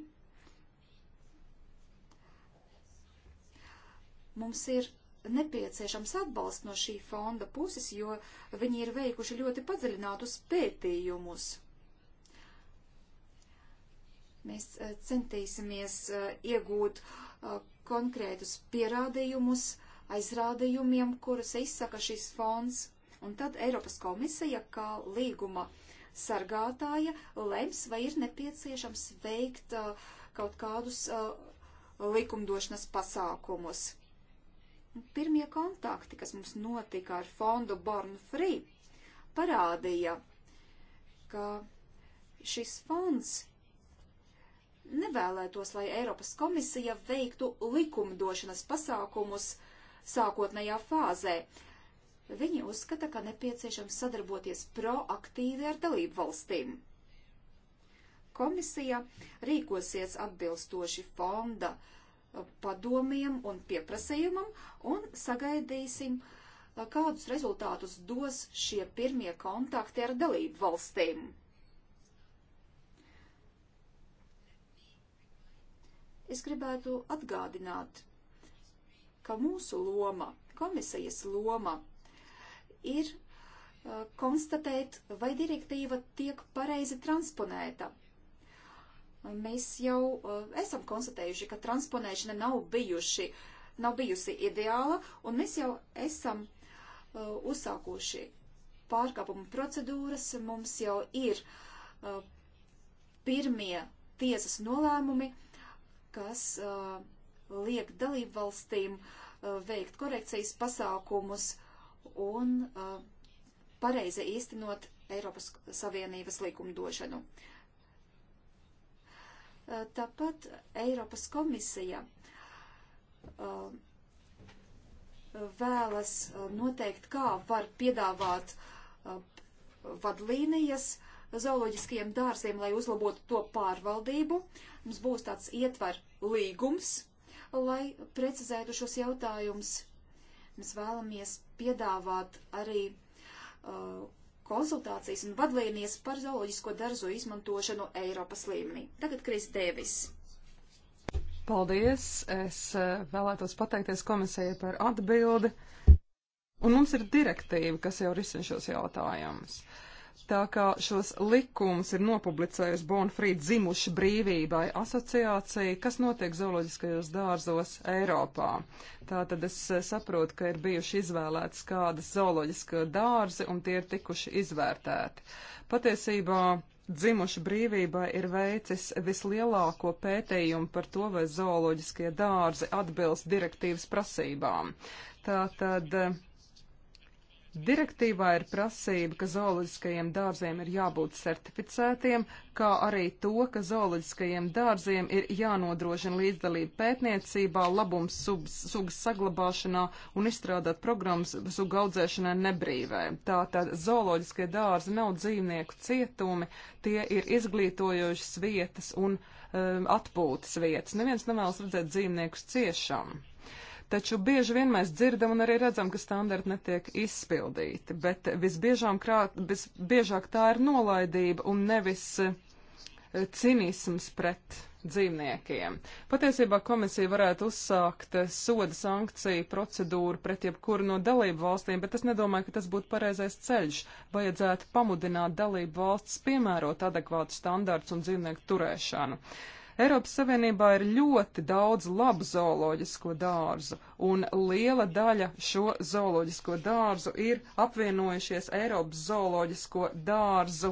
Mums ir nepieciešams atbalsts no šī fonda puses, jo viņi ir veikuši ļoti padziļinātus pētījumus Mēs eh, centīsimies eh, iegūt eh, konkrētus pierādījumus aizrādījumiem, kurus izsaka šis fonds, un tad Eiropas komisija kā līguma sargātāja lems, vai ir nepieciešams veikt uh, kaut kādus uh, likumdošanas pasākumus. Pirmie kontakti, kas mums notika ar fondu Born Free, parādīja, ka šis fonds nevēlētos, lai Eiropas komisija veiktu likumdošanas pasākumus sākotnējā fāzē. Viņi uzskata, ka nepieciešams sadarboties proaktīvi ar dalību valstīm. Komisija rīkosies atbilstoši fonda uh, padomiem un pieprasījumam un sagaidīsim, uh, kādus rezultātus dos šie pirmie kontakti ar dalību valstīm. Es gribētu atgādināt, ka mūsu loma, komisijas loma, ir uh, konstatēt, vai direktīva tiek pareizi transponēta. Mēs jau uh, esam konstatējuši, ka transponēšana nav, bijuši, nav bijusi ideāla, un mēs jau esam uh, uzsākuši pārkāpumu procedūras, mums jau ir uh, pirmie tiesas nolēmumi, kas uh, liek dalību valstīm uh, veikt korekcijas pasākumus un uh, pareizi īstenot Eiropas Savienības likumdošanu. Uh, tāpat Eiropas komisija uh, vēlas uh, noteikt, kā var piedāvāt uh, vadlīnijas zooloģiskajiem dārziem, lai uzlabotu to pārvaldību. Mums būs tāds ietvar līgums, lai precizētu šos jautājumus. Mēs vēlamies piedāvāt arī uh, konsultācijas un vadlīnijas par zooloģisko dārzu izmantošanu Eiropas līmenī. Tagad Kris Dēvis. Paldies! Es uh, vēlētos pateikties komisijai par atbildi. Un mums ir direktīva, kas jau risina šos jautājumus. Uh, Tā kā šos likumus ir nopublicējusi Bonfrīd dzimuši brīvībai asociācija, kas notiek zooloģiskajos dārzos Eiropā. Tā tad es eh, saprotu, ka ir bijuši izvēlētas kādas zooloģiska dārzi un tie ir tikuši izvērtēti. Patiesībā dzimuši brīvībai ir veicis vislielāko pētījumu par to, vai zooloģiskie dārzi atbilst direktīvas prasībām. Tā tad eh, Direktīvā ir prasība, ka zooloģiskajiem dārziem ir jābūt certificētiem, kā arī to, ka zooloģiskajiem dārziem ir jānodrošina līdzdalība pētniecībā, labums subs, sugas saglabāšanā un izstrādāt programmas suga audzēšanai nebrīvē. Tātad zooloģiskie dārzi nav dzīvnieku cietumi, tie ir izglītojošas vietas un um, atpūtas vietas. Neviens nevēlas redzēt dzīvniekus ciešam taču bieži vien mēs dzirdam un arī redzam, ka standarti netiek izpildīti, bet krāt, visbiežāk tā ir nolaidība un nevis eh, cinisms pret dzīvniekiem. Patiesībā komisija varētu uzsākt eh, soda sankciju procedūru pret jebkuru no dalību valstīm, bet es nedomāju, ka tas būtu pareizais ceļš. Vajadzētu pamudināt dalību valsts piemērot adekvātu standārts un dzīvnieku turēšanu. Uh, Eiropas Savienībā ir ļoti daudz labu zooloģisko dārzu, un liela daļa šo zooloģisko dārzu ir apvienojušies Eiropas zooloģisko dārzu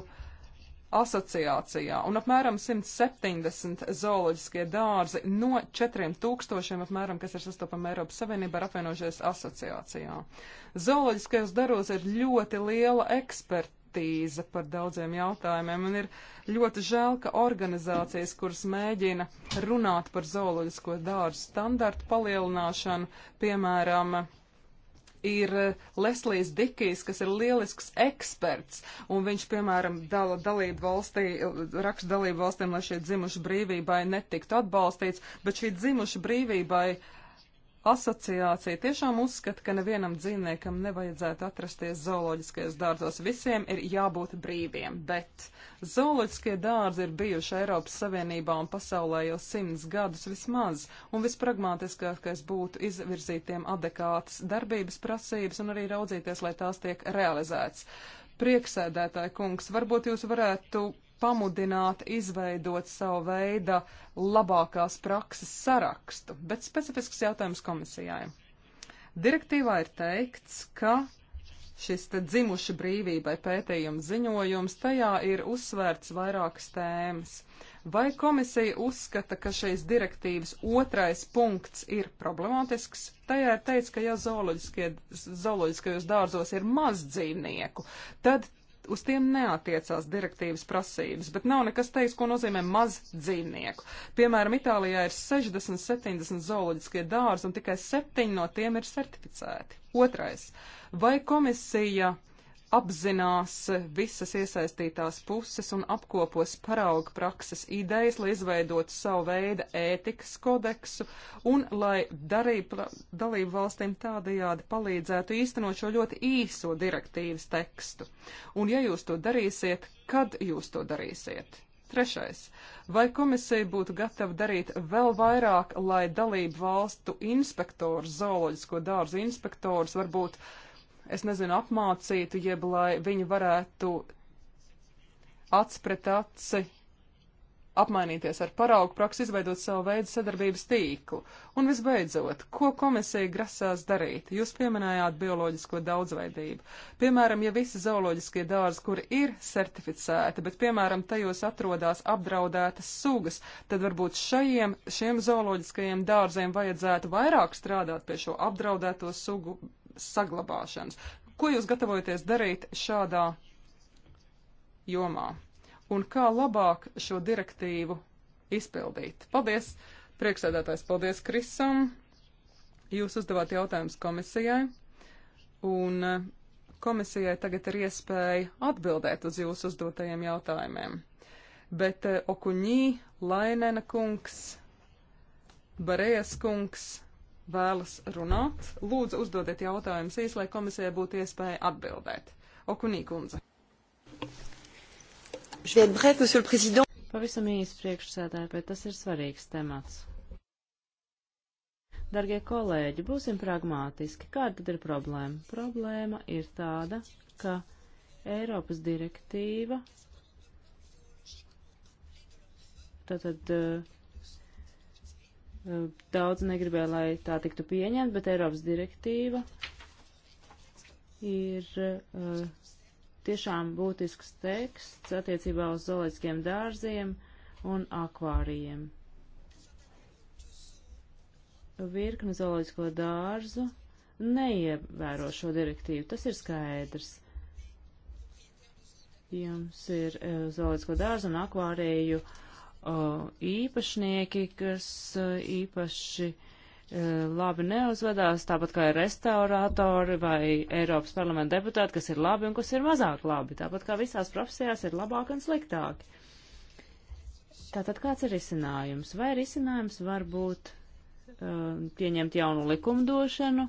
asociācijā, un apmēram 170 zooloģiskie dārzi no 4000, apmēram, kas ir sastopami Eiropas Savienībā, ir apvienojušies asociācijā. Zooloģiskajos daros ir ļoti liela eksperta ekspertīze par daudziem jautājumiem. Man ir ļoti žēl, ka organizācijas, kuras mēģina runāt par zooloģisko dārstu standartu palielināšanu, piemēram, ir Leslīs Dikijs, kas ir lielisks eksperts, un viņš, piemēram, dala dalību valstī, raksta dalību valstīm, lai šie dzimuši brīvībai netiktu atbalstīts, bet šī dzimuši brīvībai uh, asociācija tiešām uzskata, ka nevienam dzīvniekam nevajadzētu atrasties zooloģiskajos dārzos. Visiem ir jābūt brīviem, bet zooloģiskie dārzi ir bijuši Eiropas Savienībā un pasaulē jau simts gadus vismaz, un vispragmātiskākais būtu izvirzītiem adekātas darbības prasības un arī raudzīties, lai tās tiek realizētas. Prieksēdētāji kungs, varbūt jūs varētu pamudināti izveidot savu veidu labākās prakses sarakstu, bet specifisks jautājums komisijai. Direktīvā ir teikts, ka šis te dzimuši brīvībai pētījums ziņojums, tajā ir uzsvērts vairākas tēmas. Vai komisija uzskata, ka šīs direktīvas otrais punkts ir problemātisks? Tajā ir teicis, ka ja zooloģiskajos dārzos ir maz dzīvnieku, tad uz tiem neatiecās direktīvas prasības, bet nav nekas teiks, ko nozīmē maz dzīvnieku. Piemēram, Itālijā ir 60-70 zooloģiskie dārzi, un tikai 7 no tiem ir certificēti. Otrais. Vai komisija apzinās visas iesaistītās puses un apkopos parauga prakses idejas, lai izveidotu savu veidu ētikas kodeksu un lai darību, dalību valstīm tādajādi palīdzētu īstenot šo ļoti īso direktīvas tekstu. Un ja jūs to darīsiet, kad jūs to darīsiet? Trešais. Vai komisija būtu gatava darīt vēl vairāk, lai dalību valstu inspektors, zooloģisko dārzu inspektors varbūt uh, es nezinu, apmācītu, jeb lai viņi varētu acs pret aci apmainīties ar paraugu praksi, izveidot savu veidu sadarbības tīklu. Un visbeidzot, ko komisija grasās darīt? Jūs pieminējāt bioloģisko daudzveidību. Piemēram, ja visi zooloģiskie dārzi, kuri ir certificēti, bet, piemēram, tajos atrodas apdraudētas sugas, tad varbūt šajiem, šiem zooloģiskajiem dārziem vajadzētu vairāk strādāt pie šo apdraudēto sugu saglabāšanas. Ko jūs gatavojaties darīt šādā jomā? Un kā labāk šo direktīvu izpildīt? Paldies, priekšsēdētājs, paldies Krisam. Jūs uzdevāt jautājumus komisijai, un eh, komisijai tagad ir iespēja atbildēt uz jūsu uzdotajiem jautājumiem. Bet eh, Okuņī, Lainēna kungs, Barējas kungs vēlas runāt, lūdzu uzdodiet jautājumus īsi, lai komisijai būtu iespēja atbildēt. Okunī kundze. Pavisam īsi priekšsēdētāji, bet tas ir svarīgs temats. Dargie kolēģi, būsim pragmātiski. Kāda tad ir problēma? Problēma ir tāda, ka Eiropas direktīva tātad uh, Daudz negribēja, lai tā tiktu pieņemta, bet Eiropas direktīva ir uh, tiešām būtisks teksts attiecībā uz zooloģiskiem dārziem un akvārijiem. Virkne zooloģisko dārzu neievēro šo direktīvu, tas ir skaidrs. Jums ir uh, zooloģisko dārzu un akvāriju uh, īpašnieki, kas īpaši e, labi neuzvedās, tāpat kā ir restaurātori vai Eiropas parlamenta deputāti, kas ir labi un kas ir mazāk labi, tāpat kā visās profesijās ir labāk un sliktāki. Tātad kāds ir risinājums? Vai risinājums var būt e, pieņemt jaunu likumdošanu,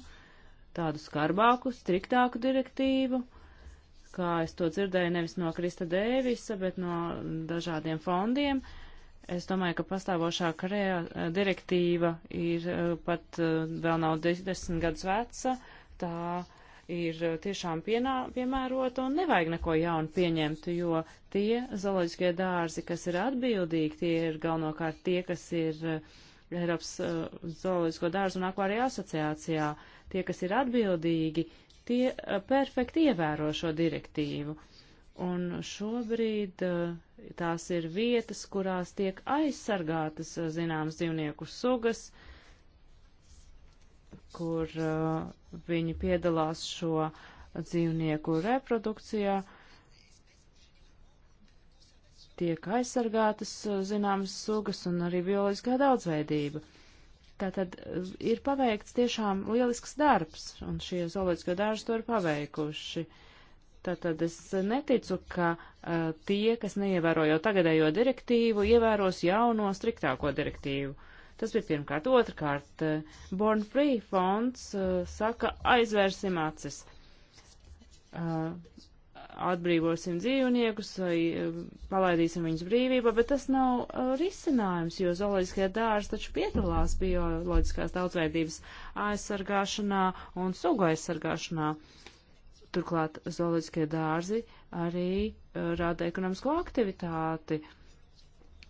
tādu skarbāku, striktāku direktīvu, kā es to dzirdēju nevis no Krista Dēvisa, bet no dažādiem fondiem. Uh, Es domāju, ka pastāvošā Koreja eh, direktīva ir eh, pat eh, vēl nav desmit gadus veca. Tā ir tiešām pienā, piemērota un nevajag neko jaunu pieņemt, jo tie zooloģiskie dārzi, kas ir atbildīgi, tie ir galvenokārt tie, kas ir Eiropas uh, zooloģisko dārzu un akvāriju asociācijā. Tie, kas ir atbildīgi, tie uh, perfekti ievēro šo direktīvu. Uh, Un šobrīd eh, tās ir vietas, kurās tiek aizsargātas eh, zināmas dzīvnieku sugas, kur uh, viņi piedalās šo dzīvnieku reprodukcijā. Tiek aizsargātas zināmas sugas un arī bioloģiskā daudzveidība. Tātad ir paveikts tiešām lielisks darbs, un šie zooloģiskā dārzi to ir paveikuši. Uh, Tātad es neticu, ka uh, tie, kas neievēro jau tagadējo direktīvu, ievēros jauno striktāko direktīvu. Tas bija pirmkārt. Otrkārt, uh, Born Free fonds uh, saka aizvērsim acis. Uh, atbrīvosim dzīvniekus vai uh, palaidīsim viņus brīvībā, bet tas nav uh, risinājums, jo zooloģiskie dārzi taču piedalās bioloģiskās daudzveidības aizsargāšanā un sugu aizsargāšanā. Uh, Turklāt zooloģiskie dārzi arī uh, rada ekonomisko aktivitāti.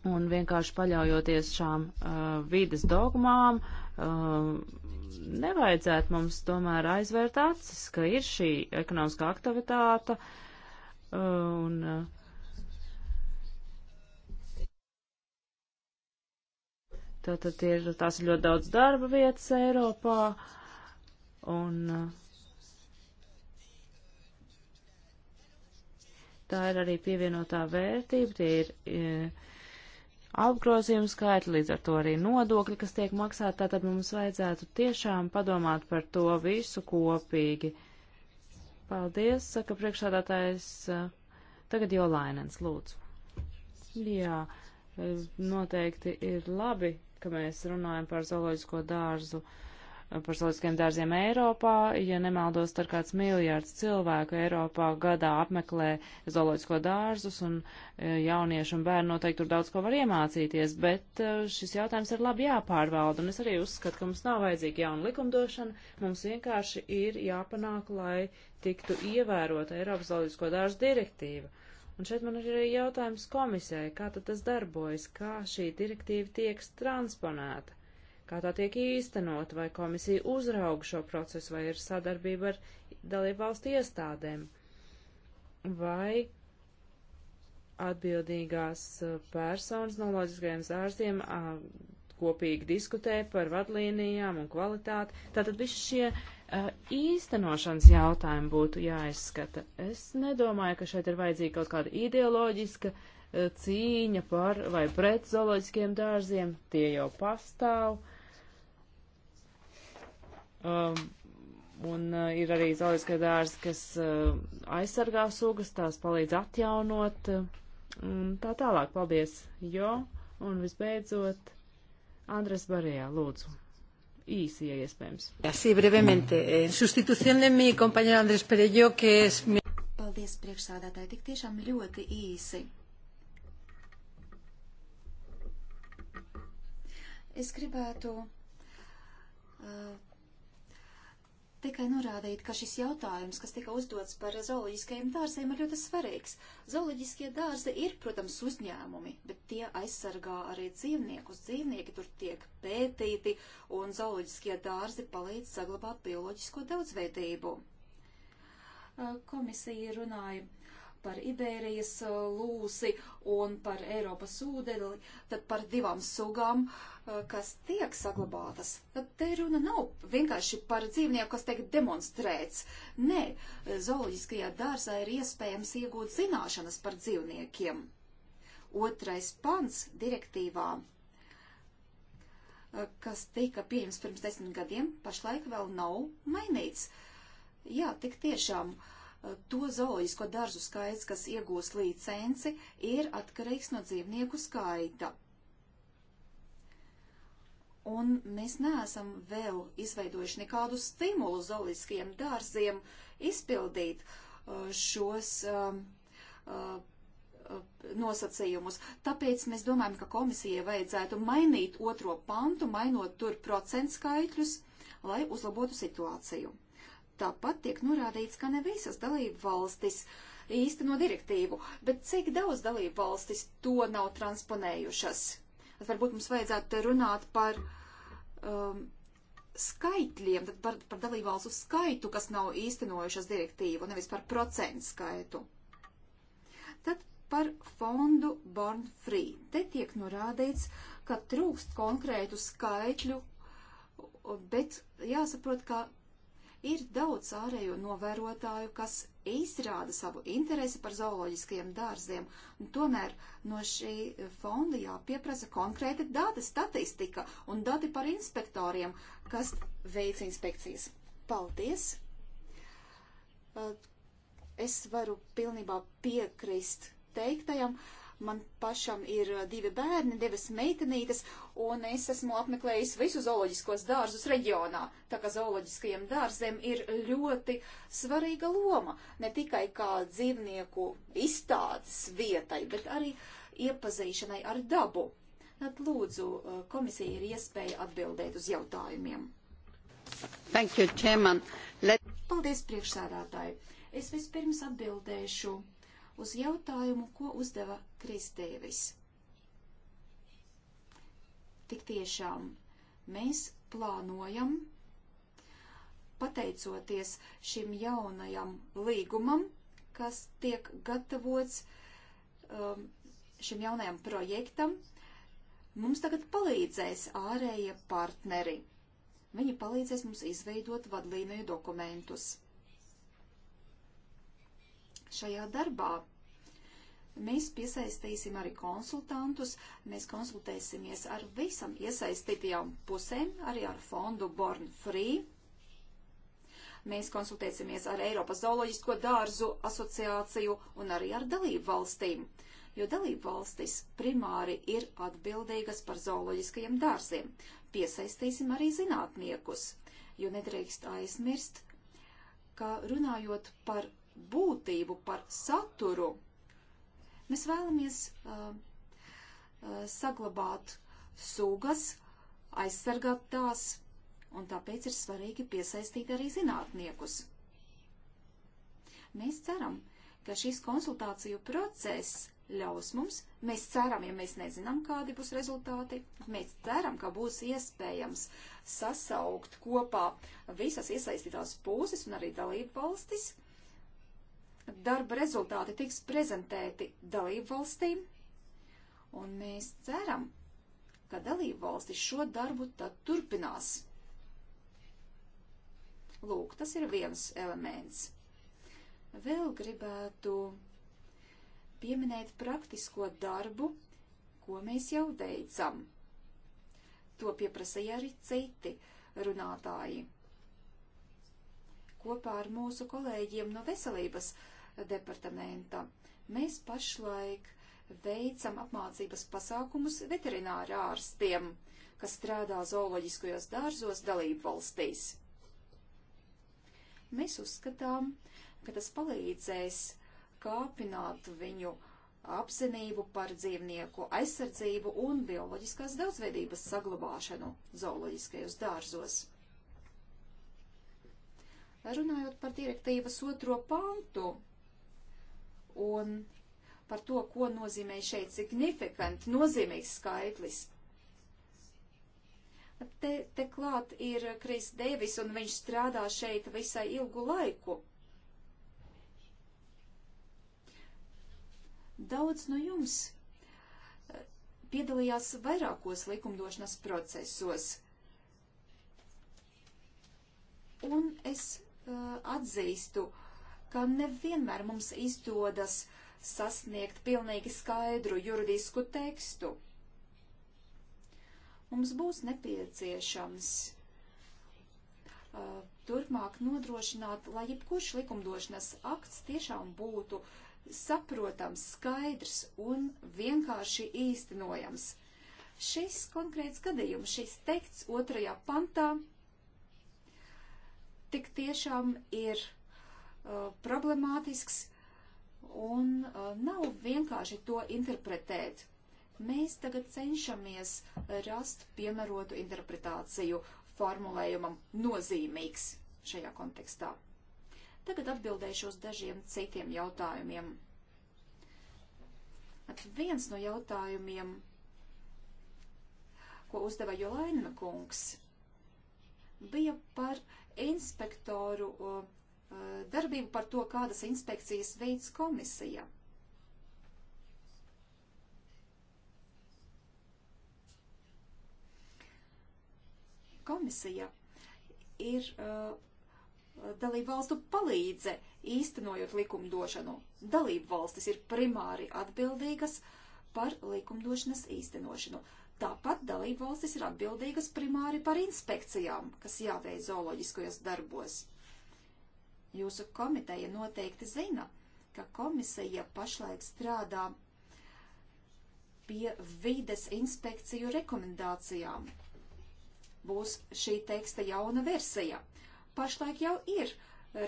Un vienkārši paļaujoties šām uh, vides dogmām, uh, nevajadzētu mums tomēr aizvērt acis, ka ir šī ekonomiskā aktivitāte. Uh, un, uh, Tātad ir, tās ir ļoti daudz darba vietas Eiropā, un uh, tā ir arī pievienotā vērtība, tie ir e, apgrozījuma skaitļi, līdz ar to arī nodokļi, kas tiek maksāti, tātad mums vajadzētu tiešām padomāt par to visu kopīgi. Paldies, saka priekšādātājs. E, tagad jau Lainens, lūdzu. Jā, e, noteikti ir labi, ka mēs runājam par zooloģisko dārzu. Uh, par zoologiskiem dārziem Eiropā. Ja nemaldos, tad kāds miljārds cilvēku Eiropā gadā apmeklē zoologisko dārzus, un e, jaunieši un bērni noteikti tur daudz ko var iemācīties, bet e, šis jautājums ir labi jāpārvalda, un es arī uzskatu, ka mums nav vajadzīga jauna likumdošana, mums vienkārši ir jāpanāk, lai tiktu ievērota Eiropas zoologisko dārzu direktīva. Un šeit man ir arī jautājums komisijai, kā tad tas darbojas, kā šī direktīva tiek transponēta kā tā tiek īstenot, vai komisija uzrauga šo procesu, vai ir sadarbība ar dalību valstu iestādēm, vai atbildīgās uh, personas no loģiskajiem zārstiem uh, kopīgi diskutē par vadlīnijām un kvalitāti. Tātad visi šie uh, īstenošanas jautājumi būtu jāizskata. Es nedomāju, ka šeit ir vajadzīga kaut kāda ideoloģiska uh, cīņa par vai pret zooloģiskiem dārziem. Tie jau pastāv. Uh, Um, un uh, ir arī zoologiskie dārzi, kas uh, aizsargā sugas, tās palīdz atjaunot uh, un tā tālāk. Paldies, jo, un visbeidzot, Andres Barējā, lūdzu. Īsi, ja iespējams. Así brevemente, en sustitución de mi compañero Andrés Perello, que es mi... Paldies, priekšsādātāji, tik tiešām ļoti īsi. Es gribētu uh, tikai norādīt, ka šis jautājums, kas tika uzdots par zooloģiskajiem dārziem, ir ļoti svarīgs. Zooloģiskie dārzi ir, protams, uzņēmumi, bet tie aizsargā arī dzīvniekus. Dzīvnieki tur tiek pētīti, un zooloģiskie dārzi palīdz saglabāt bioloģisko daudzveidību. Komisija runāja par Iberijas uh, lūsi un par Eiropas ūdeni, tad par divām sugām, uh, kas tiek saglabātas. Tad te runa nav vienkārši par dzīvnieku, kas tiek demonstrēts. Nē, zooloģiskajā dārzā ir iespējams iegūt zināšanas par dzīvniekiem. Otrais pants direktīvā uh, kas tika pieņems pirms desmit gadiem, pašlaik vēl nav mainīts. Jā, tik tiešām uh, to zooloģisko dārzu skaits, kas iegūs licenci, ir atkarīgs no dzīvnieku skaita. Un mēs neesam vēl izveidojuši nekādu stimulu zooloģiskiem dārziem izpildīt uh, šos um, uh, uh, nosacījumus. Tāpēc mēs domājam, ka komisijai vajadzētu mainīt otro pantu, mainot tur procentu skaitļus, lai uzlabotu situāciju. Tāpat tiek norādīts, ka ne visas dalību valstis īsteno direktīvu, bet cik daudz dalību valstis to nav transponējušas. Tad varbūt mums vajadzētu runāt par um, skaitļiem, tad par, par dalību valstu skaitu, kas nav īstenojušas direktīvu, nevis par procentu skaitu. Tad par fondu Born Free. Te tiek norādīts, ka trūkst konkrētu skaitļu, bet jāsaprot, ka Ir daudz ārējo novērotāju, kas izrāda savu interesi par zooloģiskajiem dārziem, un tomēr no šī fonda jāpieprasa konkrēta data, statistika un dati par inspektoriem, kas veic inspekcijas. Paldies! Es varu pilnībā piekrist teiktajam. Uh, Man pašam ir uh, divi bērni, divas meitenītes, un es esmu apmeklējis visus zooloģiskos dārzus reģionā, tā kā zooloģiskajiem dārziem ir ļoti svarīga loma, ne tikai kā dzīvnieku izstādes vietai, bet arī iepazīšanai ar dabu. Tad lūdzu, uh, komisija ir iespēja atbildēt uz jautājumiem. Thank you, Chairman. Let... Paldies, priekšsēdātāji. Es vispirms atbildēšu uz jautājumu, ko uzdeva Kristēvis. Tik tiešām mēs plānojam, pateicoties šim jaunajam līgumam, kas tiek gatavots um, šim jaunajam projektam, mums tagad palīdzēs ārējie partneri. Viņi palīdzēs mums izveidot vadlīniju dokumentus šajā darbā. Mēs piesaistīsim arī konsultantus, mēs konsultēsimies ar visam iesaistītajām pusēm, arī ar fondu Born Free. Mēs konsultēsimies ar Eiropas zooloģisko dārzu asociāciju un arī ar dalību valstīm, jo dalību valstis primāri ir atbildīgas par zooloģiskajiem dārziem. Piesaistīsim arī zinātniekus, jo nedrīkst aizmirst, ka runājot par būtību, par saturu, mēs vēlamies uh, uh, saglabāt sugas, aizsargāt tās, un tāpēc ir svarīgi piesaistīt arī zinātniekus. Mēs ceram, ka šīs konsultāciju process ļaus mums, mēs ceram, ja mēs nezinām, kādi būs rezultāti, mēs ceram, ka būs iespējams sasaukt kopā visas iesaistītās puses un arī dalību valstis, darba rezultāti tiks prezentēti dalību valstīm, un mēs ceram, ka dalību valstis šo darbu tad turpinās. Lūk, tas ir viens elements. Vēl gribētu pieminēt praktisko darbu, ko mēs jau veicam. To pieprasīja arī citi runātāji. Kopā ar mūsu kolēģiem no veselības departamenta. Mēs pašlaik veicam apmācības pasākumus veterināri ārstiem, kas strādā zooloģiskajos dārzos dalību valstīs. Mēs uzskatām, ka tas palīdzēs kāpināt viņu apzinību par dzīvnieku aizsardzību un bioloģiskās daudzveidības saglabāšanu zooloģiskajos dārzos. Runājot par direktīvas otro pantu, un par to, ko nozīmē šeit significant, nozīmīgs skaitlis. Te, te klāt ir Kris Devis, un viņš strādā šeit visai ilgu laiku. Daudz no jums eh, piedalījās vairākos likumdošanas procesos. Un es uh, atzīstu, uh, ka nevienmēr mums izdodas sasniegt pilnīgi skaidru juridisku tekstu. Mums būs nepieciešams uh, turpmāk nodrošināt, lai jebkurš likumdošanas akts tiešām būtu saprotams, skaidrs un vienkārši īstenojams. Šis konkrēts gadījums, šis teksts otrajā pantā tik tiešām ir uh, problemātisks un uh, nav vienkārši to interpretēt. Mēs tagad cenšamies rast piemērotu interpretāciju formulējumam nozīmīgs šajā kontekstā. Tagad atbildēšu uz dažiem citiem jautājumiem. At viens no jautājumiem, ko uzdeva Jolaina kungs, bija par inspektoru uh, Eh, darbību par to, kādas inspekcijas veids komisija. Komisija ir uh, dalību valstu palīdze īstenojot likumdošanu. Dalību valstis ir primāri atbildīgas par likumdošanas īstenošanu. Tāpat dalību valstis ir atbildīgas primāri par inspekcijām, kas jāveic zooloģiskajos darbos. Jūsu komiteja noteikti zina, ka komisija pašlaik strādā pie vides inspekciju rekomendācijām. Būs šī teksta jauna versija. Pašlaik jau ir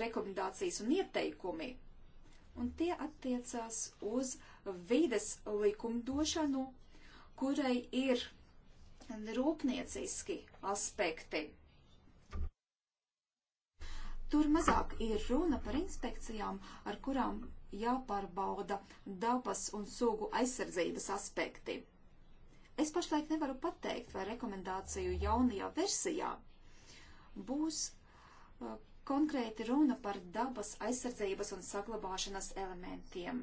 rekomendācijas un ieteikumi, un tie attiecās uz vides likumdošanu, kurai ir rūpnieciski aspekti. Tur mazāk ir runa par inspekcijām, ar kurām jāpārbauda dabas un sugu aizsardzības aspekti. Es pašlaik nevaru pateikt, vai rekomendāciju jaunajā versijā būs uh, konkrēti runa par dabas aizsardzības un saglabāšanas elementiem,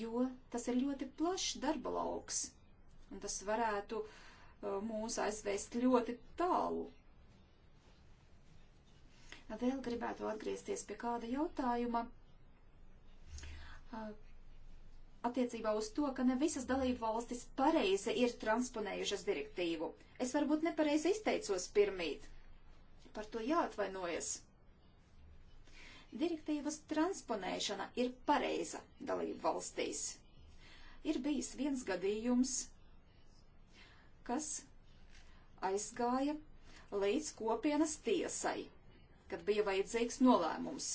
jo tas ir ļoti plašs darba lauks, un tas varētu uh, mūs aizvest ļoti tālu Vēl gribētu atgriezties pie kāda jautājuma ah, attiecībā uz to, ka ne visas dalību valstis pareizi ir transponējušas direktīvu. Es varbūt nepareizi izteicos pirmīt. Par to jāatvainojas. Direktīvas transponēšana ir pareiza dalību valstīs. Ir bijis viens gadījums, kas aizgāja līdz kopienas tiesai kad bija vajadzīgs nolēmums.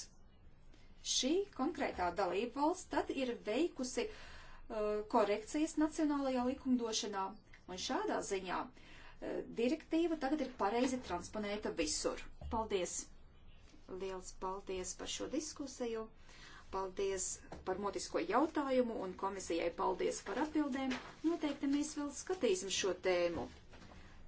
Šī konkrētā dalība valsts tad ir veikusi uh, korekcijas nacionālajā likumdošanā, un šādā ziņā uh, direktīva tagad ir pareizi transponēta visur. Paldies! Liels paldies par šo diskusiju, paldies par motisko jautājumu un komisijai paldies par atbildēm. Noteikti mēs vēl skatīsim šo tēmu.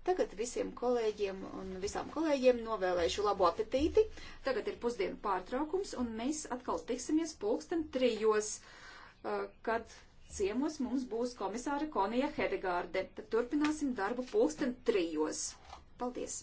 Tagad visiem kolēģiem un visām kolēģiem novēlēšu labu apetīti. Tagad ir pusdienu pārtraukums, un mēs atkal tiksimies pulksten trijos, kad ciemos mums būs komisāra Konija Hedegārde. Tad turpināsim darbu pulksten trijos. Paldies!